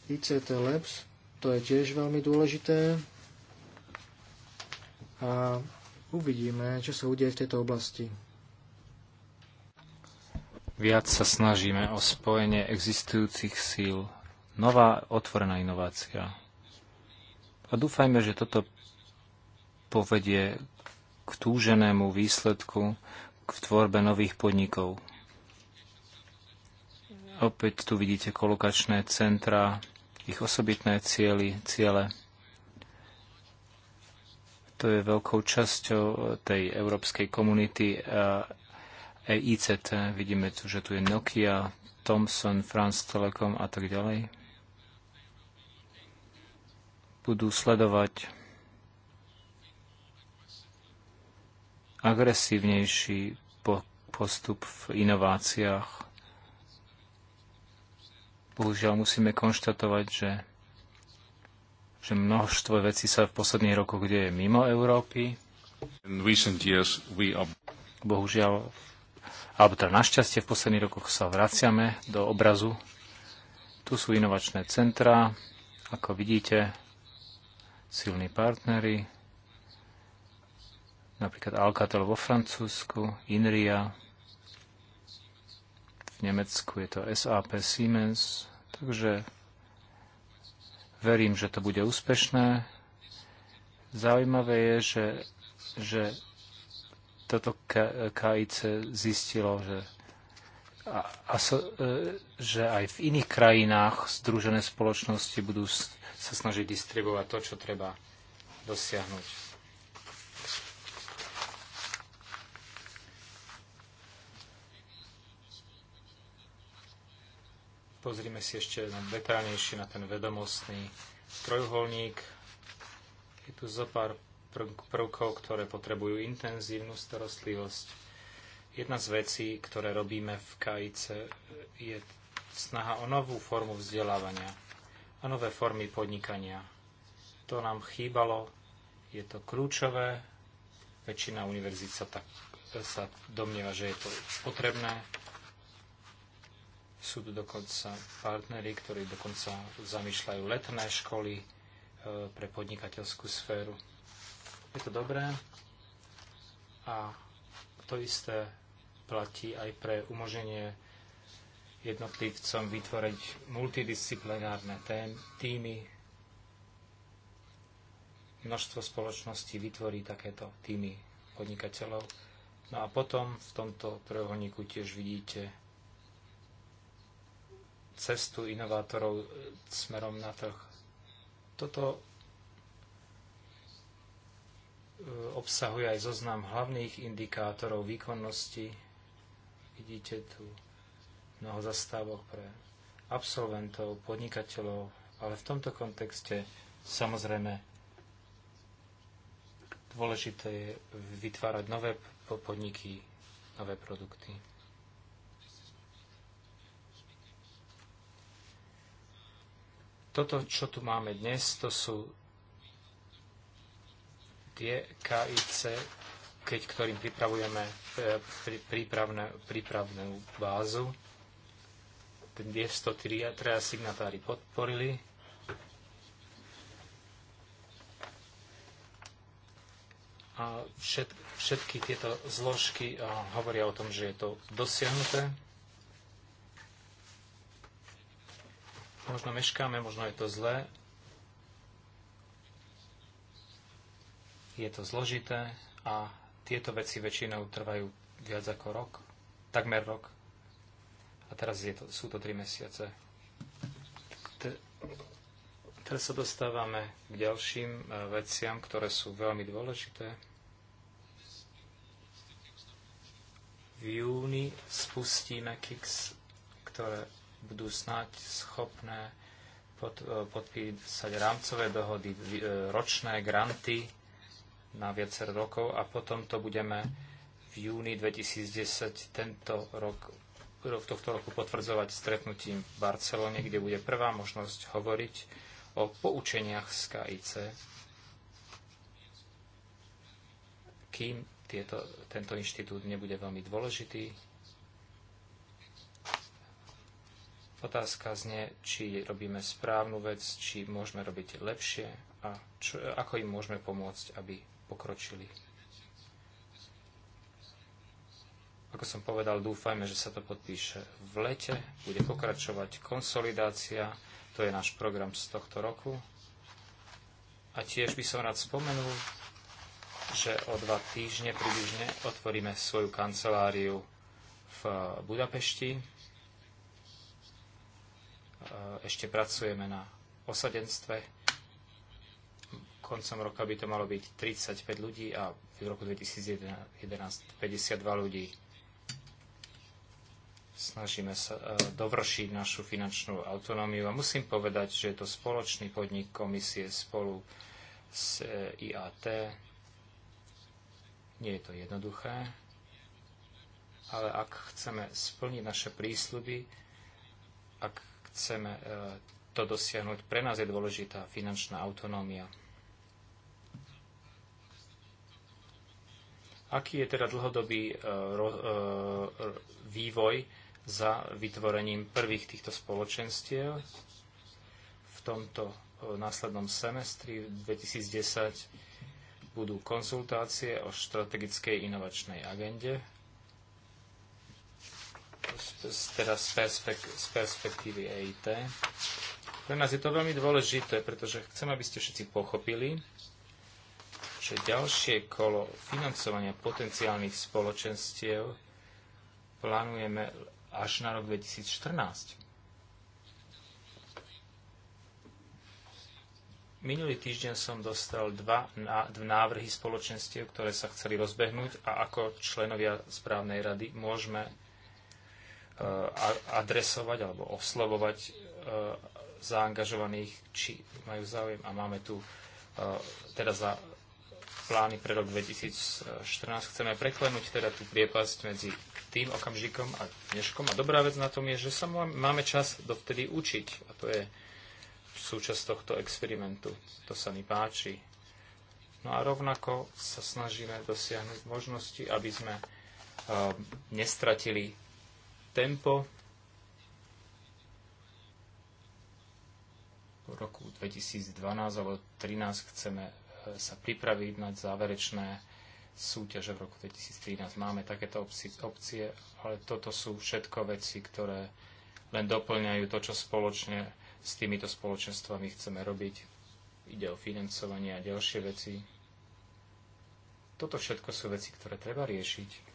ICT Labs, to je tiež veľmi dôležité. A uvidíme, čo sa udeje v tejto oblasti. Viac sa snažíme o spojenie existujúcich síl. Nová otvorená inovácia. A dúfajme, že toto povedie k túženému výsledku k tvorbe nových podnikov. Opäť tu vidíte kolokačné centra, ich osobitné cieľy, ciele. To je veľkou časťou tej európskej komunity E ICT, vidíme tu, že tu je Nokia, Thomson, France Telecom a tak ďalej. Budú sledovať agresívnejší postup v inováciách. Bohužiaľ musíme konštatovať, že, že množstvo vecí sa v posledných rokoch deje mimo Európy. Bohužiaľ alebo teda našťastie v posledných rokoch sa vraciame do obrazu. Tu sú inovačné centrá, ako vidíte, silní partnery, napríklad Alcatel vo Francúzsku, Inria, v Nemecku je to SAP Siemens, takže verím, že to bude úspešné. Zaujímavé je, že, že toto KIC zistilo, že, a, a so, e, že aj v iných krajinách združené spoločnosti budú sa snažiť distribuovať to, čo treba dosiahnuť. Pozrime si ešte na detaľnejšie na ten vedomostný trojuholník. Je tu zo pár prvkov, ktoré potrebujú intenzívnu starostlivosť. Jedna z vecí, ktoré robíme v KIC, je snaha o novú formu vzdelávania a nové formy podnikania. To nám chýbalo, je to kľúčové, väčšina univerzít sa, tak, sa domnieva, že je to potrebné. Sú tu dokonca partnery, ktorí dokonca zamýšľajú letné školy e, pre podnikateľskú sféru je to dobré a to isté platí aj pre umoženie jednotlivcom vytvoriť multidisciplinárne týmy. Množstvo spoločností vytvorí takéto týmy podnikateľov. No a potom v tomto trojuholníku tiež vidíte cestu inovátorov smerom na trh. Toto E, obsahuje aj zoznam hlavných indikátorov výkonnosti. Vidíte tu mnoho zastávok pre absolventov, podnikateľov, ale v tomto kontexte samozrejme dôležité je vytvárať nové podniky, nové produkty. Toto, čo tu máme dnes, to sú tie KIC, keď ktorým pripravujeme e, prípravne, prípravnú bázu, ten 203 a 3 signatári podporili. A všet, všetky tieto zložky a, hovoria o tom, že je to dosiahnuté. Možno meškáme, možno je to zlé, Je to zložité a tieto veci väčšinou trvajú viac ako rok, takmer rok. A teraz je to, sú to 3 mesiace. Te, teraz sa dostávame k ďalším e, veciam, ktoré sú veľmi dôležité. V júni spustíme Kix, ktoré budú snáď schopné pod, e, podpísať rámcové dohody, e, ročné granty na viacer rokov a potom to budeme v júni 2010 tento rok rok tohto roku potvrdzovať stretnutím v Barcelone, kde bude prvá možnosť hovoriť o poučeniach z KIC, kým tieto, tento inštitút nebude veľmi dôležitý. Otázka znie, či robíme správnu vec, či môžeme robiť lepšie a čo, ako im môžeme pomôcť, aby pokročili. Ako som povedal, dúfajme, že sa to podpíše v lete. Bude pokračovať konsolidácia, to je náš program z tohto roku. A tiež by som rád spomenul, že o dva týždne približne otvoríme svoju kanceláriu v Budapešti. E, ešte pracujeme na osadenstve koncom roka by to malo byť 35 ľudí a v roku 2011 52 ľudí. Snažíme sa e, dovršiť našu finančnú autonómiu a musím povedať, že je to spoločný podnik komisie spolu s e, IAT. Nie je to jednoduché, ale ak chceme splniť naše prísľuby, ak chceme e, to dosiahnuť, pre nás je dôležitá finančná autonómia. Aký je teda dlhodobý e, e, vývoj za vytvorením prvých týchto spoločenstiev v tomto e, následnom semestri 2010 budú konzultácie o strategickej inovačnej agende. Teraz z, perspek- z perspektívy EIT. Pre nás je to veľmi dôležité, pretože chcem, aby ste všetci pochopili, že ďalšie kolo financovania potenciálnych spoločenstiev plánujeme až na rok 2014. Minulý týždeň som dostal dva návrhy spoločenstiev, ktoré sa chceli rozbehnúť a ako členovia správnej rady môžeme e, adresovať alebo oslovovať e, zaangažovaných, či majú záujem. A máme tu e, teda za plány pre rok 2014. Chceme preklenúť teda tú priepasť medzi tým okamžikom a dneškom. A dobrá vec na tom je, že sa máme čas dovtedy učiť. A to je súčasť tohto experimentu. To sa mi páči. No a rovnako sa snažíme dosiahnuť možnosti, aby sme eh, nestratili tempo v roku 2012 alebo 2013 chceme sa pripraviť na záverečné súťaže v roku 2013. Máme takéto opcie, ale toto sú všetko veci, ktoré len doplňajú to, čo spoločne s týmito spoločenstvami chceme robiť. Ide o financovanie a ďalšie veci. Toto všetko sú veci, ktoré treba riešiť.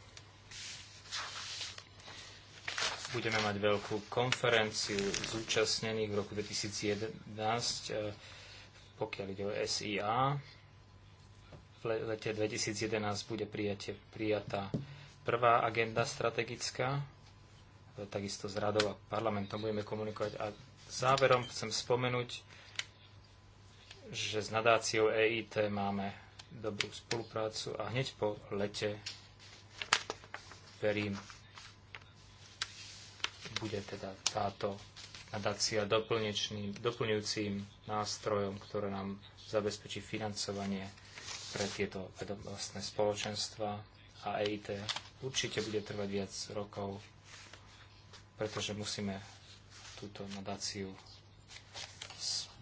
Budeme mať veľkú konferenciu zúčastnených v roku 2011, eh, pokiaľ ide o SIA v lete 2011 bude prijatá prvá agenda strategická, e, takisto s radou a parlamentom budeme komunikovať. A záverom chcem spomenúť, že s nadáciou EIT máme dobrú spoluprácu a hneď po lete verím, bude teda táto nadácia doplňujúcim nástrojom, ktoré nám zabezpečí financovanie pre tieto vedomostné spoločenstva a EIT určite bude trvať viac rokov, pretože musíme túto nadáciu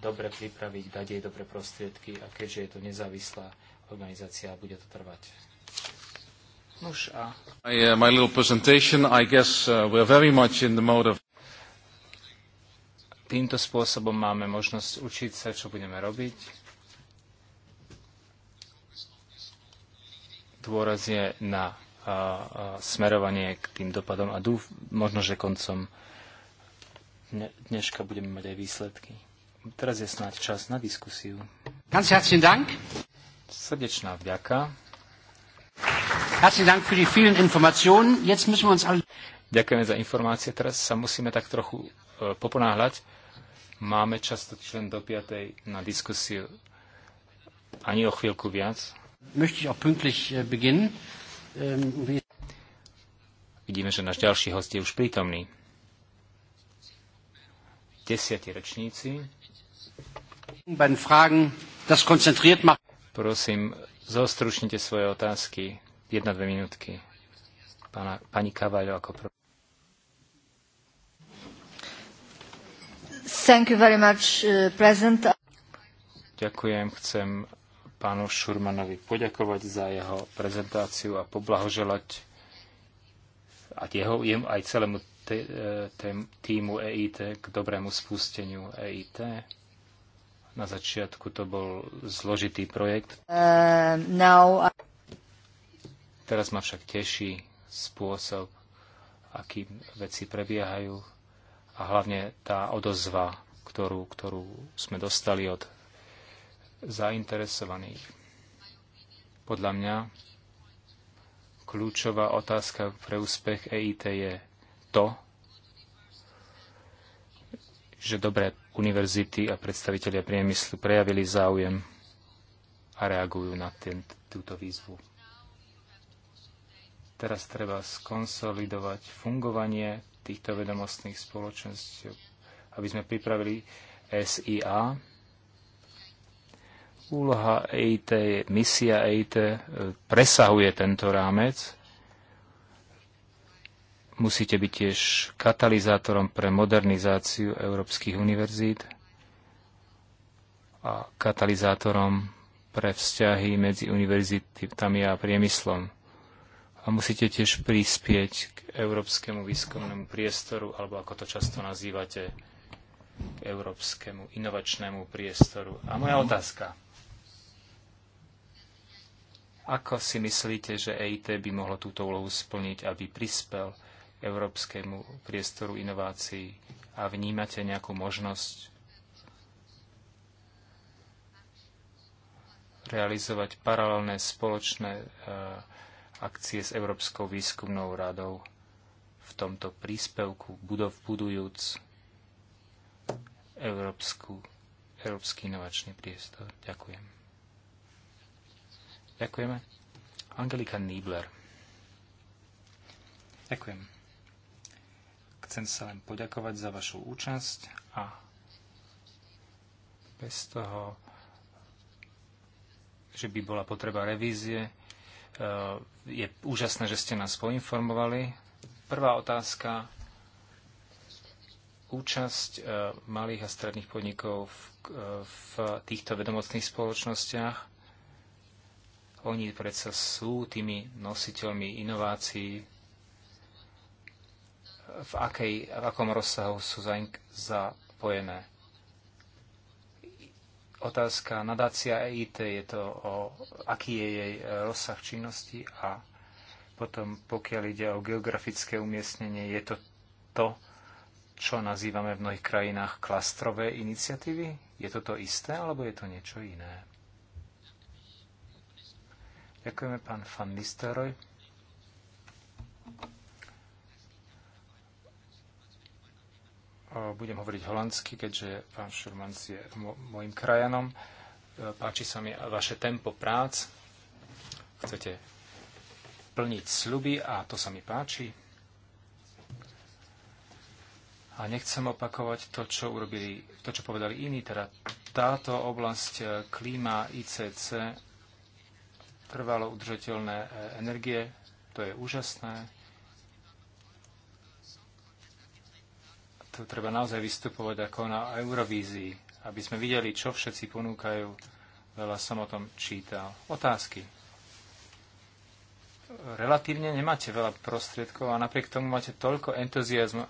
dobre pripraviť, dať jej dobre prostriedky a keďže je to nezávislá organizácia, bude to trvať. a... I, uh, my little presentation, I guess uh, we're very much in the mode of... Týmto spôsobom máme možnosť učiť sa, čo budeme robiť Dôraz je na a, a smerovanie k tým dopadom a dúf, možno, že koncom dneška budeme mať aj výsledky. Teraz je snáď čas na diskusiu. Ganz herzlichen Dank. Srdečná vďaka. Herzlichen Dank für die vielen Informationen. Jetzt müssen wir uns alle... Ďakujeme za informácie. Teraz sa musíme tak trochu e, poponáhľať. Máme často člen do 5. na diskusiu. Ani o chvíľku viac. Möchte ich auch pünktlich äh, beginnen. Ähm, Vidíme, že náš ďalší host je už prítomný. Desiatí rečníci. Prosím, zostručnite svoje otázky. Jedna, dve minútky. Pana, pani Kavaľo ako prvá. Thank you very much, uh, Ďakujem. Chcem pánu Šurmanovi poďakovať za jeho prezentáciu a poblahoželať a jeho, jem aj celému e, týmu EIT k dobrému spusteniu EIT. Na začiatku to bol zložitý projekt. Uh, I... Teraz ma však teší spôsob, akým veci prebiehajú a hlavne tá odozva, ktorú, ktorú sme dostali od zainteresovaných. Podľa mňa kľúčová otázka pre úspech EIT je to, že dobré univerzity a predstavitelia priemyslu prejavili záujem a reagujú na ten, túto výzvu. Teraz treba skonsolidovať fungovanie týchto vedomostných spoločenstiev, aby sme pripravili SIA, Úloha EIT, misia EIT e, presahuje tento rámec. Musíte byť tiež katalizátorom pre modernizáciu európskych univerzít a katalizátorom pre vzťahy medzi univerzitami a priemyslom. A musíte tiež prispieť k európskemu výskumnému priestoru, alebo ako to často nazývate, k európskemu inovačnému priestoru. A moja otázka. Ako si myslíte, že EIT by mohlo túto úlohu splniť, aby prispel európskemu priestoru inovácií? A vnímate nejakú možnosť realizovať paralelné spoločné e, akcie s Európskou výskumnou radou v tomto príspevku, budov budujúc Európsku, Európsky inovačný priestor. Ďakujem. Ďakujeme. Angelika Niebler. Ďakujem. Chcem sa len poďakovať za vašu účasť a bez toho, že by bola potreba revízie, eh, je úžasné, že ste nás poinformovali. Prvá otázka. Účasť eh, malých a stredných podnikov v, eh, v týchto vedomocných spoločnostiach oni predsa sú tými nositeľmi inovácií, v, akej, v akom rozsahu sú zapojené. Otázka nadácia EIT je to, o, aký je jej e, rozsah činnosti a potom, pokiaľ ide o geografické umiestnenie, je to to, čo nazývame v mnohých krajinách klastrové iniciatívy? Je to to isté, alebo je to niečo iné? Ďakujeme, pán Fan Nistelrooy. Budem hovoriť holandsky, keďže pán šurmanc je môjim krajanom. E, páči sa mi vaše tempo prác. Chcete plniť sľuby a to sa mi páči. A nechcem opakovať to, čo, urobili, to, čo povedali iní, teda táto oblasť e, klíma ICC trvalo udržateľné e, energie, to je úžasné. To treba naozaj vystupovať ako na Eurovízii, aby sme videli, čo všetci ponúkajú. Veľa som o tom čítal. Otázky. Relatívne nemáte veľa prostriedkov a napriek tomu máte toľko entuziasmu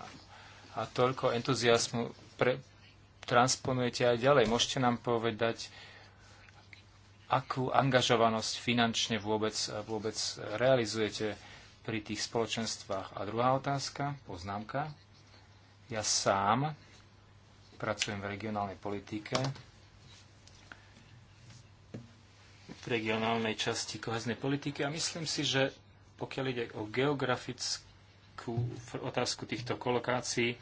a toľko entuziasmu pre, transponujete aj ďalej. Môžete nám povedať, akú angažovanosť finančne vôbec, vôbec realizujete pri tých spoločenstvách. A druhá otázka, poznámka. Ja sám pracujem v regionálnej politike, v regionálnej časti koheznej politiky a myslím si, že pokiaľ ide o geografickú otázku týchto kolokácií,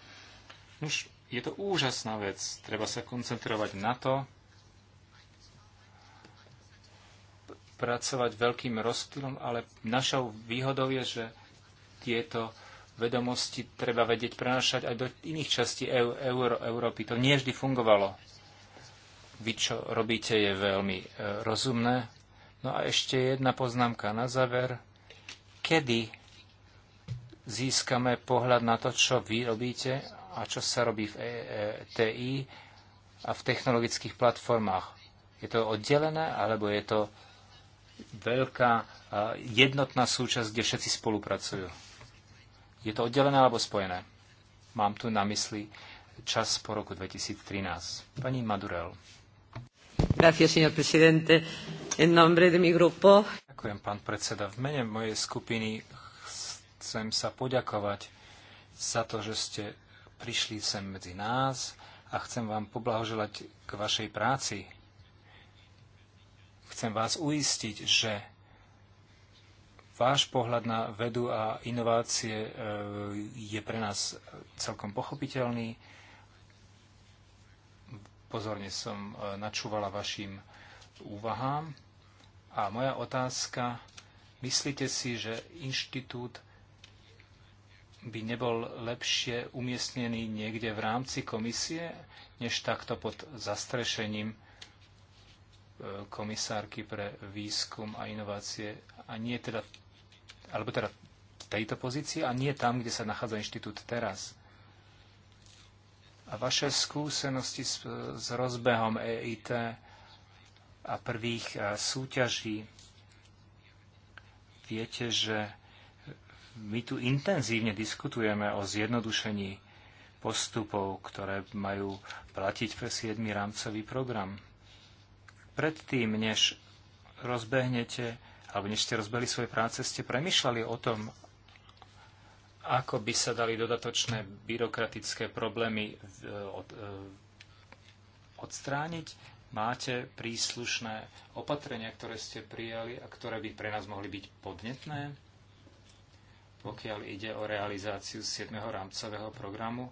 už je to úžasná vec. Treba sa koncentrovať na to, pracovať veľkým rozptýlom, ale našou výhodou je, že tieto vedomosti treba vedieť prenašať aj do iných častí EU, Euro, Európy. To nie vždy fungovalo. Vy, čo robíte, je veľmi e, rozumné. No a ešte jedna poznámka na záver. Kedy získame pohľad na to, čo vy robíte a čo sa robí v e, e, TI a v technologických platformách? Je to oddelené, alebo je to veľká jednotná súčasť, kde všetci spolupracujú. Je to oddelené alebo spojené? Mám tu na mysli čas po roku 2013. Pani Madurel. Gracias, señor presidente. En nombre de mi grupo. Ďakujem, pán predseda. V mene mojej skupiny chcem sa poďakovať za to, že ste prišli sem medzi nás a chcem vám poblahoželať k vašej práci, Chcem vás uistiť, že váš pohľad na vedu a inovácie e, je pre nás celkom pochopiteľný. Pozorne som e, načúvala vašim úvahám. A moja otázka, myslíte si, že inštitút by nebol lepšie umiestnený niekde v rámci komisie, než takto pod zastrešením komisárky pre výskum a inovácie a nie teda, alebo teda v tejto pozícii a nie tam, kde sa nachádza inštitút teraz. A vaše skúsenosti s, s rozbehom EIT a prvých e, súťaží, viete, že my tu intenzívne diskutujeme o zjednodušení postupov, ktoré majú platiť pre 7. rámcový program predtým, než rozbehnete, alebo než ste rozbehli svoje práce, ste premyšľali o tom, ako by sa dali dodatočné byrokratické problémy e, od, e, odstrániť. Máte príslušné opatrenia, ktoré ste prijali a ktoré by pre nás mohli byť podnetné, pokiaľ ide o realizáciu 7. rámcového programu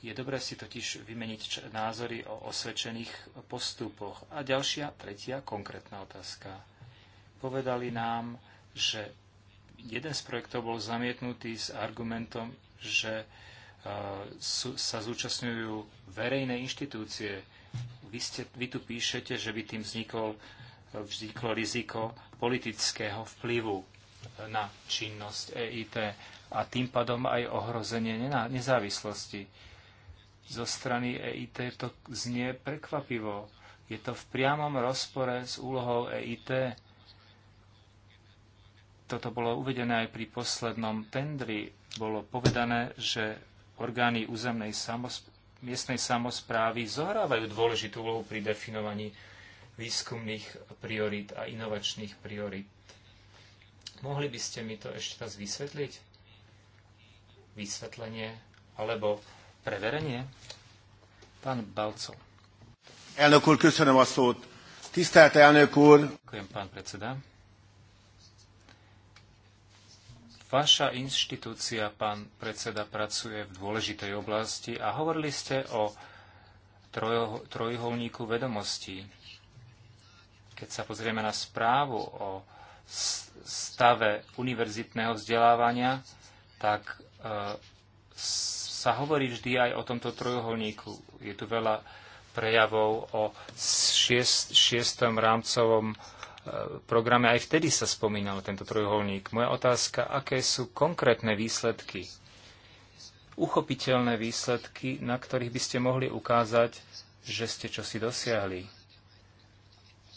je dobré si totiž vymeniť názory o osvedčených postupoch. A ďalšia, tretia konkrétna otázka. Povedali nám, že jeden z projektov bol zamietnutý s argumentom, že e, sa zúčastňujú verejné inštitúcie. Vy, ste, vy tu píšete, že by tým vznikol, e, vzniklo riziko politického vplyvu e, na činnosť EIT a tým pádom aj ohrozenie nezávislosti zo strany EIT to znie prekvapivo. Je to v priamom rozpore s úlohou EIT. Toto bolo uvedené aj pri poslednom tendri. Bolo povedané, že orgány územnej samozprávy miestnej samozprávy zohrávajú dôležitú úlohu pri definovaní výskumných priorít a inovačných priorít. Mohli by ste mi to ešte raz vysvetliť? Vysvetlenie? Alebo Preverenie? Pán Balco. Elnök úr, köszönöm a szót. Tisztelt elnök úr! Ďakujem, pán predseda. Vaša inštitúcia, pán predseda, pracuje v dôležitej oblasti a hovorili ste o trojo, trojuholníku vedomostí. Keď sa pozrieme na správu o stave univerzitného vzdelávania, tak e, sa hovorí vždy aj o tomto trojuholníku. Je tu veľa prejavov o šiest, šiestom rámcovom e, programe. Aj vtedy sa spomínal tento trojuholník. Moja otázka, aké sú konkrétne výsledky, uchopiteľné výsledky, na ktorých by ste mohli ukázať, že ste čosi dosiahli.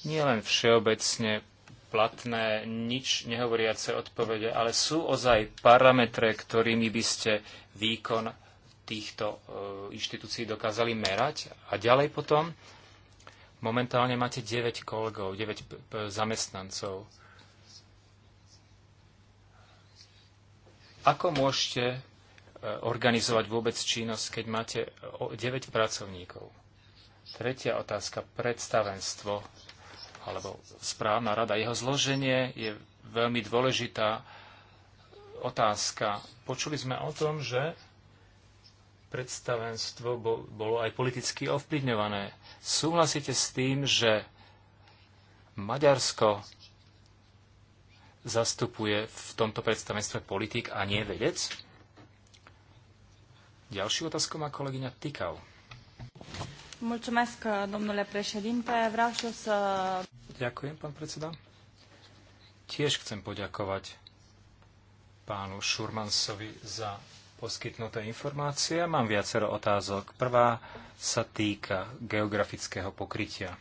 Nie len všeobecne platné, nič nehovoriace odpovede, ale sú ozaj parametre, ktorými by ste výkon týchto e, inštitúcií dokázali merať. A ďalej potom, momentálne máte 9 kolegov, 9 e, zamestnancov. Ako môžete e, organizovať vôbec činnosť, keď máte 9 pracovníkov? Tretia otázka, predstavenstvo alebo správna rada. Jeho zloženie je veľmi dôležitá otázka. Počuli sme o tom, že predstavenstvo bolo aj politicky ovplyvňované. Súhlasíte s tým, že Maďarsko zastupuje v tomto predstavenstve politik a nie vedec? Ďalšiu otázku má kolegyňa Tykau. Mulțumesc, domnule președinte. Vreau și să... Ďakujem, pán predseda. Tiež chcem poďakovať pánu Šurmansovi za poskytnuté informácie. Mám viacero otázok. Prvá sa týka geografického pokrytia.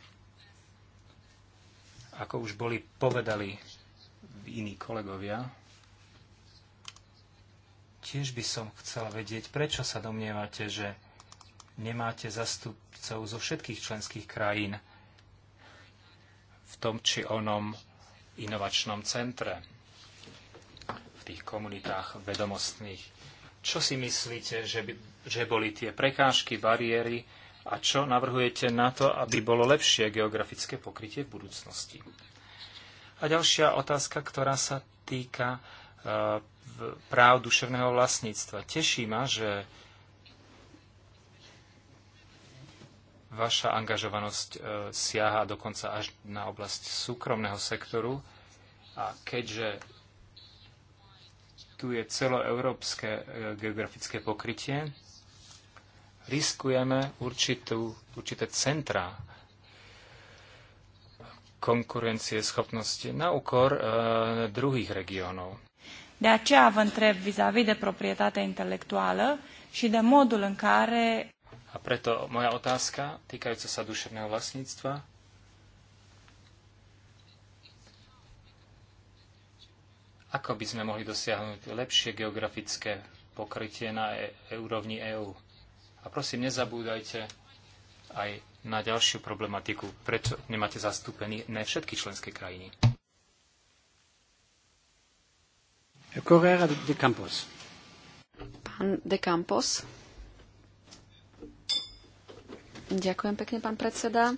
Ako už boli povedali iní kolegovia, tiež by som chcela vedieť, prečo sa domnievate, že nemáte zastupcov zo všetkých členských krajín v tom či onom inovačnom centre, v tých komunitách vedomostných čo si myslíte, že, by, že boli tie prekážky, bariéry a čo navrhujete na to, aby bolo lepšie geografické pokrytie v budúcnosti? A ďalšia otázka, ktorá sa týka uh, práv duševného vlastníctva. Teší ma, že vaša angažovanosť uh, siaha dokonca až na oblasť súkromného sektoru. A keďže tu je celoeurópske e, geografické pokrytie, riskujeme určitú, určité centra konkurencie schopnosti na úkor e, druhých regiónov. De aceea vă întreb vis-a-vis de proprietatea intelectuală și de modul în care... A preto moja otázka týkajúca sa duševného vlastníctva Ako by sme mohli dosiahnuť lepšie geografické pokrytie na e- úrovni EÚ? A prosím, nezabúdajte aj na ďalšiu problematiku. Prečo nemáte zastúpení ne všetky členské krajiny? Correa de Campos. Pán de Campos. Ďakujem pekne, pán predseda.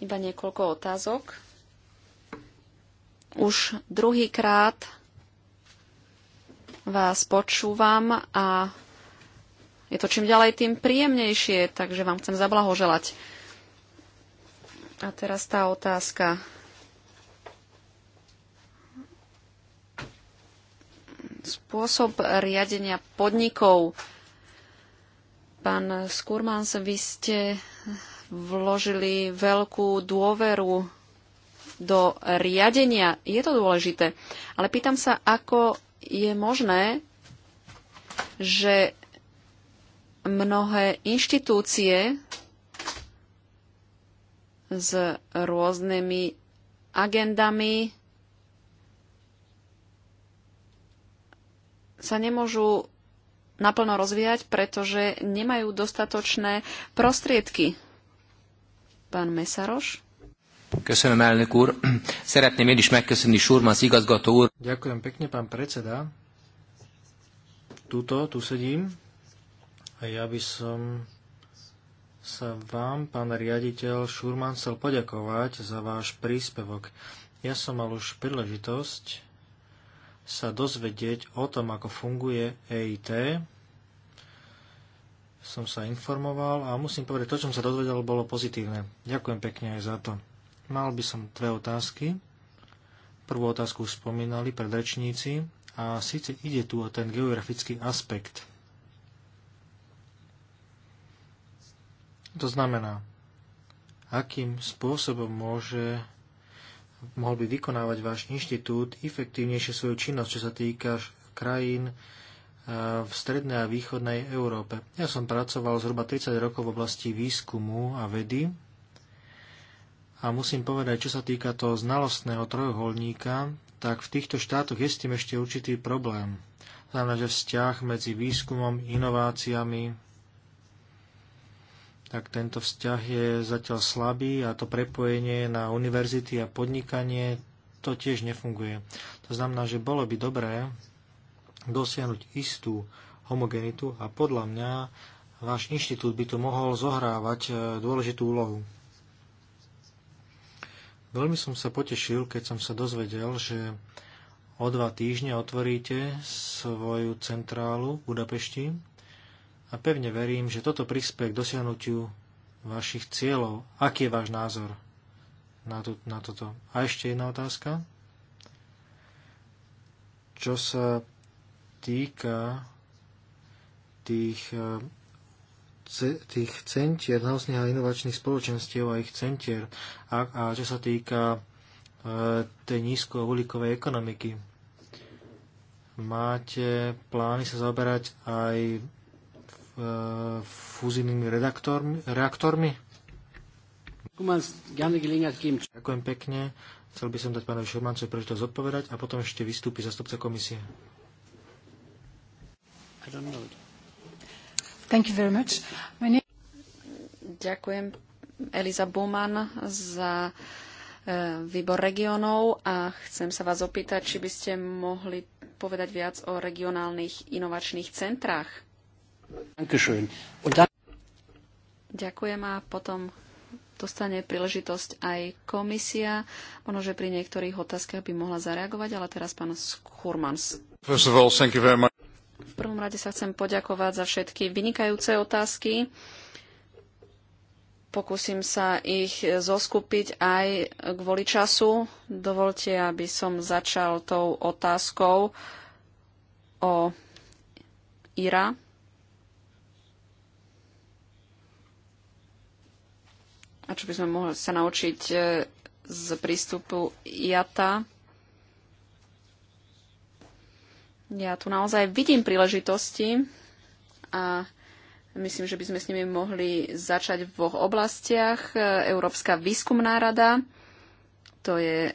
Iba niekoľko otázok. Už druhýkrát vás počúvam a je to čím ďalej tým príjemnejšie, takže vám chcem zablahoželať. A teraz tá otázka. Spôsob riadenia podnikov. Pán Skurmans, vy ste vložili veľkú dôveru do riadenia. Je to dôležité. Ale pýtam sa, ako je možné, že mnohé inštitúcie s rôznymi agendami sa nemôžu naplno rozvíjať, pretože nemajú dostatočné prostriedky. Pán Mesaroš? Köszönöm, elnök úr. Szeretném én is megköszönni igazgató úr. Ďakujem pekne, pán predseda. Tuto, tu sedím. A ja by som sa vám, pán riaditeľ Šurman, chcel poďakovať za váš príspevok. Ja som mal už príležitosť sa dozvedieť o tom, ako funguje EIT. Som sa informoval a musím povedať, to, čo som sa dozvedel, bolo pozitívne. Ďakujem pekne aj za to. Mal by som dve otázky. Prvú otázku spomínali predrečníci a síce ide tu o ten geografický aspekt. To znamená, akým spôsobom môže mohol by vykonávať váš inštitút efektívnejšie svoju činnosť, čo sa týka krajín e, v strednej a východnej Európe. Ja som pracoval zhruba 30 rokov v oblasti výskumu a vedy a musím povedať, čo sa týka toho znalostného trojuholníka, tak v týchto štátoch je s tým ešte určitý problém. Znamená, že vzťah medzi výskumom, inováciami, tak tento vzťah je zatiaľ slabý a to prepojenie na univerzity a podnikanie to tiež nefunguje. To znamená, že bolo by dobré dosiahnuť istú homogenitu a podľa mňa váš inštitút by tu mohol zohrávať e, dôležitú úlohu. Veľmi som sa potešil, keď som sa dozvedel, že o dva týždne otvoríte svoju centrálu v Budapešti a pevne verím, že toto prispie k dosiahnutiu vašich cieľov. Aký je váš názor na, to, na toto? A ešte jedna otázka. Čo sa týka tých eh, tých centier, znalostných a inovačných spoločenstiev a ich centier a, a čo sa týka e, tej nízkouhlíkovej ekonomiky. Máte plány sa zaoberať aj e, fúzinnými reaktormi? Ďakujem pekne. Chcel by som dať pánovi Šurmancovi to zodpovedať a potom ešte vystúpi zastupca komisie. I don't know. Ďakujem Eliza Buman za e, výbor regionov a chcem sa vás opýtať, či by ste mohli povedať viac o regionálnych inovačných centrách. Ďakujem a potom dostane príležitosť aj komisia. Ono, že pri niektorých otázkach by mohla zareagovať, ale teraz pán Schurmans. V prvom rade sa chcem poďakovať za všetky vynikajúce otázky. Pokúsim sa ich zoskupiť aj kvôli času. Dovolte, aby som začal tou otázkou o Ira. A čo by sme mohli sa naučiť eh, z prístupu IATA? Ja tu naozaj vidím príležitosti a myslím, že by sme s nimi mohli začať v dvoch oblastiach. E, Európska výskumná rada, to je e,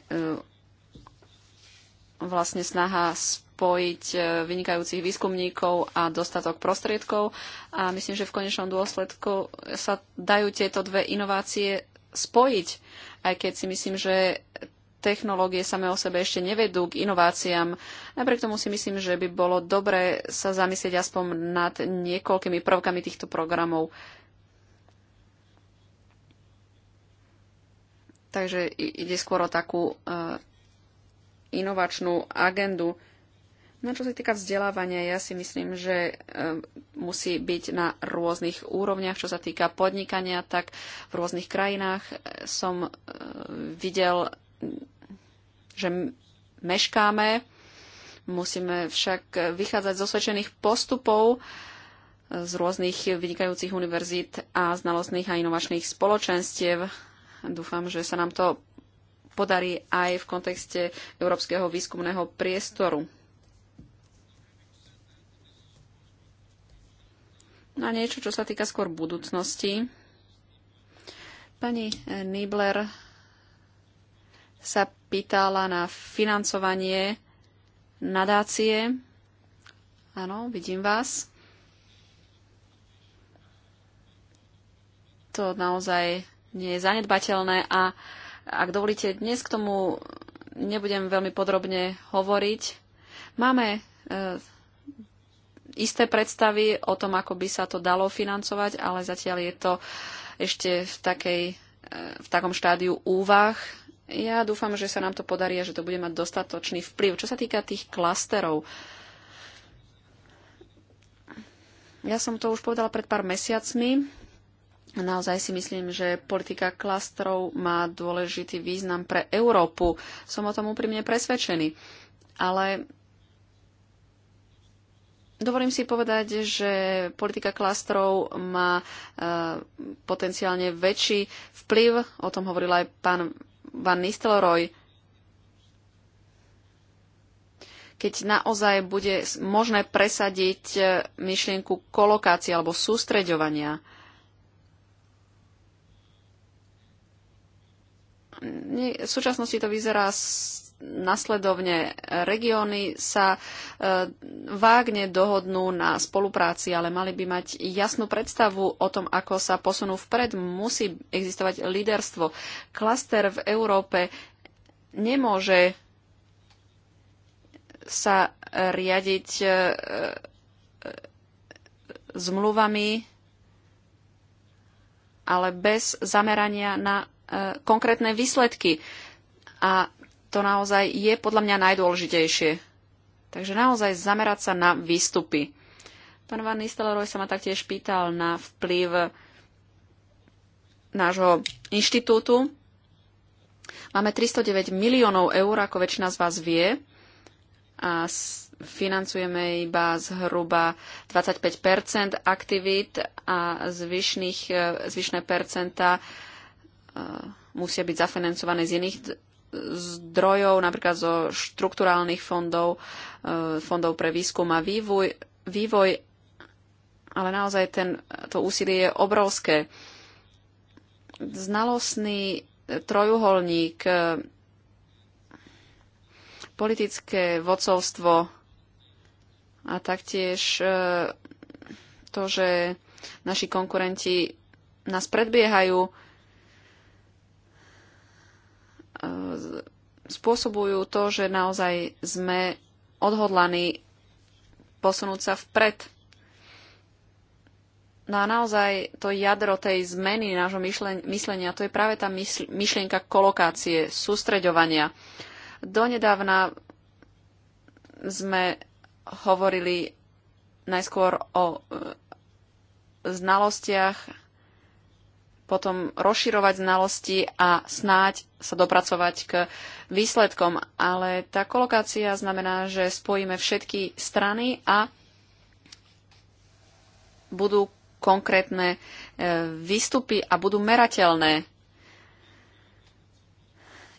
vlastne snaha spojiť e, vynikajúcich výskumníkov a dostatok prostriedkov. A myslím, že v konečnom dôsledku sa dajú tieto dve inovácie spojiť, aj keď si myslím, že technológie same o sebe ešte nevedú k inováciám. Napriek tomu si myslím, že by bolo dobre sa zamyslieť aspoň nad niekoľkými prvkami týchto programov. Takže ide skôr o takú uh, inovačnú agendu. No čo sa týka vzdelávania, ja si myslím, že uh, musí byť na rôznych úrovniach. Čo sa týka podnikania, tak v rôznych krajinách e, som uh, videl že meškáme. Musíme však vychádzať z osvedčených postupov e, z rôznych vynikajúcich univerzít a znalostných a inovačných spoločenstiev. Dúfam, že sa nám to podarí aj v kontexte európskeho výskumného priestoru. Na no niečo, čo sa týka skôr budúcnosti. Pani Nibler sa pýtala na financovanie nadácie. Áno, vidím vás. To naozaj nie je zanedbateľné a ak dovolíte, dnes k tomu nebudem veľmi podrobne hovoriť. Máme e, isté predstavy o tom, ako by sa to dalo financovať, ale zatiaľ je to ešte v, takej, e, v takom štádiu úvah ja dúfam, že sa nám to podarí a že to bude mať dostatočný vplyv. Čo sa týka tých klasterov, ja som to už povedala pred pár mesiacmi. Naozaj si myslím, že politika klastrov má dôležitý význam pre Európu. Som o tom úprimne presvedčený. Ale Dovolím si povedať, že politika klastrov má e, potenciálne väčší vplyv, o tom hovoril aj pán Van Nistelrooy, keď naozaj bude možné presadiť e, myšlienku kolokácie alebo sústreďovania. V súčasnosti to vyzerá nasledovne regióny sa e, vágne dohodnú na spolupráci, ale mali by mať jasnú predstavu o tom, ako sa posunú vpred. Musí existovať líderstvo. Klaster v Európe nemôže sa riadiť e, e, zmluvami, ale bez zamerania na konkrétne výsledky. A to naozaj je podľa mňa najdôležitejšie. Takže naozaj zamerať sa na výstupy. Pán Van Nistelrooy sa ma taktiež pýtal na vplyv nášho inštitútu. Máme 309 miliónov eur, ako väčšina z vás vie, a financujeme iba zhruba 25 aktivít a zvyšných, e, zvyšné percenta e, musia byť zafinancované z iných zdrojov, napríklad zo štrukturálnych fondov, e, fondov pre výskum a vývoj, vývoj ale naozaj ten, to úsilie je obrovské. Znalostný trojuholník, e, politické vocovstvo a taktiež e, to, že naši konkurenti nás predbiehajú, E, spôsobujú to, že naozaj sme odhodlaní posunúť sa vpred. No a naozaj to jadro tej zmeny nášho myslenia, to je práve tá myšlienka kolokácie, sústreďovania. Donedávna sme hovorili najskôr o e, znalostiach potom rozširovať znalosti a snáď sa dopracovať k výsledkom. Ale tá kolokácia znamená, že spojíme všetky strany a budú konkrétne e, výstupy a budú merateľné.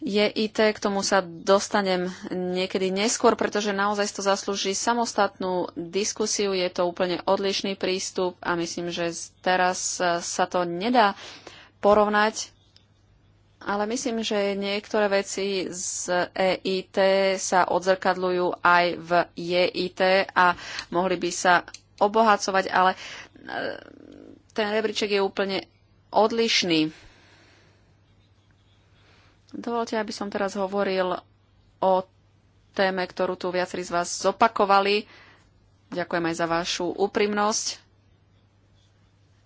Je IT, k tomu sa dostanem niekedy neskôr, pretože naozaj to zaslúži samostatnú diskusiu, je to úplne odlišný prístup a myslím, že teraz e, sa to nedá porovnať, ale myslím, že niektoré veci z EIT sa odzrkadľujú aj v JIT a mohli by sa obohacovať, ale e, ten rebríček je úplne odlišný. Dovolte, aby som teraz hovoril o téme, ktorú tu viacerí z vás zopakovali. Ďakujem aj za vašu úprimnosť.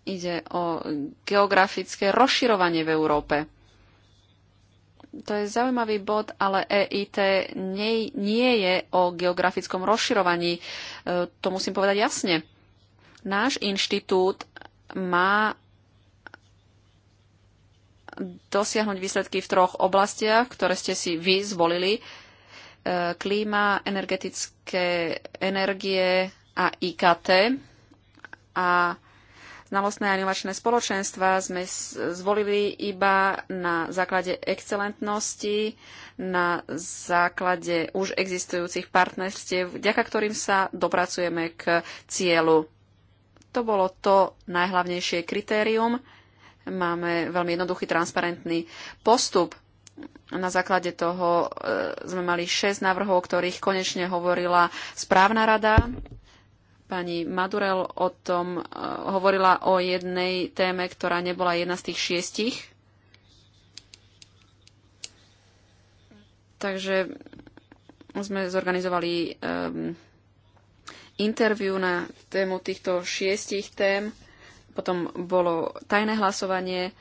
Ide o geografické rozširovanie v Európe. To je zaujímavý bod, ale EIT nie, nie je o geografickom rozširovaní. E, to musím povedať jasne. Náš inštitút má dosiahnuť výsledky v troch oblastiach, ktoré ste si vy zvolili. E, klíma, energetické energie a IKT. A znalostné a inovačné spoločenstva sme zvolili iba na základe excelentnosti, na základe už existujúcich partnerstiev, vďaka ktorým sa dopracujeme k cieľu. To bolo to najhlavnejšie kritérium Máme veľmi jednoduchý, transparentný postup. Na základe toho e, sme mali 6 návrhov, o ktorých konečne hovorila správna rada. Pani Madurel o tom e, hovorila o jednej téme, ktorá nebola jedna z tých šiestich. Takže sme zorganizovali um, interviu na tému týchto šiestich tém potom bolo tajné hlasovanie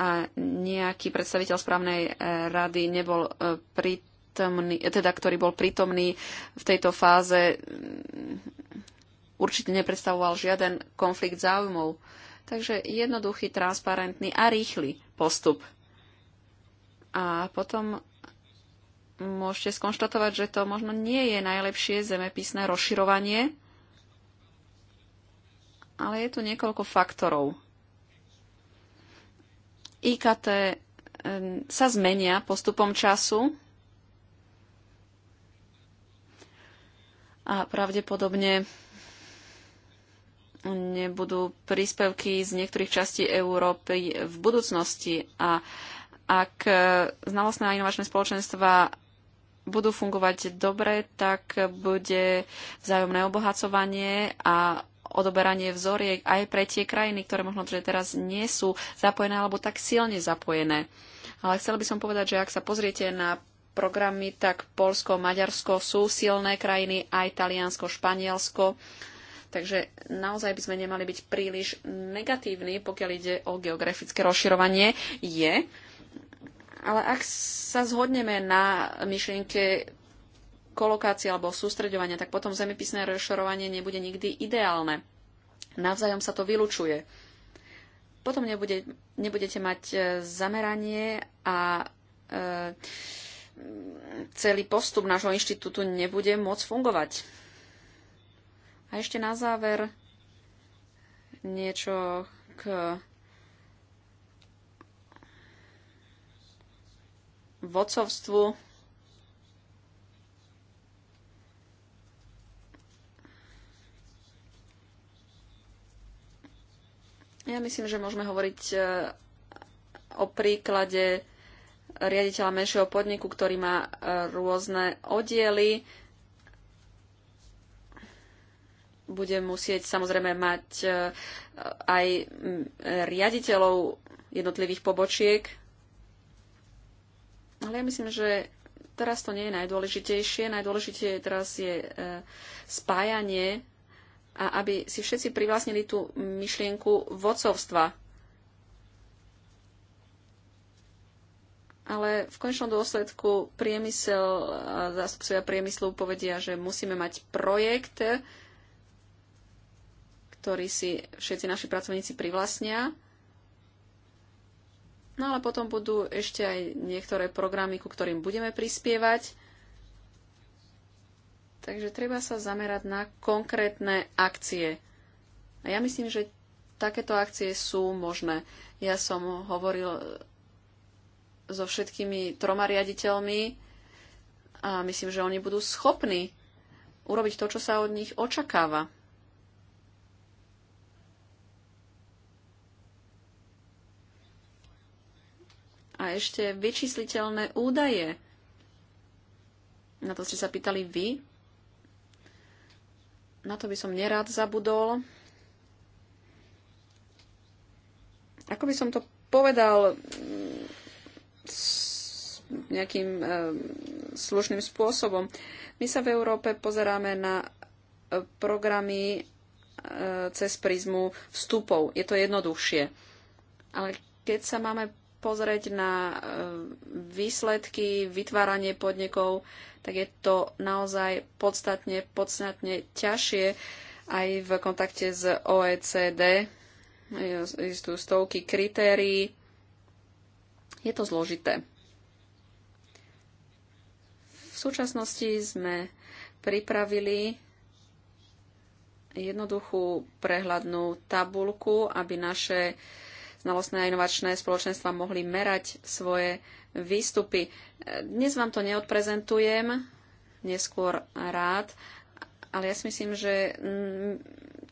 a nejaký predstaviteľ správnej eh, rady nebol eh, prítomný, eh, teda ktorý bol prítomný v tejto fáze, mm, určite nepredstavoval žiaden konflikt záujmov. Takže jednoduchý, transparentný a rýchly postup. A potom môžete skonštatovať, že to možno nie je najlepšie zemepisné rozširovanie, ale je tu niekoľko faktorov. IKT sa zmenia postupom času a pravdepodobne nebudú príspevky z niektorých častí Európy v budúcnosti a ak e, znalostné a inovačné spoločenstva budú fungovať dobre, tak bude vzájomné obohacovanie a odoberanie vzoriek aj pre tie krajiny, ktoré možno že teraz nie sú zapojené alebo tak silne zapojené. Ale chcela by som povedať, že ak sa pozriete na programy, tak Polsko, Maďarsko sú silné krajiny, aj Taliansko, Španielsko. Takže naozaj by sme nemali byť príliš negatívni, pokiaľ ide o geografické rozširovanie. Je. Ale ak sa zhodneme na myšlienke kolokácie alebo sústreďovania, tak potom zemepisné rešorovanie nebude nikdy ideálne. Navzájom sa to vylučuje. Potom nebude, nebudete mať e, zameranie a e, celý postup nášho inštitútu nebude môcť fungovať. A ešte na záver niečo k vodcovstvu Ja myslím, že môžeme hovoriť e, o príklade riaditeľa menšieho podniku, ktorý má e, rôzne oddiely. Bude musieť samozrejme mať e, aj riaditeľov jednotlivých pobočiek. Ale ja myslím, že teraz to nie je najdôležitejšie. Najdôležitejšie teraz je spájanie a aby si všetci privlastnili tú myšlienku vodcovstva. Ale v končnom dôsledku priemysel, zástupcovia priemyslu povedia, že musíme mať projekt, ktorý si všetci naši pracovníci privlastnia. No ale potom budú ešte aj niektoré programy, ku ktorým budeme prispievať Takže treba sa zamerať na konkrétne akcie. A ja myslím, že takéto akcie sú možné. Ja som hovoril so všetkými troma riaditeľmi a myslím, že oni budú schopní urobiť to, čo sa od nich očakáva. A ešte vyčísliteľné údaje. Na to ste sa pýtali vy. Na to by som nerád zabudol. Ako by som to povedal mm, s nejakým eh, slušným spôsobom. My sa v Európe pozeráme na eh, programy eh, cez prízmu vstupov. Je to jednoduchšie. Ale keď sa máme pozrieť na e, výsledky, vytváranie podnikov, tak je to naozaj podstatne, podstatne ťažšie aj v kontakte s OECD. Existujú stovky kritérií. Je to zložité. V súčasnosti sme pripravili jednoduchú prehľadnú tabulku, aby naše znalostné a inovačné spoločenstva mohli merať svoje výstupy. Dnes vám to neodprezentujem, neskôr rád, ale ja si myslím, že mm,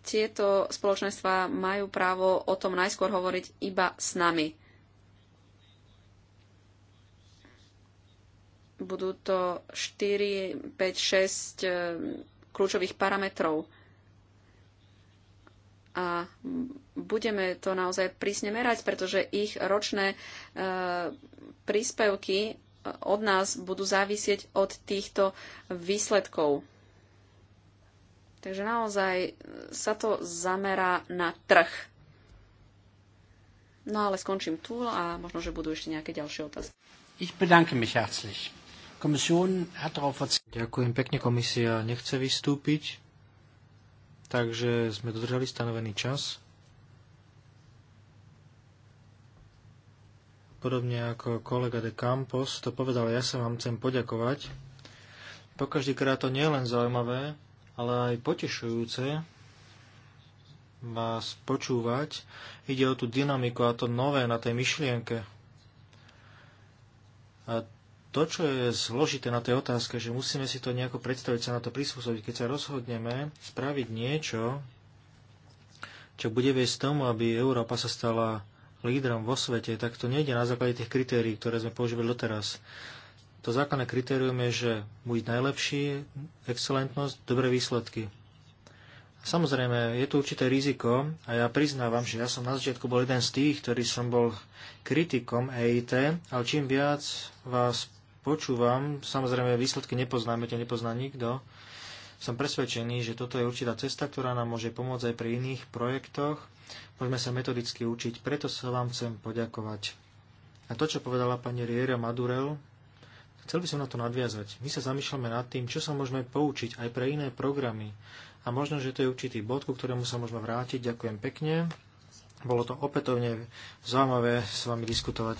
tieto spoločenstva majú právo o tom najskôr hovoriť iba s nami. Budú to 4, 5, 6 kľúčových parametrov a budeme to naozaj prísne merať, pretože ich ročné e, príspevky e, od nás budú závisieť od týchto výsledkov. Takže naozaj sa to zamerá na trh. No ale skončím tu a možno, že budú ešte nejaké ďalšie otázky. Ich bedanke mich herzlich. hat darauf Ďakujem pekne, komisia nechce vystúpiť takže sme dodržali stanovený čas. Podobne ako kolega de Campos to povedal, ja sa vám chcem poďakovať. Po každýkrát to nie je len zaujímavé, ale aj potešujúce vás počúvať. Ide o tú dynamiku a to nové na tej myšlienke. A to, čo je zložité na tej otázke, že musíme si to nejako predstaviť, sa na to prispôsobiť. Keď sa rozhodneme spraviť niečo, čo bude viesť tomu, aby Európa sa stala lídrom vo svete, tak to nejde na základe tých kritérií, ktoré sme používali doteraz. To základné kritérium je, že buď najlepší, excelentnosť, dobré výsledky. Samozrejme, je tu určité riziko a ja priznávam, že ja som na začiatku bol jeden z tých, ktorý som bol kritikom EIT, ale čím viac vás počúvam, samozrejme výsledky nepoznáme, to nepozná nikto, som presvedčený, že toto je určitá cesta, ktorá nám môže pomôcť aj pri iných projektoch. Môžeme sa metodicky učiť, preto sa vám chcem poďakovať. A to, čo povedala pani Riera Madurel, chcel by som na to nadviazať. My sa zamýšľame nad tým, čo sa môžeme poučiť aj pre iné programy. A možno, že to je určitý bod, ku ktorému sa môžeme vrátiť. Ďakujem pekne. Bolo to opätovne zaujímavé s vami diskutovať.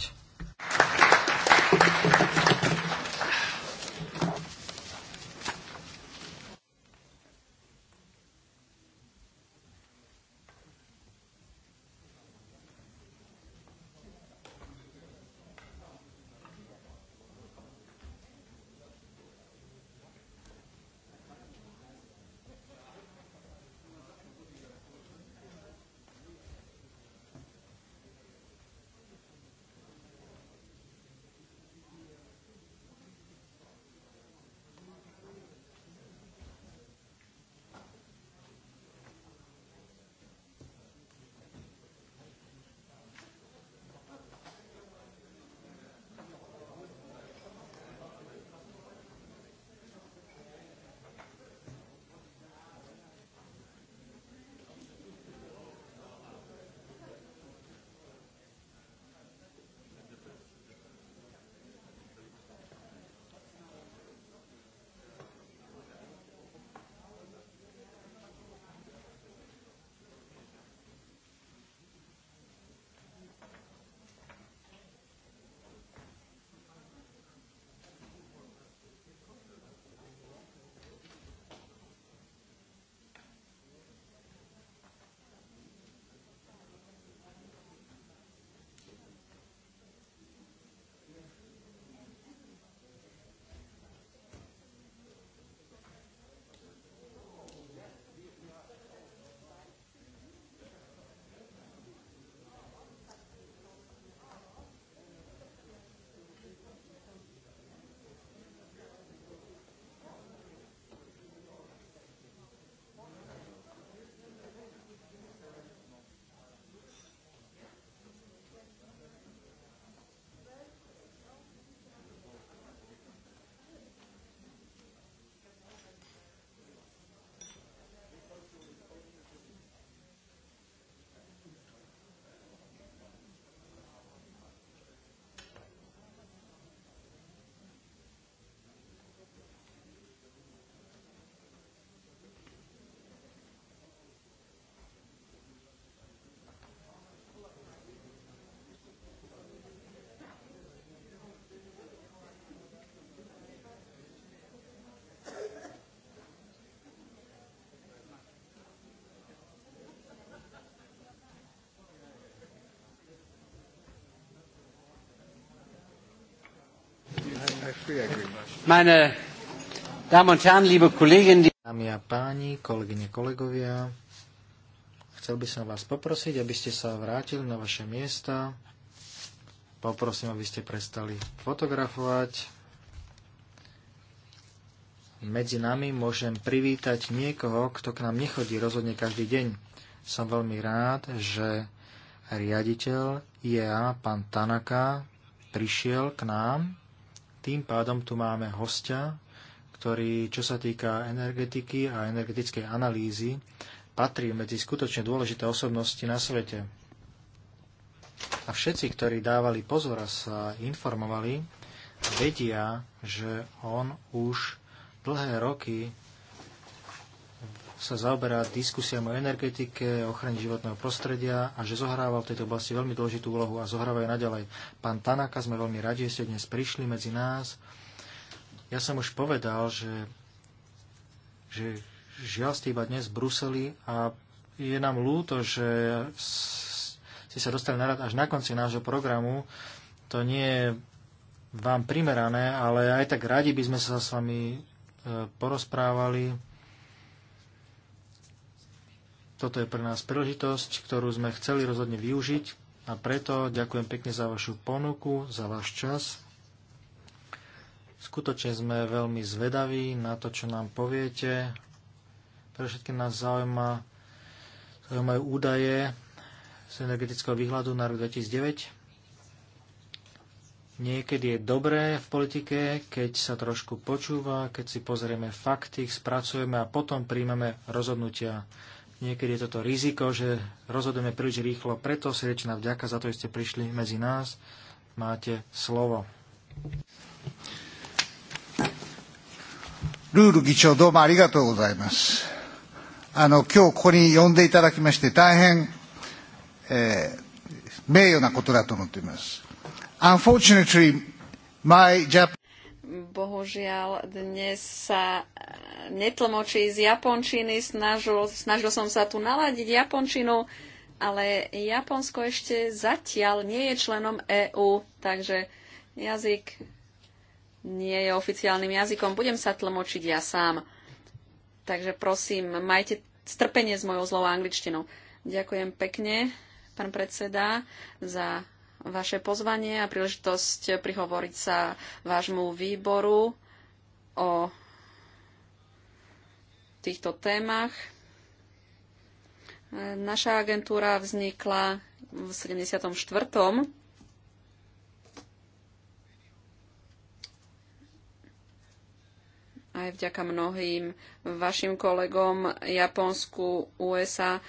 Meine Damen und Herren, liebe Kolleginnen, Dámy a páni, kolegyne, kolegovia, chcel by som vás poprosiť, aby ste sa vrátili na vaše miesta. Poprosím, aby ste prestali fotografovať. Medzi nami môžem privítať niekoho, kto k nám nechodí rozhodne každý deň. Som veľmi rád, že riaditeľ IEA, pán Tanaka, prišiel k nám tým pádom tu máme hostia, ktorý, čo sa týka energetiky a energetickej analýzy, patrí medzi skutočne dôležité osobnosti na svete. A všetci, ktorí dávali pozor a sa informovali, vedia, že on už dlhé roky sa zaoberá diskusiam o energetike, ochrane životného prostredia a že zohrával v tejto oblasti veľmi dôležitú úlohu a zohráva aj naďalej. Pán Tanaka, sme veľmi radi, že ste dnes prišli medzi nás. Ja som už povedal, že, že žiaľ ste iba dnes v Bruseli a je nám ľúto, že ste sa dostali na až na konci nášho programu. To nie je vám primerané, ale aj tak radi by sme sa s vami e, porozprávali toto je pre nás príležitosť, ktorú sme chceli rozhodne využiť a preto ďakujem pekne za vašu ponuku, za váš čas. Skutočne sme veľmi zvedaví na to, čo nám poviete. Pre všetky nás zaujíma, zaujímajú údaje z energetického výhľadu na rok 2009. Niekedy je dobré v politike, keď sa trošku počúva, keď si pozrieme fakty, spracujeme a potom príjmeme rozhodnutia. Niekedy je toto riziko, že rozhodujeme príliš rýchlo, preto srdečná vďaka za to, že ste prišli medzi nás. Máte slovo. ルール議長どうもありがとうございます。あの、今日ここに呼んでいただきまして大変、えー、名誉なことだと思っています。Unfortunately, eh, my Japanese bohužiaľ dnes sa eh, netlmočí z japončiny. Snažil, snažil som sa tu naladiť japončinu, ale Japonsko ešte zatiaľ nie je členom EÚ, takže jazyk nie je oficiálnym jazykom. Budem sa tlmočiť ja sám. Takže prosím, majte strpenie s mojou zlou angličtinou. Ďakujem pekne, pán predseda, za vaše pozvanie a príležitosť prihovoriť sa vášmu výboru o týchto témach. Naša agentúra vznikla v 74. aj vďaka mnohým vašim kolegom Japonsku, USA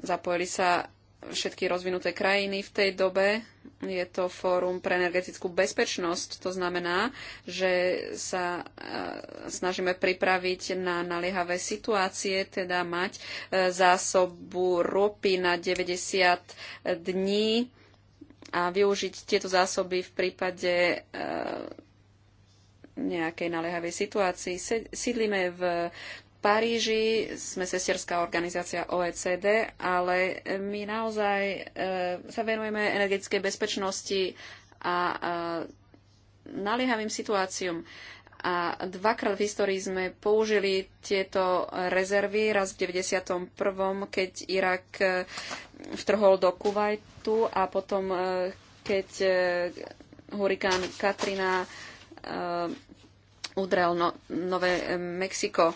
zapojili sa všetky rozvinuté krajiny. V tej dobe je to Fórum pre energetickú bezpečnosť. To znamená, že sa e, snažíme pripraviť na naliehavé situácie, teda mať e, zásobu ropy na 90 dní a využiť tieto zásoby v prípade e, nejakej naliehavej situácii. Sídlime v Paríži, sme sesterská organizácia OECD, ale my naozaj e, sa venujeme energetickej bezpečnosti a, a naliehavým situáciám. A dvakrát v histórii sme použili tieto rezervy, raz v 91., keď Irak e, vtrhol do Kuwaitu a potom, e, keď e, hurikán Katrina udrel no, Nové Mexiko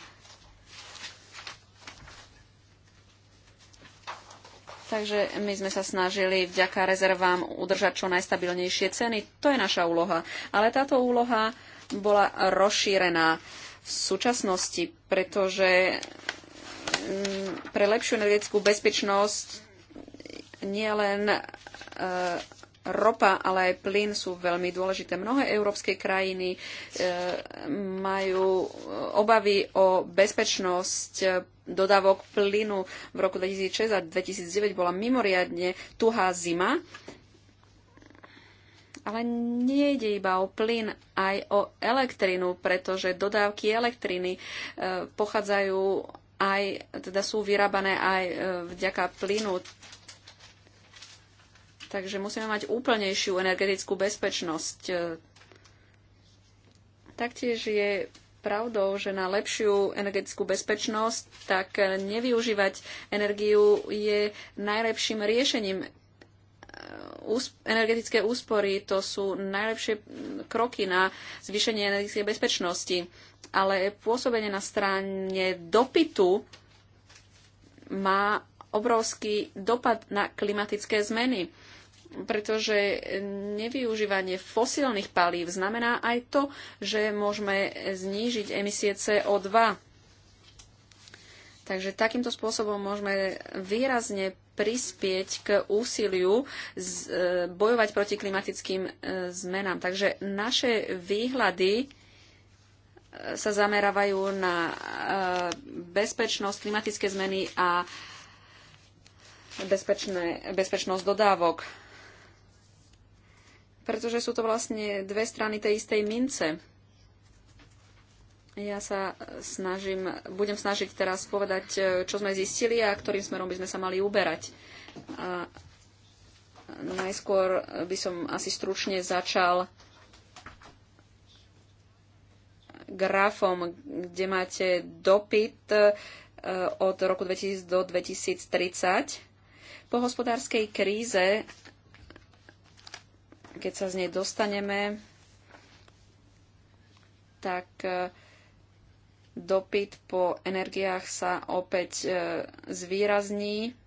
Takže my sme sa snažili vďaka rezervám udržať čo najstabilnejšie ceny. To je naša úloha. Ale táto úloha bola rozšírená v súčasnosti, pretože mm, pre lepšiu energetickú bezpečnosť nie len e, ropa, ale aj plyn sú veľmi dôležité. Mnohé európske krajiny e, majú obavy o bezpečnosť dodávok plynu. V roku 2006 a 2009 bola mimoriadne tuhá zima. Ale nie ide iba o plyn, aj o elektrinu, pretože dodávky elektriny e, pochádzajú aj, teda sú vyrábané aj e, vďaka plynu Takže musíme mať úplnejšiu energetickú bezpečnosť. Taktiež je pravdou, že na lepšiu energetickú bezpečnosť, tak nevyužívať energiu je najlepším riešením. Energetické úspory to sú najlepšie kroky na zvýšenie energetickej bezpečnosti, ale pôsobenie na strane dopytu má obrovský dopad na klimatické zmeny pretože nevyužívanie fosílnych palív znamená aj to, že môžeme znížiť emisie CO2. Takže takýmto spôsobom môžeme výrazne prispieť k úsiliu z, e, bojovať proti klimatickým e, zmenám. Takže naše výhľady e, sa zamerávajú na bezpečnosť, klimatické zmeny a bezpečné, bezpečnosť dodávok pretože sú to vlastne dve strany tej istej mince. Ja sa snažím, budem snažiť teraz povedať, e, čo sme zistili a ktorým smerom by sme sa mali uberať. A najskôr by som asi stručne začal grafom, kde máte dopyt e, od roku 2000 do 2030. Po hospodárskej kríze keď sa z nej dostaneme, tak e, dopyt po energiách sa opäť e, zvýrazní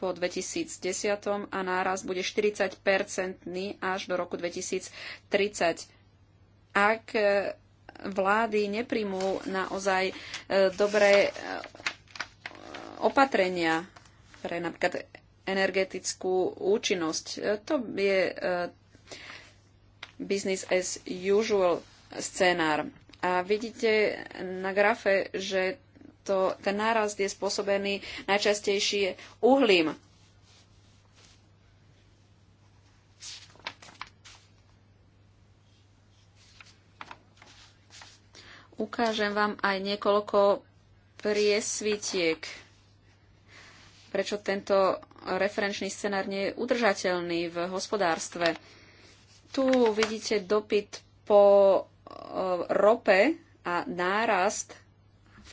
po 2010 a náraz bude 40-percentný až do roku 2030. Ak e, vlády nepríjmú naozaj dobré opatrenia pre napríklad energetickú účinnosť. E, to je e, business as usual scenár. A vidíte na grafe, že to, ten nárast je spôsobený najčastejšie uhlím. Ukážem vám aj niekoľko priesvitiek, prečo tento referenčný scenár nie je udržateľný v hospodárstve. Tu vidíte dopyt po e, rope a nárast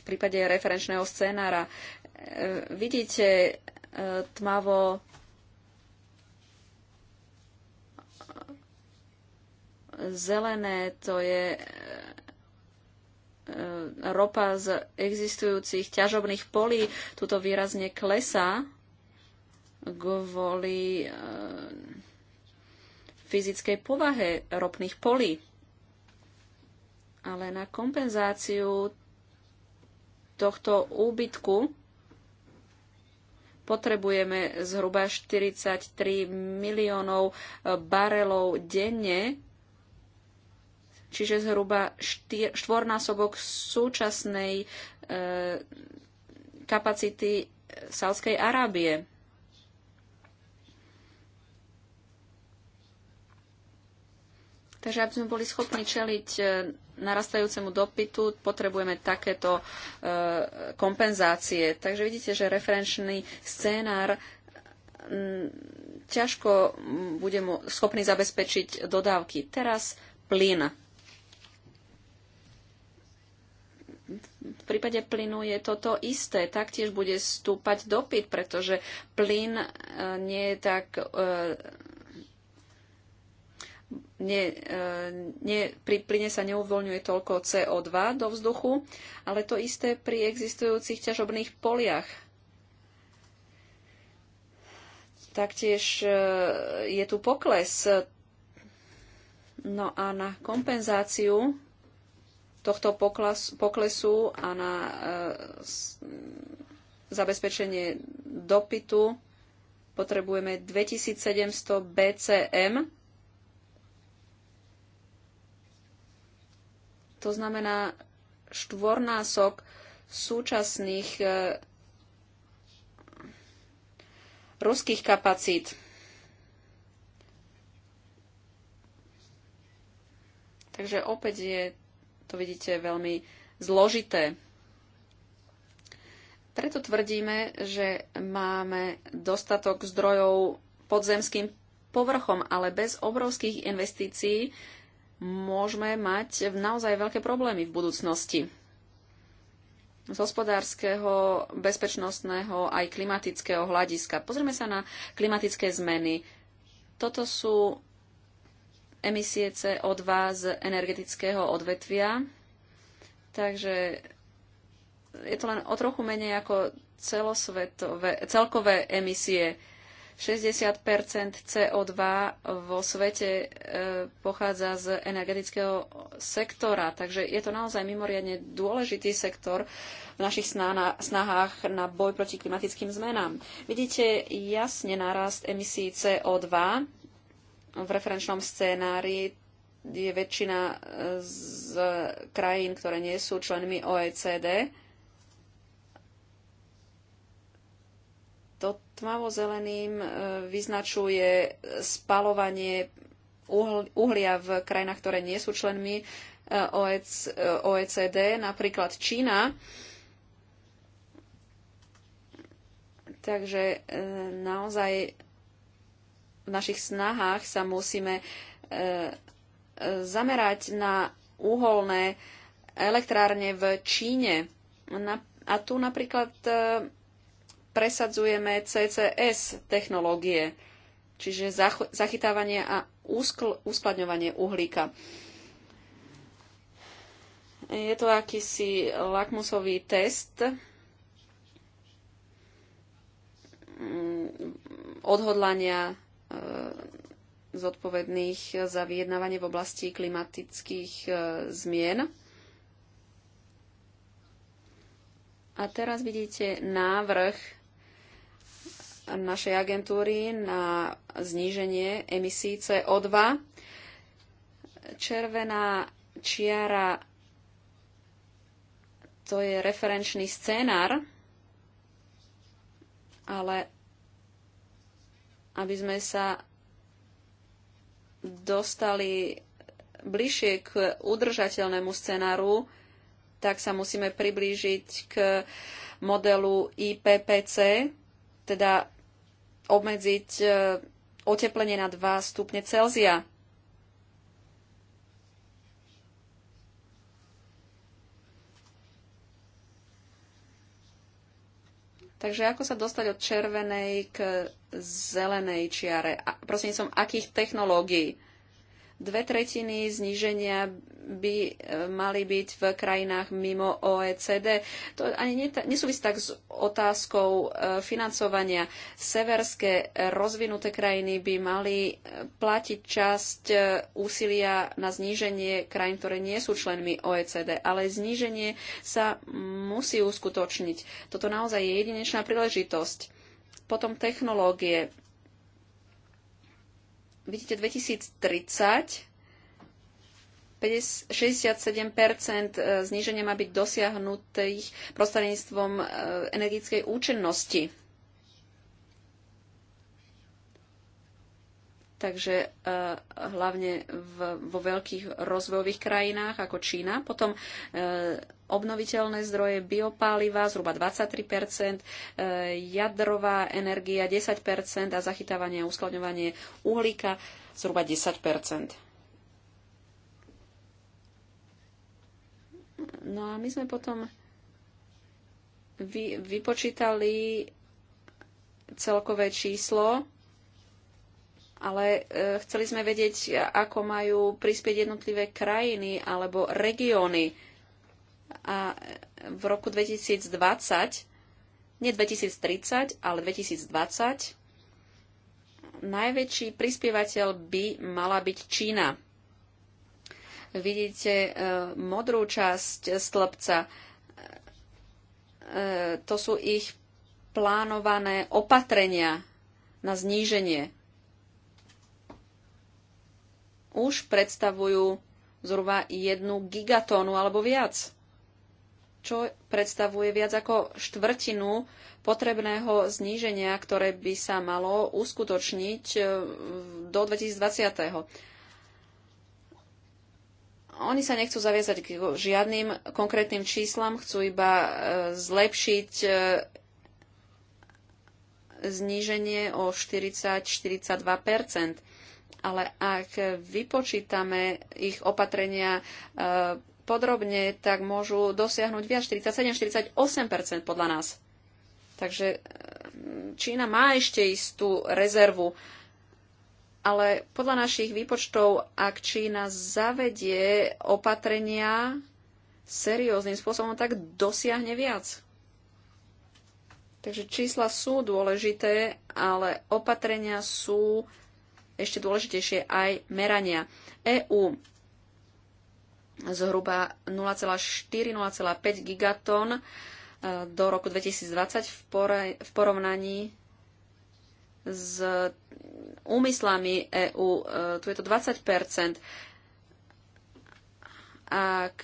v prípade referenčného scénára. E, vidíte e, tmavo zelené, to je ropa z existujúcich ťažobných polí. Tuto výrazne klesá kvôli eh, fyzickej povahe ropných polí. Ale na kompenzáciu tohto úbytku potrebujeme zhruba 43 miliónov eh, barelov denne, čiže zhruba štyr, štvornásobok súčasnej e, kapacity Sávskej Arábie. Takže aby sme boli schopní čeliť e, narastajúcemu dopytu, potrebujeme takéto e, kompenzácie. Takže vidíte, že referenčný scénár mm, ťažko bude schopný zabezpečiť dodávky. Teraz plyn. V prípade plynu je toto isté. Taktiež bude stúpať dopyt, pretože plyn e, nie je tak ne, e, ne, pri plyne sa neuvoľňuje toľko CO2 do vzduchu, ale to isté pri existujúcich ťažobných poliach. Taktiež e, je tu pokles. No a na kompenzáciu tohto pokles, poklesu a na e, zabezpečenie dopytu potrebujeme 2700 BCM To znamená štvornások súčasných e, ruských kapacít. Takže opäť je to, vidíte, veľmi zložité. Preto tvrdíme, že máme dostatok zdrojov podzemským povrchom, ale bez obrovských investícií môžeme mať naozaj veľké problémy v budúcnosti. Z hospodárskeho, bezpečnostného aj klimatického hľadiska. Pozrieme sa na klimatické zmeny. Toto sú emisie CO2 z energetického odvetvia. Takže je to len o trochu menej ako celosvetové, celkové emisie 60 CO2 vo svete e, pochádza z energetického sektora, takže je to naozaj mimoriadne dôležitý sektor v našich snahách na boj proti klimatickým zmenám. Vidíte jasne narast emisí CO2 v referenčnom scénári je väčšina e, z krajín, ktoré nie sú členmi OECD to tmavo-zeleným e, vyznačuje spalovanie uhlia v krajinách, ktoré nie sú členmi e, OECD, e, napríklad Čína. Takže naozaj v našich snahách sa musíme zamerať na uholné elektrárne v Číne. A tu napríklad presadzujeme CCS technológie, čiže zachytávanie a úskl- uskladňovanie uhlíka. Je to akýsi lakmusový test mm, odhodlania e, zodpovedných za vyjednávanie v oblasti klimatických e, zmien. A teraz vidíte návrh našej agentúry na zníženie emisí CO2. Červená čiara to je referenčný scénar, ale aby sme sa dostali bližšie k udržateľnému scenáru, tak sa musíme priblížiť k modelu IPPC, teda obmedziť e, oteplenie na 2 stupne Celzia. Takže ako sa dostať od červenej k zelenej čiare? A prosím som, akých technológií? Dve tretiny zníženia by e, mali byť v krajinách mimo OECD. To ani nesúvisí tak s otázkou e, financovania. Severské e, rozvinuté krajiny by mali platiť časť úsilia na zníženie krajín, ktoré nie sú členmi OECD, ale zníženie sa musí uskutočniť. Toto naozaj je jedinečná príležitosť. Potom technológie vidíte 2030, 67 zníženia má byť dosiahnutých prostredníctvom e, energetickej účinnosti. Takže e, hlavne v, vo veľkých rozvojových krajinách ako Čína. Potom e, obnoviteľné zdroje, biopáliva zhruba 23%, e, jadrová energia 10% a zachytávanie a uskladňovanie uhlíka zhruba 10%. No a my sme potom vy, vypočítali celkové číslo, ale e, chceli sme vedieť, ako majú prispieť jednotlivé krajiny alebo regióny a v roku 2020, nie 2030, ale 2020, najväčší prispievateľ by mala byť Čína. Vidíte e, modrú časť stĺpca. E, to sú ich plánované opatrenia na zníženie. Už predstavujú zhruba jednu gigatónu alebo viac čo predstavuje viac ako štvrtinu potrebného zníženia, ktoré by sa malo uskutočniť e, do 2020. Oni sa nechcú zaviazať k žiadnym konkrétnym číslam, chcú iba e, zlepšiť e, zníženie o 40-42 ale ak vypočítame ich opatrenia podrobne, tak môžu dosiahnuť viac 47-48 podľa nás. Takže e, Čína má ešte istú rezervu. Ale podľa našich výpočtov, ak Čína zavedie opatrenia serióznym spôsobom, tak dosiahne viac. Takže čísla sú dôležité, ale opatrenia sú ešte dôležitejšie aj merania. EU zhruba 0,4-0,5 gigaton e, do roku 2020 v porovnaní s úmyslami EÚ. E, tu je to 20 Ak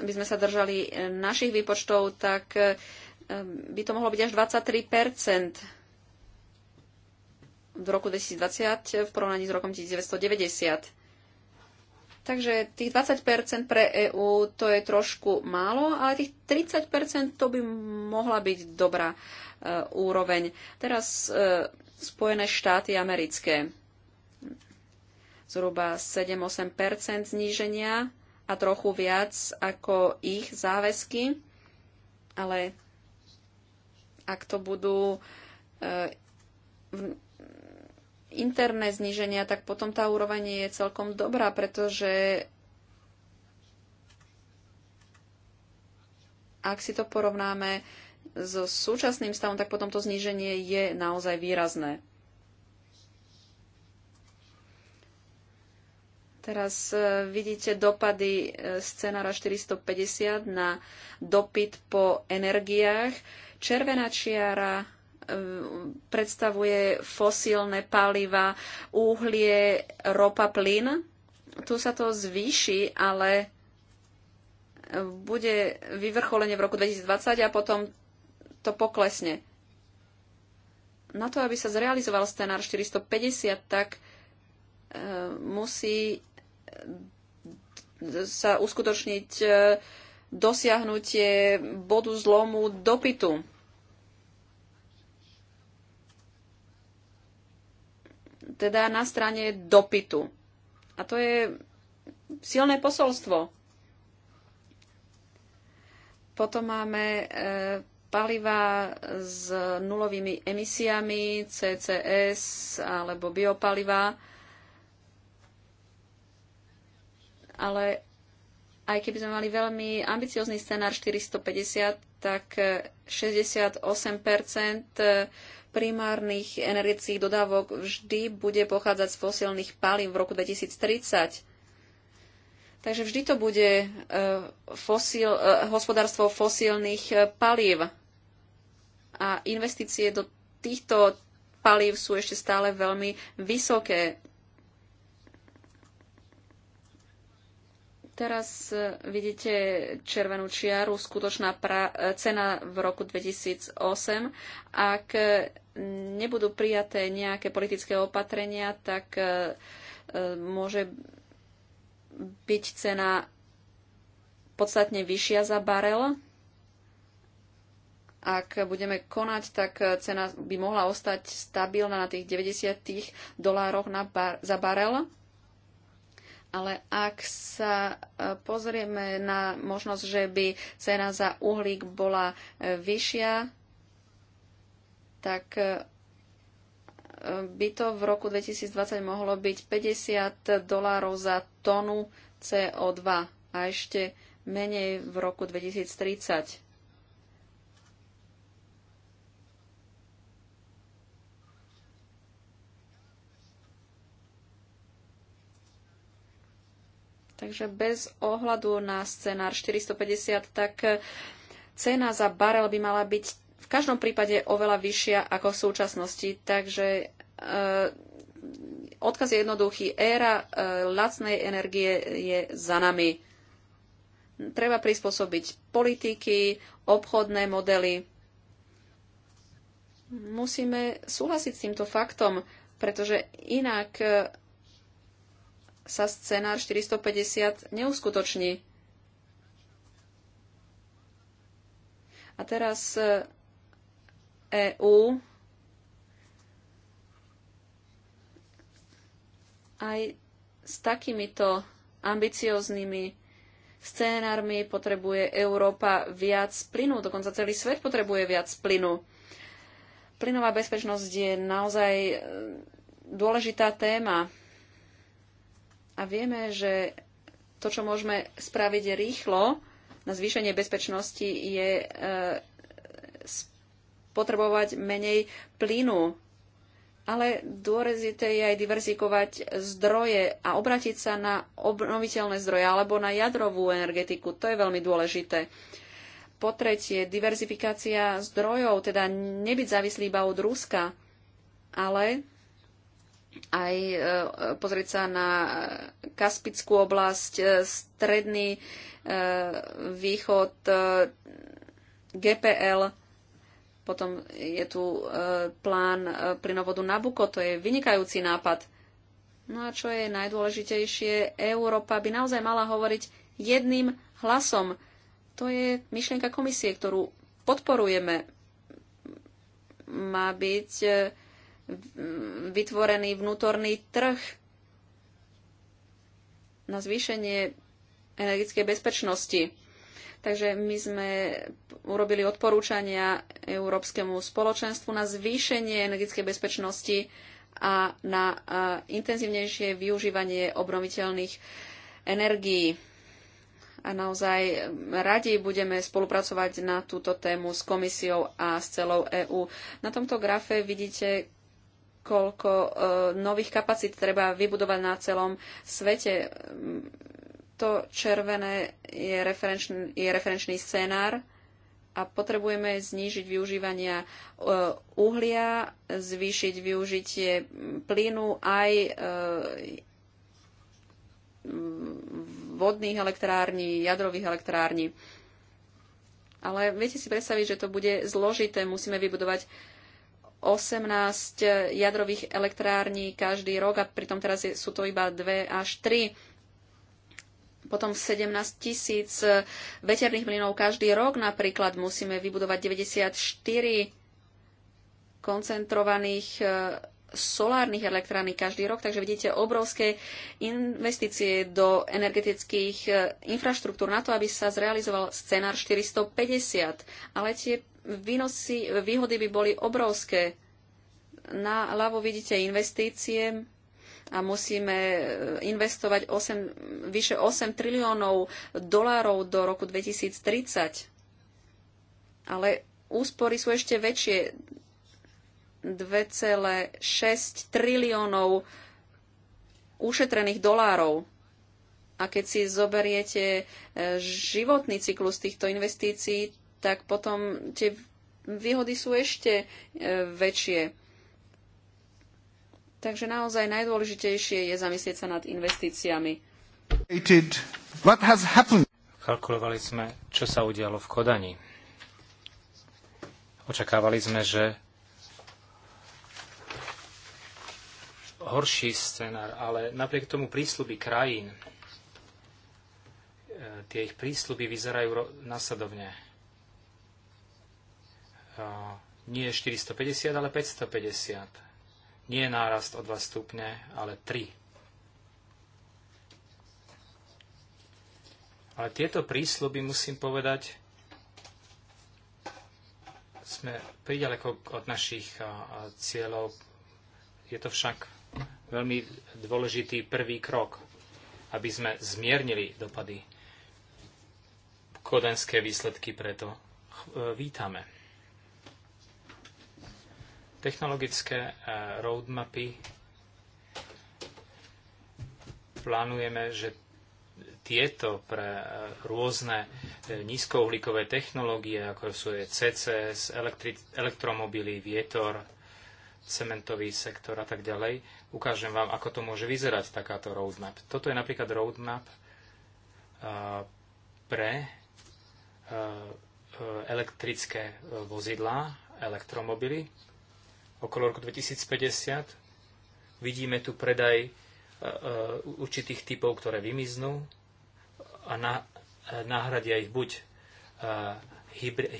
by sme sa držali našich výpočtov, tak e, by to mohlo byť až 23 v roku 2020 v porovnaní s rokom 1990 Takže tých 20% pre EÚ to je trošku málo, ale tých 30% to by mohla byť dobrá e, úroveň. Teraz e, Spojené štáty americké zhruba 7-8% zníženia a trochu viac ako ich záväzky, ale ak to budú e, interné zníženia, tak potom tá úroveň je celkom dobrá, pretože ak si to porovnáme so súčasným stavom, tak potom to zníženie je naozaj výrazné. Teraz e, vidíte dopady e, scenára 450 na dopyt po energiách. Červená čiara E, predstavuje fosílne paliva, úhlie, ropa, plyn. Tu sa to zvýši, ale bude vyvrcholenie v roku 2020 a potom to poklesne. Na to, aby sa zrealizoval scenár 450, tak e, musí sa uskutočniť e, dosiahnutie bodu zlomu dopytu teda na strane dopytu. A to je silné posolstvo. Potom máme e, paliva s nulovými emisiami, CCS alebo biopaliva. Ale aj keby sme mali veľmi ambiciozný scenár 450, tak 68 primárnych energetických dodávok vždy bude pochádzať z fosilných palív v roku 2030. Takže vždy to bude e, fosíl, e, hospodárstvo fosílnych e, palív. A investície do týchto palív sú ešte stále veľmi vysoké. Teraz e, vidíte červenú čiaru, skutočná e, cena v roku 2008. Ak e, nebudú prijaté nejaké politické opatrenia, tak môže byť cena podstatne vyššia za barel. Ak budeme konať, tak cena by mohla ostať stabilná na tých 90 dolároch na bar- za barel ale ak sa e, pozrieme na možnosť, že by cena za uhlík bola e, vyššia, tak e, by to v roku 2020 mohlo byť 50 dolárov za tonu CO2 a ešte menej v roku 2030. Takže bez ohľadu na scenár 450, tak cena za barel by mala byť v každom prípade oveľa vyššia ako v súčasnosti. Takže e, odkaz je jednoduchý. Éra e, lacnej energie je za nami. Treba prispôsobiť politiky, obchodné modely. Musíme súhlasiť s týmto faktom, pretože inak e, sa scenár 450 neuskutoční. A teraz EÚ e aj s takýmito ambicioznými scénármi potrebuje Európa viac plynu, dokonca celý svet potrebuje viac plynu. Plynová bezpečnosť je naozaj e, dôležitá téma. A vieme, že to, čo môžeme spraviť rýchlo na zvýšenie bezpečnosti, je eh, potrebovať menej plynu. Ale dôležité je aj diverzikovať zdroje a obratiť sa na obnoviteľné zdroje alebo na jadrovú energetiku. To je veľmi dôležité. Po tretie, diverzifikácia zdrojov, teda nebyť závislý iba od Ruska, ale aj e, pozrieť sa na Kaspickú oblasť, e, stredný e, východ, GPL, potom je tu plán plynovodu Nabuko, to je vynikajúci nápad. No a čo je najdôležitejšie, Európa by naozaj mala hovoriť jedným hlasom. To je myšlienka komisie, ktorú podporujeme. Má byť vytvorený vnútorný trh na zvýšenie energetickej bezpečnosti. Takže my sme urobili odporúčania Európskemu spoločenstvu na zvýšenie energetickej bezpečnosti a na intenzívnejšie využívanie obnoviteľných energií. A naozaj radi budeme spolupracovať na túto tému s komisiou a s celou EÚ. Na tomto grafe vidíte koľko e, nových kapacít treba vybudovať na celom svete. To červené je referenčný, je referenčný scenár a potrebujeme znížiť využívania e, uhlia, zvýšiť využitie plynu aj e, vodných elektrární, jadrových elektrární. Ale viete si predstaviť, že to bude zložité. Musíme vybudovať uh, 18 jadrových elektrární každý rok a pritom teraz je, sú to iba 2 až 3 potom 17 tisíc veterných mlynov každý rok napríklad musíme vybudovať 94 koncentrovaných e, solárnych elektrární každý rok, takže vidíte obrovské investície do energetických e, infraštruktúr na to, aby sa zrealizoval scenár 450. Ale tie výnosy, výhody by boli obrovské. Na ľavo vidíte investície a musíme e, investovať 8, vyše 8 triliónov dolárov do roku 2030. Ale úspory sú ešte väčšie. 2,6 triliónov ušetrených dolárov. A keď si zoberiete e, životný cyklus týchto investícií, tak potom tie výhody sú ešte e, väčšie. Takže naozaj najdôležitejšie je zamyslieť sa nad investíciami. Kalkulovali sme, čo sa udialo v Kodani. Očakávali sme, že horší scenár, ale napriek tomu prísľuby krajín, e, tie ich prísľuby vyzerajú nasledovne nie 450, ale 550. Nie nárast o 2 stupne, ale 3. Ale tieto prísľuby, musím povedať, sme priďaleko od našich cieľov. Je to však veľmi dôležitý prvý krok, aby sme zmiernili dopady. Kodenské výsledky preto e, vítame. Technologické e, roadmapy plánujeme, že tieto pre e, rôzne e, nízkouhlíkové technológie, ako sú je CCS, elektri- elektromobily, vietor, cementový sektor a tak ďalej. Ukážem vám, ako to môže vyzerať takáto roadmap. Toto je napríklad roadmap pre elektrické vozidlá, elektromobily okolo roku 2050. Vidíme tu predaj e, e, určitých typov, ktoré vymiznú a náhradia e, ich buď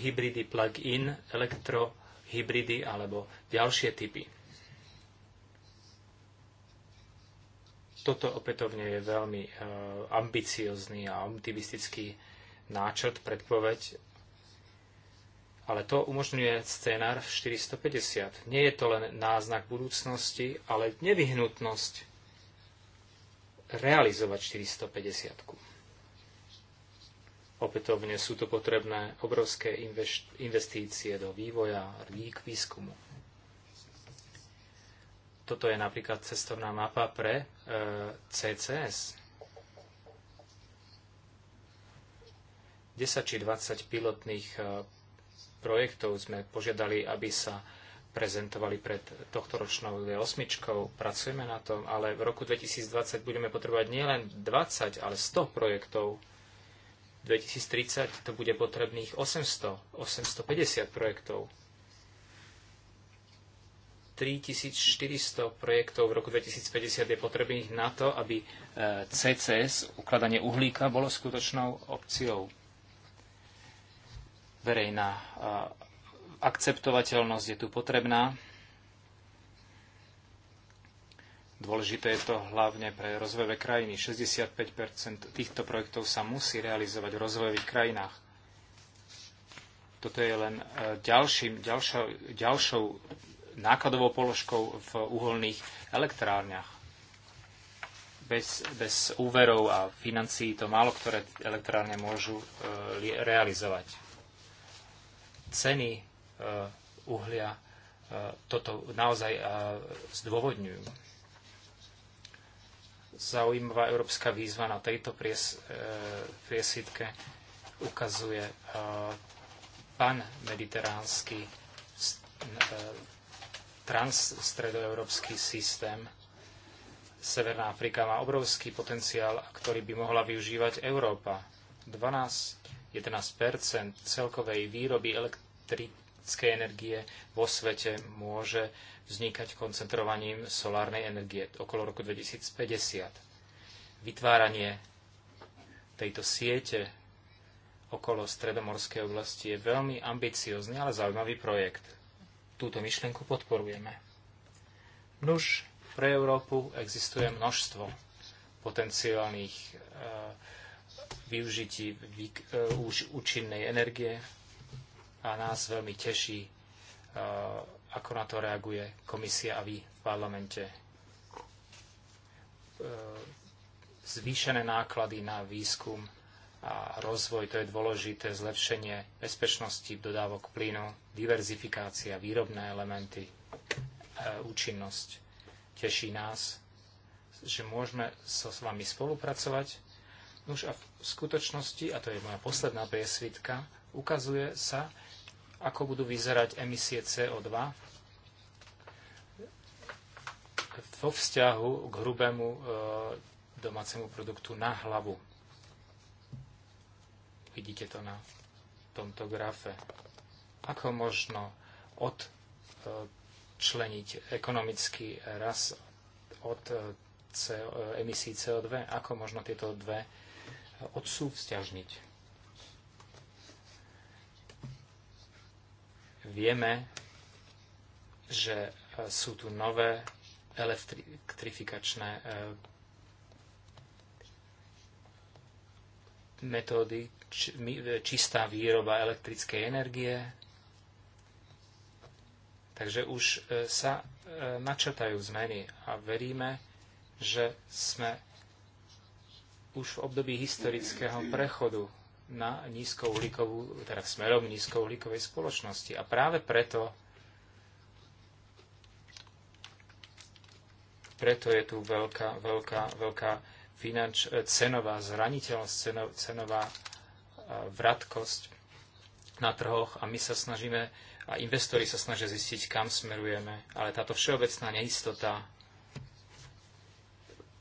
hybridy plug-in, elektrohybridy alebo ďalšie typy. Toto opätovne je veľmi ambiciozný a optimistický náčrt, predpoveď ale to umožňuje scénar 450. Nie je to len náznak budúcnosti, ale nevyhnutnosť realizovať 450. Opätovne sú to potrebné obrovské investície do vývoja, k výskumu. Toto je napríklad cestovná mapa pre e, CCS. 10 či 20 pilotných e, projektov sme požiadali, aby sa prezentovali pred tohtoročnou V8. Pracujeme na tom, ale v roku 2020 budeme potrebovať nielen 20, ale 100 projektov. 2030 to bude potrebných 800, 850 projektov. 3400 projektov v roku 2050 je potrebných na to, aby eh, CCS, ukladanie uhlíka, bolo skutočnou opciou verejná akceptovateľnosť je tu potrebná. Dôležité je to hlavne pre rozvojové krajiny. 65 týchto projektov sa musí realizovať v rozvojových krajinách. Toto je len e, ďalším, ďalšou, ďalšou nákladovou položkou v uholných elektrárniach. Bez, bez úverov a financií to málo ktoré elektrárne môžu e, realizovať ceny e, uhlia e, toto naozaj e, zdôvodňujú. Zaujímavá európska výzva na tejto pries, priesitke ukazuje pan mediteránsky transstredoeurópsky systém. Severná Afrika má obrovský potenciál, ktorý by mohla využívať Európa. 12 11 celkovej výroby elektrickej energie vo svete môže vznikať koncentrovaním solárnej energie okolo roku 2050. Vytváranie tejto siete okolo stredomorskej oblasti je veľmi ambiciózny, ale zaujímavý projekt. Túto myšlienku podporujeme. Nuž, pre Európu existuje množstvo potenciálnych e, využití eh, už účinnej energie a nás veľmi teší, eh, ako na to reaguje komisia a vy v parlamente. Eh, zvýšené náklady na výskum a rozvoj, to je dôležité, zlepšenie bezpečnosti dodávok plynu, diverzifikácia, výrobné elementy, účinnosť. Teší nás, že môžeme so s vami spolupracovať Nuž a v skutočnosti, a to je moja posledná priesvitka, ukazuje sa, ako budú vyzerať emisie CO2 vo vzťahu k hrubému e, domácemu produktu na hlavu. Vidíte to na tomto grafe. Ako možno odčleniť e, ekonomický raz od e, CO, emisí CO2? Ako možno tieto dve odsúvzťažniť. Vieme, že e, sú tu nové elektrifikačné e, metódy, e, čistá výroba elektrickej energie. Takže už sa načatajú zmeny a veríme, že sme už v období historického prechodu na nízkouhlíkovú, teda smerom nízkouhlíkovej spoločnosti. A práve preto preto je tu veľká, veľká, veľká finanč, cenová zraniteľnosť, ceno, cenová e, vratkosť na trhoch a my sa snažíme, a investori sa snažia zistiť, kam smerujeme. Ale táto všeobecná neistota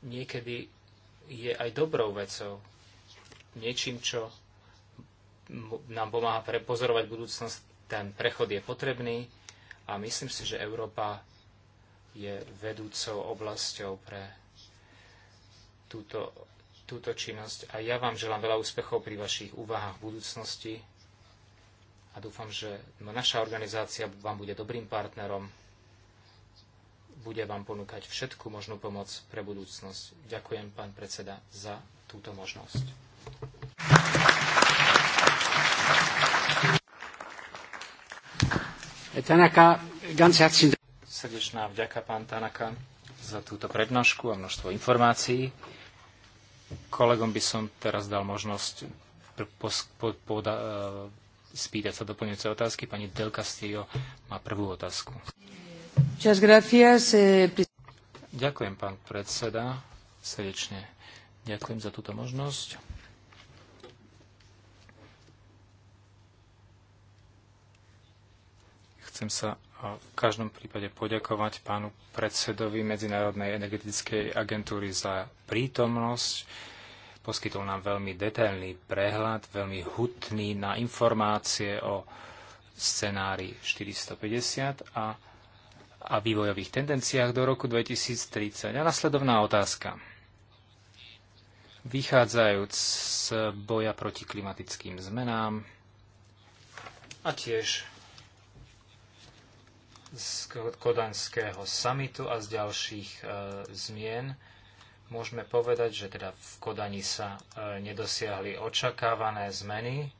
niekedy je aj dobrou vecou. Niečím, čo nám pomáha prepozorovať budúcnosť. Ten prechod je potrebný a myslím si, že Európa je vedúcou oblasťou pre túto, túto činnosť. A ja vám želám veľa úspechov pri vašich úvahách v budúcnosti a dúfam, že no, naša organizácia vám bude dobrým partnerom bude vám ponúkať všetku možnú pomoc pre budúcnosť. Ďakujem, pán predseda, za túto možnosť. Srdečná vďaka, pán Tanaka, za túto prednášku a množstvo informácií. Kolegom by som teraz dal možnosť e, spýtať sa doplňujúce otázky. Pani Del Castillo má prvú otázku. Eh, ďakujem, pán predseda. Srdečne ďakujem za túto možnosť. Chcem sa eh, v každom prípade poďakovať pánu predsedovi Medzinárodnej energetickej agentúry za prítomnosť. Poskytol nám veľmi detailný prehľad, veľmi hutný na informácie o scenári 450 a a vývojových tendenciách do roku 2030. A nasledovná otázka. Vychádzajúc z boja proti klimatickým zmenám a tiež z kodaňského samitu a z ďalších e, zmien, môžeme povedať, že teda v Kodani sa e, nedosiahli očakávané zmeny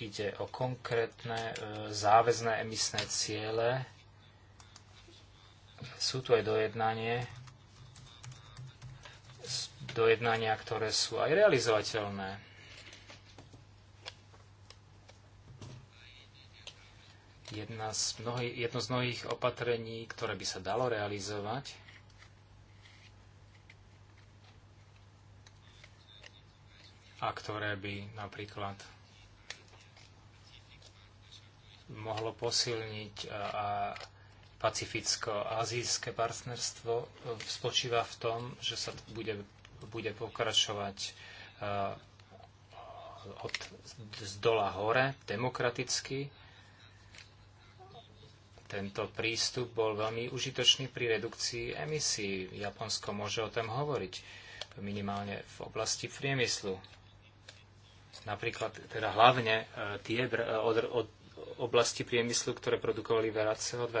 ide o konkrétne e, záväzné emisné ciele. Sú tu aj dojednanie, dojednania, ktoré sú aj realizovateľné. Jedna z mnohý, jedno z mnohých opatrení, ktoré by sa dalo realizovať, a ktoré by napríklad mohlo posilniť a pacificko-azijské partnerstvo e, spočíva v tom, že sa bude, bude pokračovať e, od, z dola hore demokraticky. Tento prístup bol veľmi užitočný pri redukcii emisí. Japonsko môže o tom hovoriť, minimálne v oblasti priemyslu. Napríklad, teda hlavne e, tie od, od oblasti priemyslu, ktoré produkovali veľa CO2.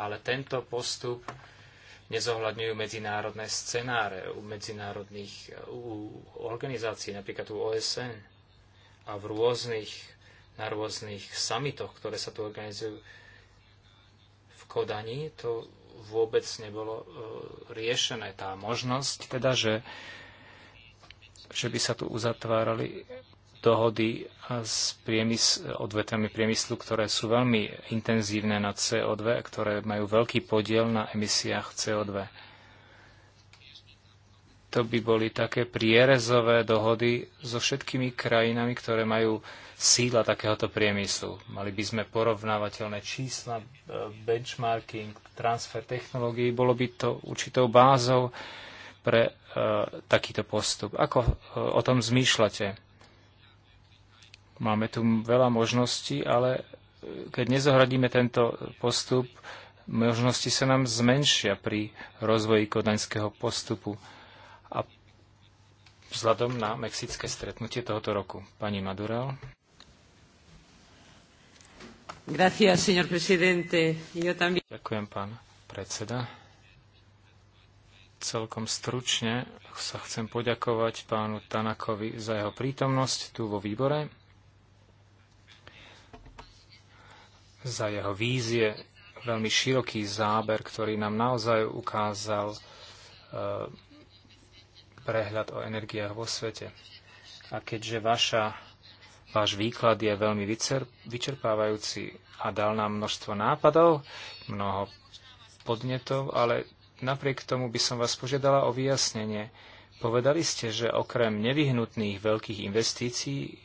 Ale tento postup nezohľadňujú medzinárodné scenáre u medzinárodných u organizácií, napríklad u OSN a v rôznych, na rôznych samitoch, ktoré sa tu organizujú v Kodani, to vôbec nebolo e, riešené tá možnosť, teda, že, že by sa tu uzatvárali dohody s priemys- odvetami priemyslu, ktoré sú veľmi intenzívne na CO2, ktoré majú veľký podiel na emisiách CO2. To by boli také prierezové dohody so všetkými krajinami, ktoré majú síla takéhoto priemyslu. Mali by sme porovnávateľné čísla, e, benchmarking, transfer technológií. Bolo by to určitou bázou pre uh, takýto postup. Ako uh, o tom zmýšľate? Máme tu veľa možností, ale e, keď nezohradíme tento postup, možnosti sa nám zmenšia pri rozvoji kodaňského postupu. A vzhľadom na mexické stretnutie tohoto roku. Pani Madurel. Gracias, señor presidente. Yo también... Ďakujem, pán predseda. Celkom stručne sa chcem poďakovať pánu Tanakovi za jeho prítomnosť tu vo výbore za jeho vízie, veľmi široký záber, ktorý nám naozaj ukázal e, prehľad o energiách vo svete. A keďže vaša, váš výklad je veľmi vyčerpávajúci a dal nám množstvo nápadov, mnoho podnetov, ale napriek tomu by som vás požiadala o vyjasnenie. Povedali ste, že okrem nevyhnutných veľkých investícií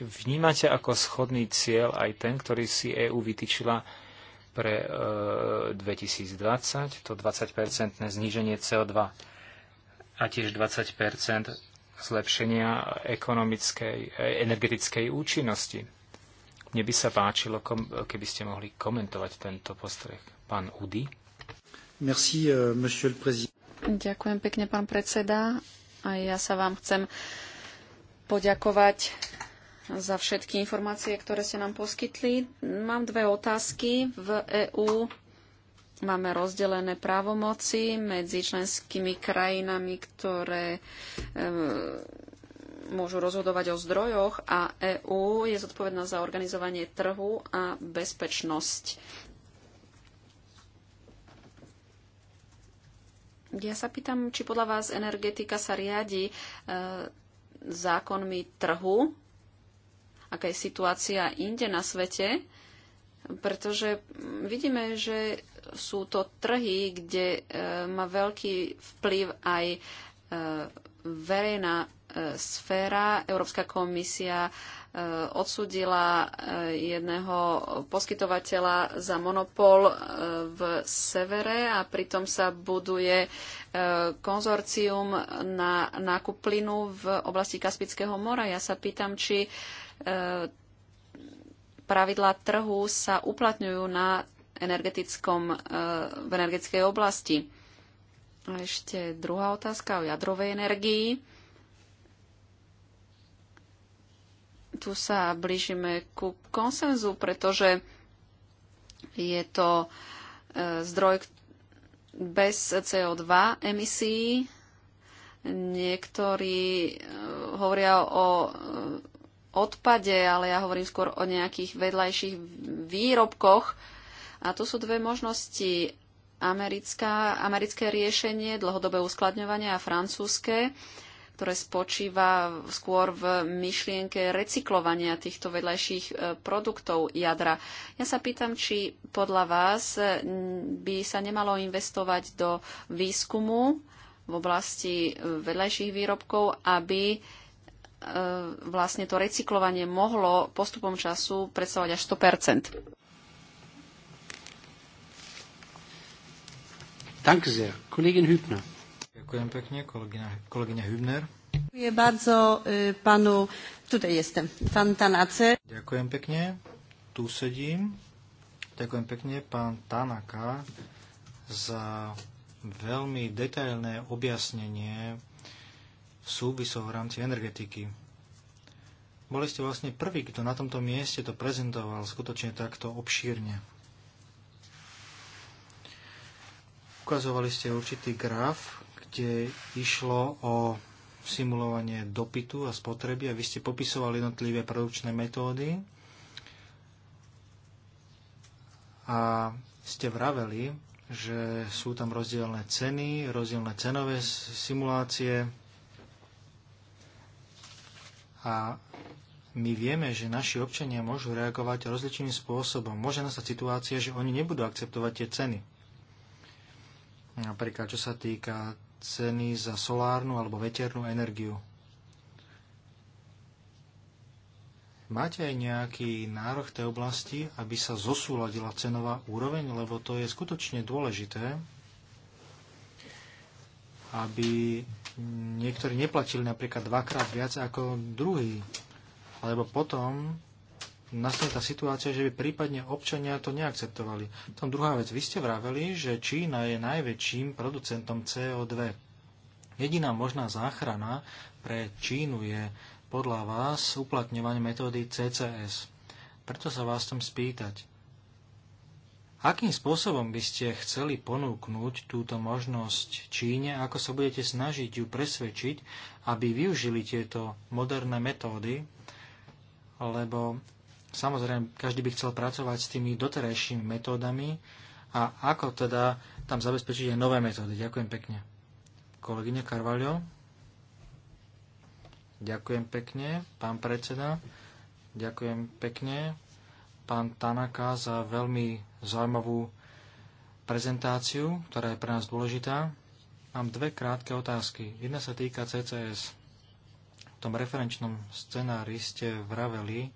vnímate ako schodný cieľ aj ten, ktorý si EÚ vytýčila pre e, 2020, to 20-percentné zníženie CO2 a tiež 20 zlepšenia ekonomickej, e, energetickej účinnosti. Mne by sa páčilo, keby ste mohli komentovať tento postreh. Pán Udy. Merci, e, monsieur le président. Ďakujem pekne, pán predseda. A ja sa vám chcem poďakovať za všetky informácie, ktoré ste nám poskytli. Mám dve otázky. V EÚ máme rozdelené právomoci medzi členskými krajinami, ktoré eh, môžu rozhodovať o zdrojoch a EÚ je zodpovedná za organizovanie trhu a bezpečnosť. Ja sa pýtam, či podľa vás energetika sa riadi e, zákonmi trhu aká je situácia inde na svete, pretože vidíme, že sú to trhy, kde e, má veľký vplyv aj e, verejná e, sféra. Európska komisia odsudila jedného poskytovateľa za monopol v severe a pritom sa buduje konzorcium na nákup plynu v oblasti Kaspického mora. Ja sa pýtam, či E, pravidlá trhu sa uplatňujú na energetickom, e, v energetickej oblasti. A ešte druhá otázka o jadrovej energii. Tu sa blížime ku konsenzu, pretože je to e, zdroj bez CO2 emisí. Niektorí hovoria o odpade, ale ja hovorím skôr o nejakých vedľajších výrobkoch. A tu sú dve možnosti. Americká, americké riešenie, dlhodobé uskladňovanie a francúzske, ktoré spočíva skôr v myšlienke recyklovania týchto vedľajších e, produktov jadra. Ja sa pýtam, či podľa vás e, by sa nemalo investovať do výskumu v oblasti e, vedľajších výrobkov, aby E, vlastne to recyklovanie mohlo postupom času predstavovať až 100 Danke sehr. Kollegin Hübner. Ďakujem pekne, kolegyňa, kolegyňa Hübner. Ďakujem bardzo e, panu, tutaj jestem, pan Tanace. Ďakujem pekne, tu sedím. Ďakujem pekne, pán Tanaka, za veľmi detailné objasnenie v súvisoch v rámci energetiky. Boli ste vlastne prví, kto na tomto mieste to prezentoval skutočne takto obšírne. Ukazovali ste určitý graf, kde išlo o simulovanie dopytu a spotreby a vy ste popisovali jednotlivé produkčné metódy a ste vraveli, že sú tam rozdielne ceny, rozdielne cenové simulácie, a my vieme, že naši občania môžu reagovať rozličným spôsobom. Môže nastať situácia, že oni nebudú akceptovať tie ceny. Napríklad, čo sa týka ceny za solárnu alebo veternú energiu. Máte aj nejaký nárok tej oblasti, aby sa zosúladila cenová úroveň, lebo to je skutočne dôležité, aby niektorí neplatili napríklad dvakrát viac ako druhý. Alebo potom nastane tá situácia, že by prípadne občania to neakceptovali. Tom druhá vec, vy ste vraveli, že Čína je najväčším producentom CO2. Jediná možná záchrana pre Čínu je podľa vás uplatňovanie metódy CCS. Preto sa vás tom spýtať, Akým spôsobom by ste chceli ponúknuť túto možnosť Číne, ako sa budete snažiť ju presvedčiť, aby využili tieto moderné metódy, lebo samozrejme každý by chcel pracovať s tými doterajšími metódami a ako teda tam zabezpečiť aj nové metódy. Ďakujem pekne. Kolegyňa Karvalio. Ďakujem pekne, pán predseda. Ďakujem pekne pán Tanaka za veľmi zaujímavú prezentáciu, ktorá je pre nás dôležitá. Mám dve krátke otázky. Jedna sa týka CCS. V tom referenčnom scenári ste vraveli,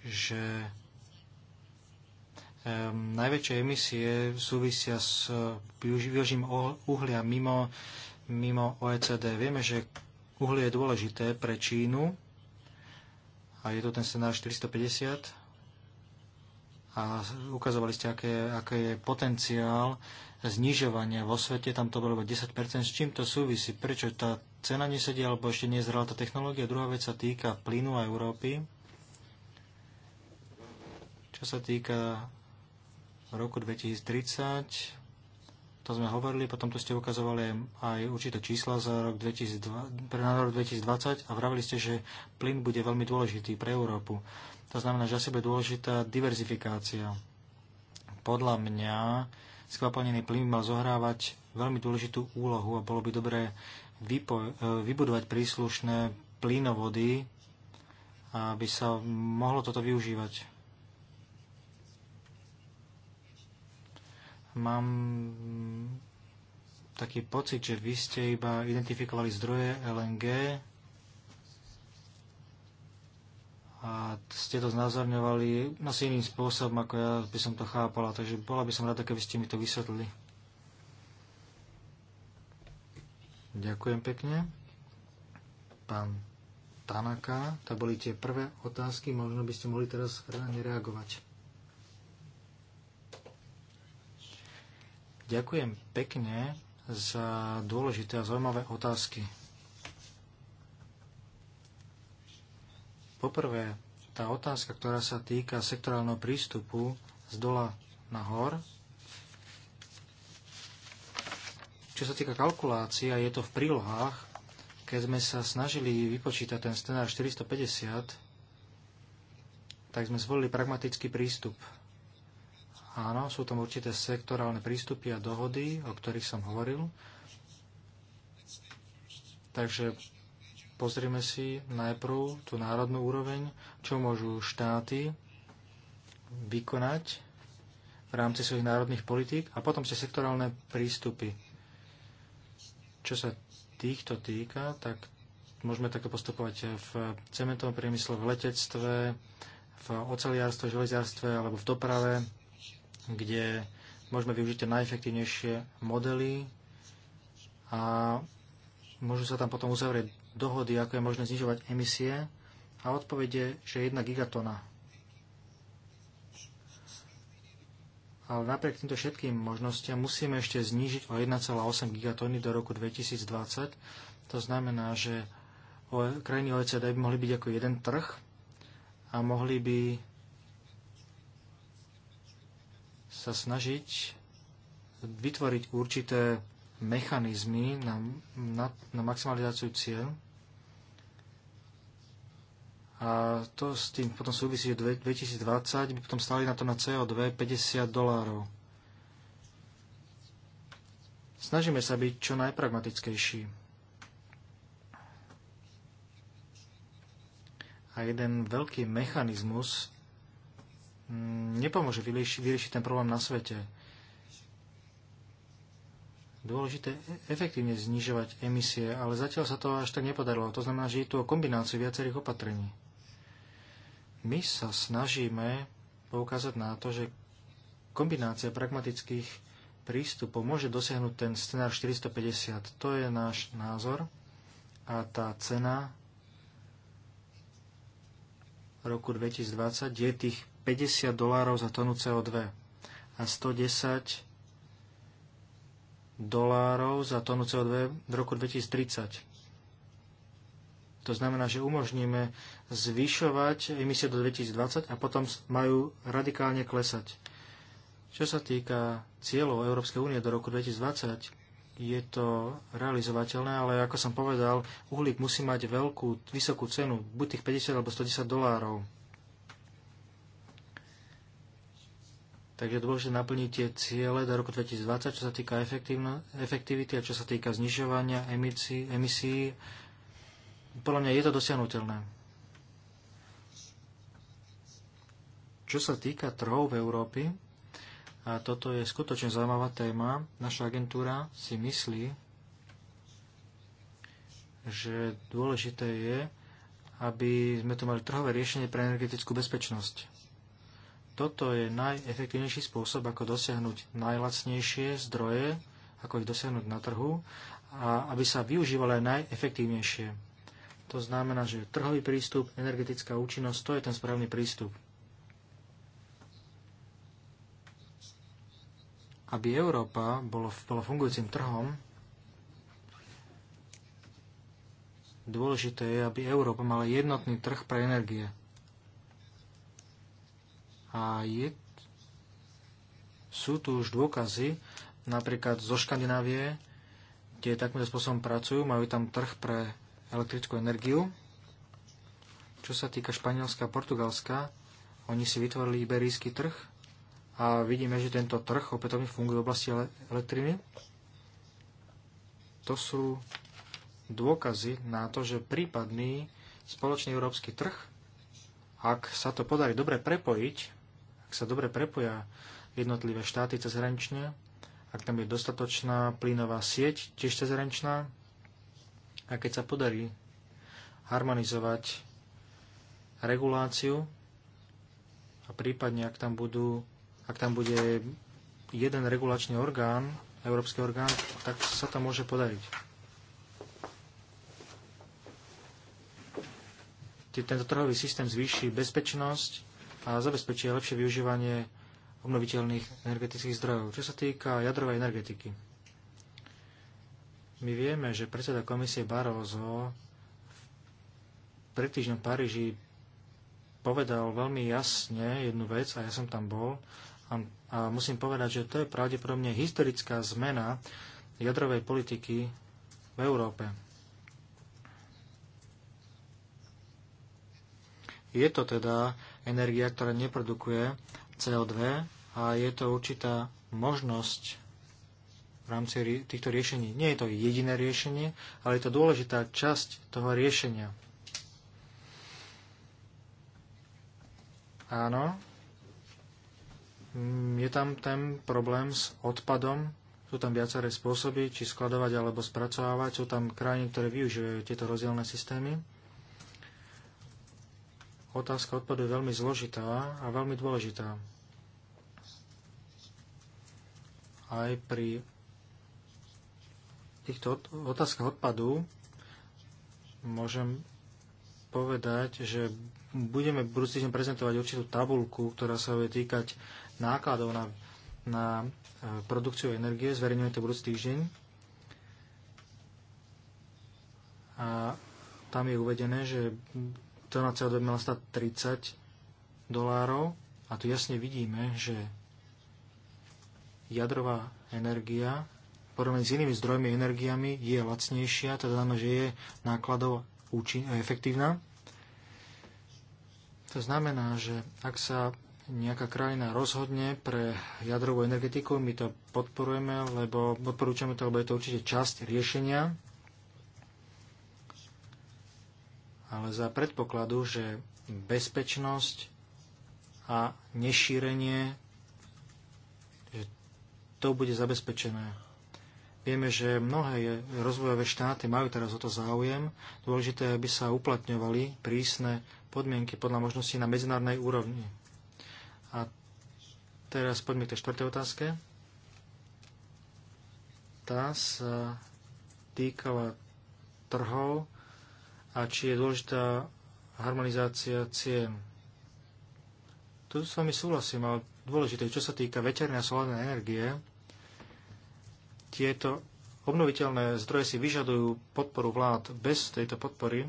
že najväčšie emisie súvisia s využím uhlia mimo, mimo OECD. Vieme, že uhlie je dôležité pre Čínu, a je to ten scenár 450 a ukazovali ste, aké, aké je potenciál znižovania vo svete, tam to bolo 10%, s čím to súvisí, prečo tá cena nesedí, alebo ešte nezrela tá technológia. Druhá vec sa týka plynu a Európy. Čo sa týka roku 2030, to sme hovorili, potom tu ste ukazovali aj určité čísla za rok 2020, pre na rok 2020 a vravili ste, že plyn bude veľmi dôležitý pre Európu. To znamená, že asi bude dôležitá diverzifikácia. Podľa mňa skvapalnený plyn mal zohrávať veľmi dôležitú úlohu a bolo by dobré e, vybudovať príslušné plynovody, aby sa mohlo toto využívať. mám taký pocit, že vy ste iba identifikovali zdroje LNG a ste to znázorňovali asi iným spôsobom, ako ja by som to chápala. Takže bola by som rada, keby ste mi to vysvetlili. Ďakujem pekne. Pán Tanaka, to boli tie prvé otázky, možno by ste mohli teraz reagovať. Ďakujem pekne za dôležité a zaujímavé otázky. Poprvé, tá otázka, ktorá sa týka sektorálneho prístupu z dola nahor. Čo sa týka kalkulácia, je to v prílohách. Keď sme sa snažili vypočítať ten scenár 450, tak sme zvolili pragmatický prístup – Áno, sú tam určité sektorálne prístupy a dohody, o ktorých som hovoril. Takže pozrieme si najprv tú národnú úroveň, čo môžu štáty vykonať v rámci svojich národných politík a potom tie sektorálne prístupy. Čo sa týchto týka, tak môžeme takto postupovať v cementovom priemysle, v letectve, v oceliarstve, železiarstve alebo v doprave, kde môžeme využiť tie najefektívnejšie modely a môžu sa tam potom uzavrieť dohody, ako je možné znižovať emisie a odpoveď je, že 1 gigatona. Ale napriek týmto všetkým možnostiam musíme ešte znížiť o 1,8 gigatóny do roku 2020. To znamená, že krajiny OECD by mohli byť ako jeden trh a mohli by sa snažiť vytvoriť určité mechanizmy na, na, na maximalizáciu cieľ. A to s tým potom súvisí, že 2020 by potom stali na to na CO2 50 dolárov. Snažíme sa byť čo najpragmatickejší. A jeden veľký mechanizmus Mm, nepomôže vyriešiť, vyrieši ten problém na svete. Dôležité e- efektívne znižovať emisie, ale zatiaľ sa to až tak nepodarilo. To znamená, že je tu o kombináciu viacerých opatrení. My sa snažíme poukázať na to, že kombinácia pragmatických prístupov môže dosiahnuť ten scenár 450. To je náš názor a tá cena roku 2020 je tých 50 dolárov za tonu CO2 a 110 dolárov za tonu CO2 v roku 2030. To znamená, že umožníme zvyšovať emisie do 2020 a potom majú radikálne klesať. Čo sa týka cieľov Európskej únie do roku 2020, je to realizovateľné, ale ako som povedal, uhlík musí mať veľkú, vysokú cenu, buď tých 50 alebo 110 dolárov. Takže dôležité naplniť tie ciele do roku 2020, čo sa týka efektivity a čo sa týka znižovania emisí, emisí. Podľa mňa je to dosiahnutelné. Čo sa týka trhov v Európy, a toto je skutočne zaujímavá téma, naša agentúra si myslí, že dôležité je, aby sme tu mali trhové riešenie pre energetickú bezpečnosť. Toto je najefektívnejší spôsob, ako dosiahnuť najlacnejšie zdroje, ako ich dosiahnuť na trhu a aby sa využívali aj najefektívnejšie. To znamená, že trhový prístup, energetická účinnosť, to je ten správny prístup. Aby Európa bolo, bola fungujúcim trhom, dôležité je, aby Európa mala jednotný trh pre energie. A sú tu už dôkazy, napríklad zo Škandinávie, kde takýmto spôsobom pracujú, majú tam trh pre elektrickú energiu. Čo sa týka Španielska a Portugalska, oni si vytvorili iberijský trh a vidíme, že tento trh opätovne funguje v oblasti elektriny. To sú dôkazy na to, že prípadný spoločný európsky trh, ak sa to podarí dobre prepojiť ak sa dobre prepoja jednotlivé štáty hrančne, ak tam je dostatočná plynová sieť, tiež cezhraničná, a keď sa podarí harmonizovať reguláciu a prípadne, ak tam, budú, ak tam bude jeden regulačný orgán, európsky orgán, tak sa to môže podariť. Tento trhový systém zvýši bezpečnosť a zabezpečia lepšie využívanie obnoviteľných energetických zdrojov. Čo sa týka jadrovej energetiky, my vieme, že predseda komisie Barroso pred týždňom v Paríži povedal veľmi jasne jednu vec a ja som tam bol a, a musím povedať, že to je pravdepodobne historická zmena jadrovej politiky v Európe. Je to teda energia, ktorá neprodukuje CO2 a je to určitá možnosť v rámci týchto riešení. Nie je to jediné riešenie, ale je to dôležitá časť toho riešenia. Áno, mm, je tam ten problém s odpadom, sú tam viaceré spôsoby, či skladovať alebo spracovávať, sú tam krajiny, ktoré využívajú tieto rozdielne systémy otázka odpadu je veľmi zložitá a veľmi dôležitá. Aj pri týchto otázkach odpadu môžem povedať, že budeme budúci deň prezentovať určitú tabulku, ktorá sa bude týkať nákladov na, na e, produkciu energie. Zverejňujeme to budúci týždeň. A tam je uvedené, že cena CO2 mala stať 30 dolárov a tu jasne vidíme, že jadrová energia porovnaní s inými zdrojmi energiami je lacnejšia, to znamená, že je nákladov účin- efektívna. To znamená, že ak sa nejaká krajina rozhodne pre jadrovú energetiku, my to podporujeme, lebo odporúčame to, lebo je to určite časť riešenia ale za predpokladu, že bezpečnosť a nešírenie, že to bude zabezpečené. Vieme, že mnohé rozvojové štáty majú teraz o to záujem. Dôležité je, aby sa uplatňovali prísne podmienky podľa možností na medzinárodnej úrovni. A teraz poďme k tej štvrtej otázke. Tá sa týkala trhov, a či je dôležitá harmonizácia cien. Tu s vami súhlasím, ale dôležité, čo sa týka veternej a solárnej energie, tieto obnoviteľné zdroje si vyžadujú podporu vlád. Bez tejto podpory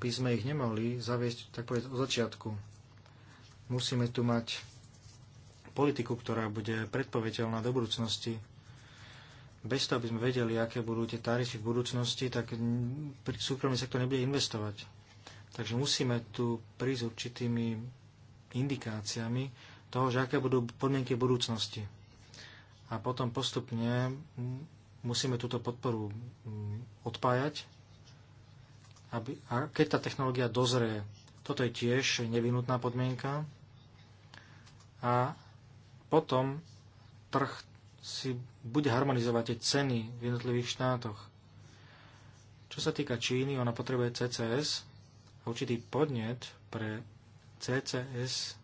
by sme ich nemohli zaviesť, tak povedať, od začiatku. Musíme tu mať politiku, ktorá bude predpovedelná do budúcnosti bez toho, aby sme vedeli, aké budú tie tarify v budúcnosti, tak súkromný sektor nebude investovať. Takže musíme tu prísť určitými indikáciami toho, že aké budú podmienky budúcnosti. A potom postupne musíme túto podporu odpájať. Aby, a keď tá technológia dozrie, toto je tiež nevinutná podmienka. A potom trh si bude harmonizovať ceny v jednotlivých štátoch. Čo sa týka Číny, ona potrebuje CCS. Určitý podnet pre CCS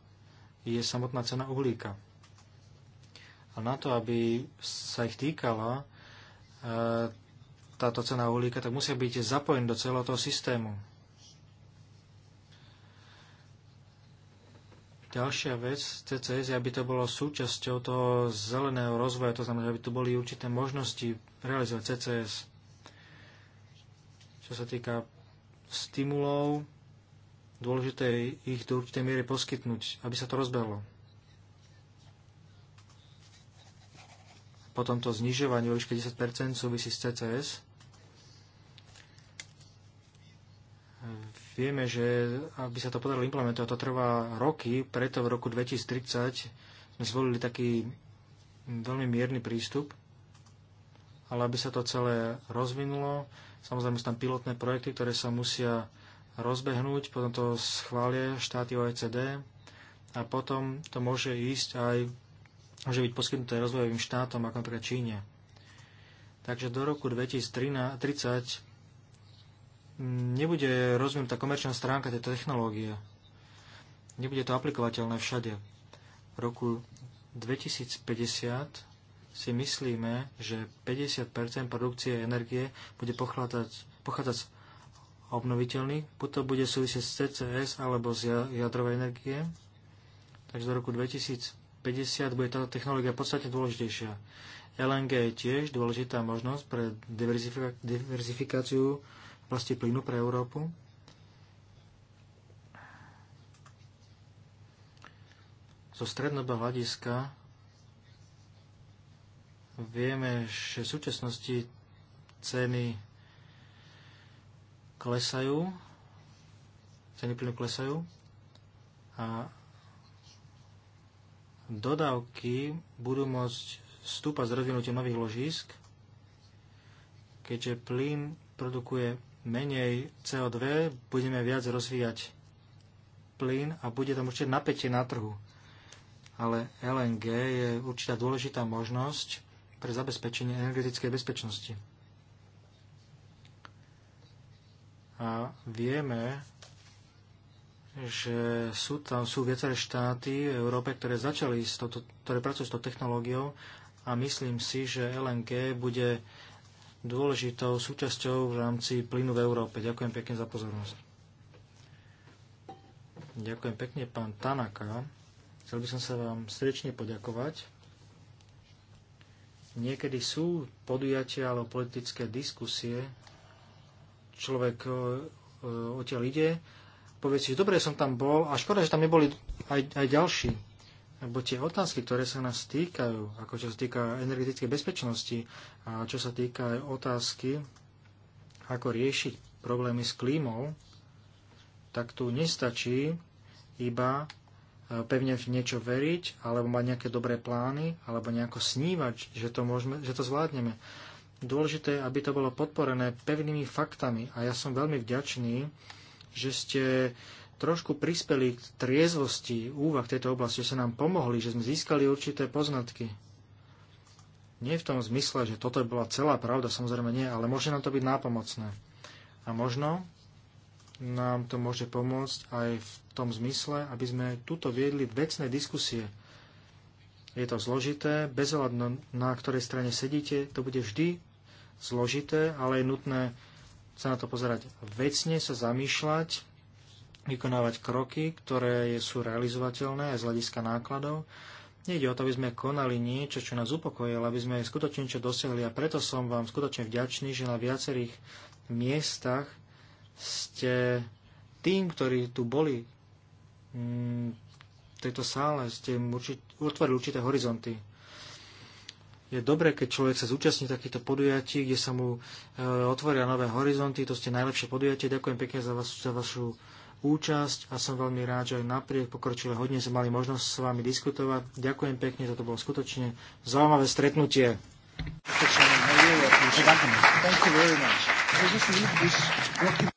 je samotná cena uhlíka. A na to, aby sa ich týkala e, táto cena uhlíka, tak musia byť zapojení do celého toho systému. Ďalšia vec CCS je, aby to bolo súčasťou toho zeleného rozvoja, to znamená, aby tu boli určité možnosti realizovať CCS. Čo sa týka stimulov, dôležité je ich do určitej miery poskytnúť, aby sa to rozbehlo. Potom to znižovanie o výške 10% súvisí s CCS. Vieme, že aby sa to podarilo implementovať, to trvá roky, preto v roku 2030 sme zvolili taký veľmi mierny prístup, ale aby sa to celé rozvinulo, samozrejme sú tam pilotné projekty, ktoré sa musia rozbehnúť, potom to schvália štáty OECD a potom to môže ísť aj, môže byť poskytnuté rozvojovým štátom, ako napríklad Číne. Takže do roku 2030 nebude rozvinutá komerčná stránka tejto technológie. Nebude to aplikovateľné všade. V roku 2050 si myslíme, že 50 produkcie energie bude pochádzať, obnoviteľný, z obnoviteľných, potom bude súvisieť s CCS alebo z jadrovej energie. Takže do roku 2050 bude táto technológia podstatne dôležitejšia. LNG je tiež dôležitá možnosť pre diverzifikáciu oblasti plynu pre Európu. Zo strednodobého hľadiska vieme, že v súčasnosti ceny klesajú, ceny plynu klesajú a dodávky budú môcť stúpať s rozvinutím nových ložísk, keďže plyn produkuje menej CO2, budeme viac rozvíjať plyn a bude tam určite napätie na trhu. Ale LNG je určitá dôležitá možnosť pre zabezpečenie energetickej bezpečnosti. A vieme, že sú tam sú viaceré štáty v Európe, ktoré začali s toto, ktoré pracujú s tou technológiou a myslím si, že LNG bude dôležitou súčasťou v rámci plynu v Európe. Ďakujem pekne za pozornosť. Ďakujem pekne, pán Tanaka. Chcel by som sa vám srdečne poďakovať. Niekedy sú podujatia alebo politické diskusie. Človek e, e, odtiaľ ide, povie si, že dobre, som tam bol a škoda, že tam neboli aj, aj ďalší. Lebo tie otázky, ktoré sa nás týkajú, ako čo sa týka energetickej bezpečnosti a čo sa týka aj otázky, ako riešiť problémy s klímou, tak tu nestačí iba e, pevne v niečo veriť, alebo mať nejaké dobré plány, alebo nejako snívať, že to, môžeme, že to zvládneme. Dôležité je, aby to bolo podporené pevnými faktami. A ja som veľmi vďačný, že ste trošku prispeli k triezvosti úvah tejto oblasti, že sa nám pomohli, že sme získali určité poznatky. Nie v tom zmysle, že toto bola celá pravda, samozrejme nie, ale môže nám to byť nápomocné. A možno nám to môže pomôcť aj v tom zmysle, aby sme tuto viedli vecné diskusie. Je to zložité, bez hľadu na ktorej strane sedíte, to bude vždy zložité, ale je nutné sa na to pozerať vecne, sa zamýšľať, vykonávať kroky, ktoré sú realizovateľné aj z hľadiska nákladov. Nejde o to, aby sme konali niečo, čo nás upokojilo, aby sme skutočne niečo dosiahli a preto som vám skutočne vďačný, že na viacerých miestach ste tým, ktorí tu boli mm, v tejto sále, ste utvorili určité horizonty je dobré, keď človek sa zúčastní takýchto podujatí, kde sa mu e, otvoria nové horizonty. To ste najlepšie podujatie. Ďakujem pekne za, vás, za vašu účasť a som veľmi rád, že aj napriek pokročilé hodine sme mali možnosť s vami diskutovať. Ďakujem pekne, toto bolo skutočne zaujímavé stretnutie. Thank you very much.